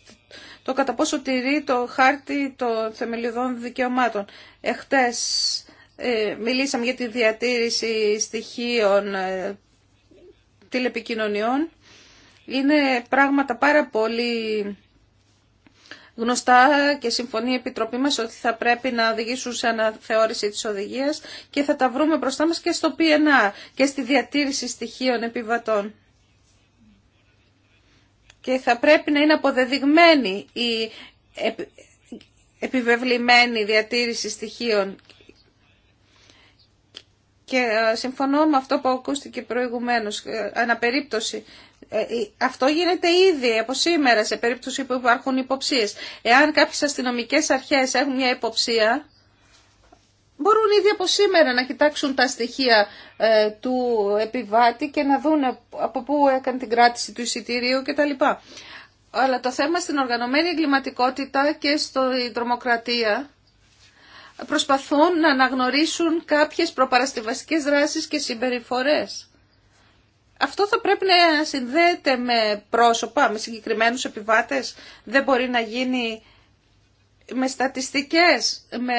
το κατά πόσο τηρεί το χάρτη των Θεμελιδών δικαιωμάτων. Εχθές ε, μιλήσαμε για τη διατήρηση στοιχείων ε, τηλεπικοινωνιών. Είναι πράγματα πάρα πολύ γνωστά και συμφωνεί η Επιτροπή μας ότι θα πρέπει να οδηγήσουν σε αναθεώρηση της οδηγίας και θα τα βρούμε μπροστά μας και στο PNA και στη διατήρηση στοιχείων επιβατών. Και θα πρέπει να είναι αποδεδειγμένη η επιβεβλημένη διατήρηση στοιχείων και ε, συμφωνώ με αυτό που ακούστηκε προηγουμένως, ε, αναπερίπτωση. Ε, αυτό γίνεται ήδη από σήμερα σε περίπτωση που υπάρχουν υποψίες. Εάν κάποιες αστυνομικές αρχές έχουν μια υποψία, μπορούν ήδη από σήμερα να κοιτάξουν τα στοιχεία του επιβάτη και να δουν από πού έκανε την κράτηση του εισιτηρίου κτλ. Αλλά το θέμα στην οργανωμένη εγκληματικότητα και στην τρομοκρατία προσπαθούν να αναγνωρίσουν κάποιες προπαρασκευαστικές δράσεις και συμπεριφορές. Αυτό θα πρέπει να συνδέεται με πρόσωπα, με συγκεκριμένους επιβάτες. Δεν μπορεί να γίνει με στατιστικές, με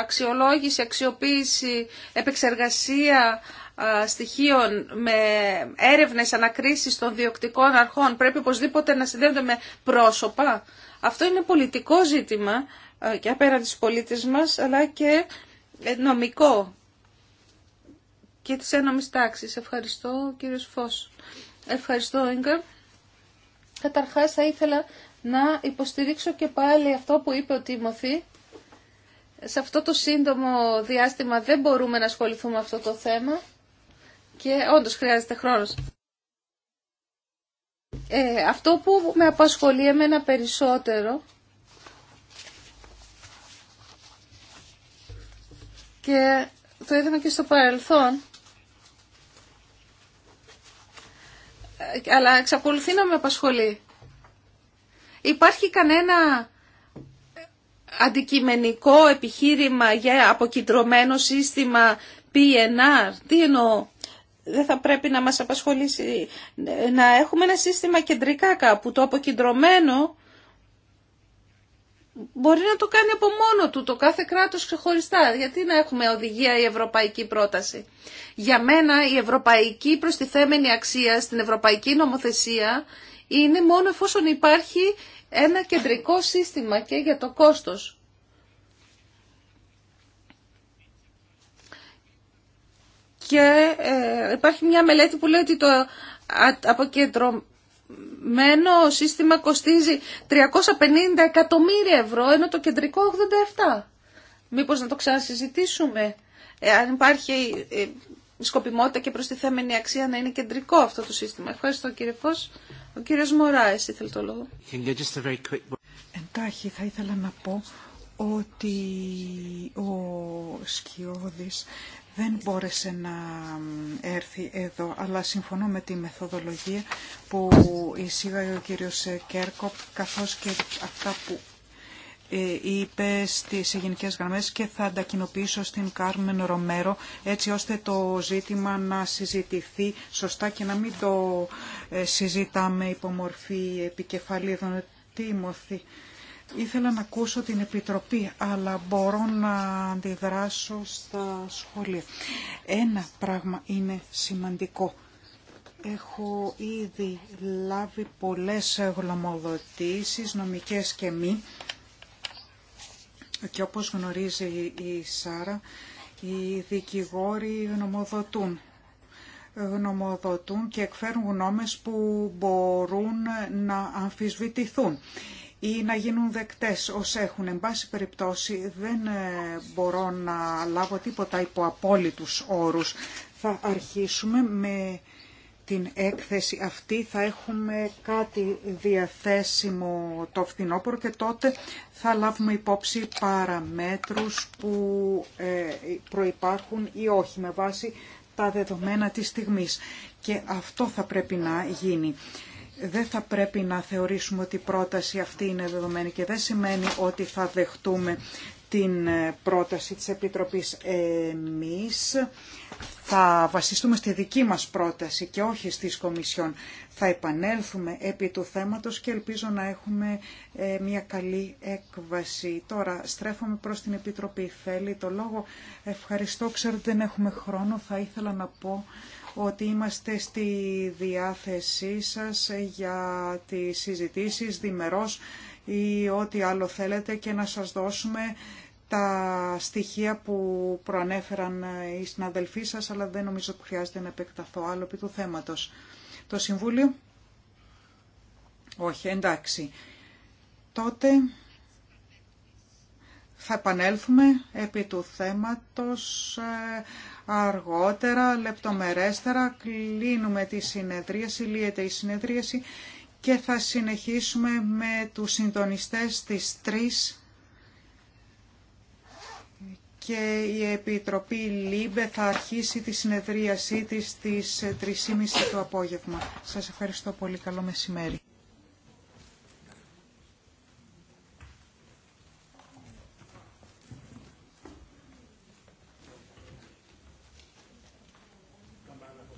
αξιολόγηση, αξιοποίηση, επεξεργασία στοιχείων, με έρευνες, ανακρίσεις των διοκτικών αρχών. Πρέπει οπωσδήποτε να συνδέονται με πρόσωπα. Αυτό είναι πολιτικό ζήτημα ε, και απέναντι της πολίτες μας, αλλά και νομικό και της ένομης τάξης. Ευχαριστώ, κύριος Φως. Ευχαριστώ, Ίγκα. Καταρχάς, θα ήθελα να υποστηρίξω και πάλι αυτό που είπε ο Τίμωθη. Σε αυτό το σύντομο διάστημα δεν μπορούμε να ασχοληθούμε με αυτό το θέμα και όντως χρειάζεται χρόνος. Ε, αυτό που με απασχολεί εμένα περισσότερο Και το είδαμε και στο παρελθόν. Αλλά εξακολουθεί να με απασχολεί. Υπάρχει κανένα αντικειμενικό επιχείρημα για αποκεντρωμένο σύστημα PNR. Τι εννοώ. Δεν θα πρέπει να μας απασχολήσει να έχουμε ένα σύστημα κεντρικά κάπου. Το αποκεντρωμένο μπορεί να το κάνει από μόνο του το κάθε κράτος ξεχωριστά. Γιατί να έχουμε οδηγία η ευρωπαϊκή πρόταση. Για μένα η ευρωπαϊκή προστιθέμενη αξία στην ευρωπαϊκή νομοθεσία είναι μόνο εφόσον υπάρχει ένα κεντρικό σύστημα και για το κόστος. Και ε, υπάρχει μια μελέτη που λέει ότι το κεντρό μένο σύστημα κοστίζει 350 εκατομμύρια ευρώ, ενώ το κεντρικό 87. Μήπως να το ξανασυζητήσουμε, ε, αν υπάρχει ε, σκοπιμότητα και προστιθέμενη αξία να είναι κεντρικό αυτό το σύστημα. Ευχαριστώ κύριε Φως. Ο κύριος εσύ ήθελε το λόγο. Εντάχει, θα ήθελα να πω ότι ο Σκιώδης δεν μπόρεσε να έρθει εδώ, αλλά συμφωνώ με τη μεθοδολογία που εισήγαγε ο κύριος Κέρκοπ, καθώς και αυτά που ε, είπε στις γενικές γραμμές και θα τα στην Κάρμεν Ρομέρο έτσι ώστε το ζήτημα να συζητηθεί σωστά και να μην το ε, συζητάμε υπό μορφή επικεφαλίδων. Τίμωθη, Ήθελα να ακούσω την Επιτροπή, αλλά μπορώ να αντιδράσω στα σχόλια. Ένα πράγμα είναι σημαντικό. Έχω ήδη λάβει πολλές γλωμοδοτήσεις, νομικές και μη. Και όπως γνωρίζει η Σάρα, οι δικηγόροι γνωμοδοτούν γνωμοδοτούν και εκφέρουν γνώμες που μπορούν να αμφισβητηθούν ή να γίνουν δεκτές ως έχουν. Εν πάση περιπτώσει δεν ε, μπορώ να λάβω τίποτα υπό απόλυτους όρους. Θα αρχίσουμε με την έκθεση αυτή, θα έχουμε κάτι διαθέσιμο το φθινόπωρο και τότε θα λάβουμε υπόψη παραμέτρους που ε, προϋπάρχουν ή όχι με βάση τα δεδομένα της στιγμής. Και αυτό θα πρέπει να γίνει δεν θα πρέπει να θεωρήσουμε ότι η πρόταση αυτή είναι δεδομένη και δεν σημαίνει ότι θα δεχτούμε την ε, πρόταση της Επιτροπής εμείς θα βασιστούμε στη δική μας πρόταση και όχι στις Κομισιόν. Θα επανέλθουμε επί του θέματος και ελπίζω να έχουμε ε, μια καλή έκβαση. Τώρα στρέφομαι προς την Επιτροπή. Θέλει το λόγο. Ευχαριστώ. Ξέρω ότι δεν έχουμε χρόνο. Θα ήθελα να πω ότι είμαστε στη διάθεσή σας για τις συζητήσεις διμερώς ή ό,τι άλλο θέλετε και να σας δώσουμε τα στοιχεία που προανέφεραν οι συναδελφοί σας, αλλά δεν νομίζω ότι χρειάζεται να επεκταθώ άλλο επί του θέματος. Το Συμβούλιο. Όχι, εντάξει. Τότε θα επανέλθουμε επί του θέματος ε, αργότερα, λεπτομερέστερα. Κλείνουμε τη συνεδρίαση, λύεται η συνεδρίαση και θα συνεχίσουμε με τους συντονιστές της 3 και η Επιτροπή ΛΥΜΠΕ θα αρχίσει τη συνεδρίασή της στις 3.30 το απόγευμα. Σας ευχαριστώ πολύ. Καλό μεσημέρι.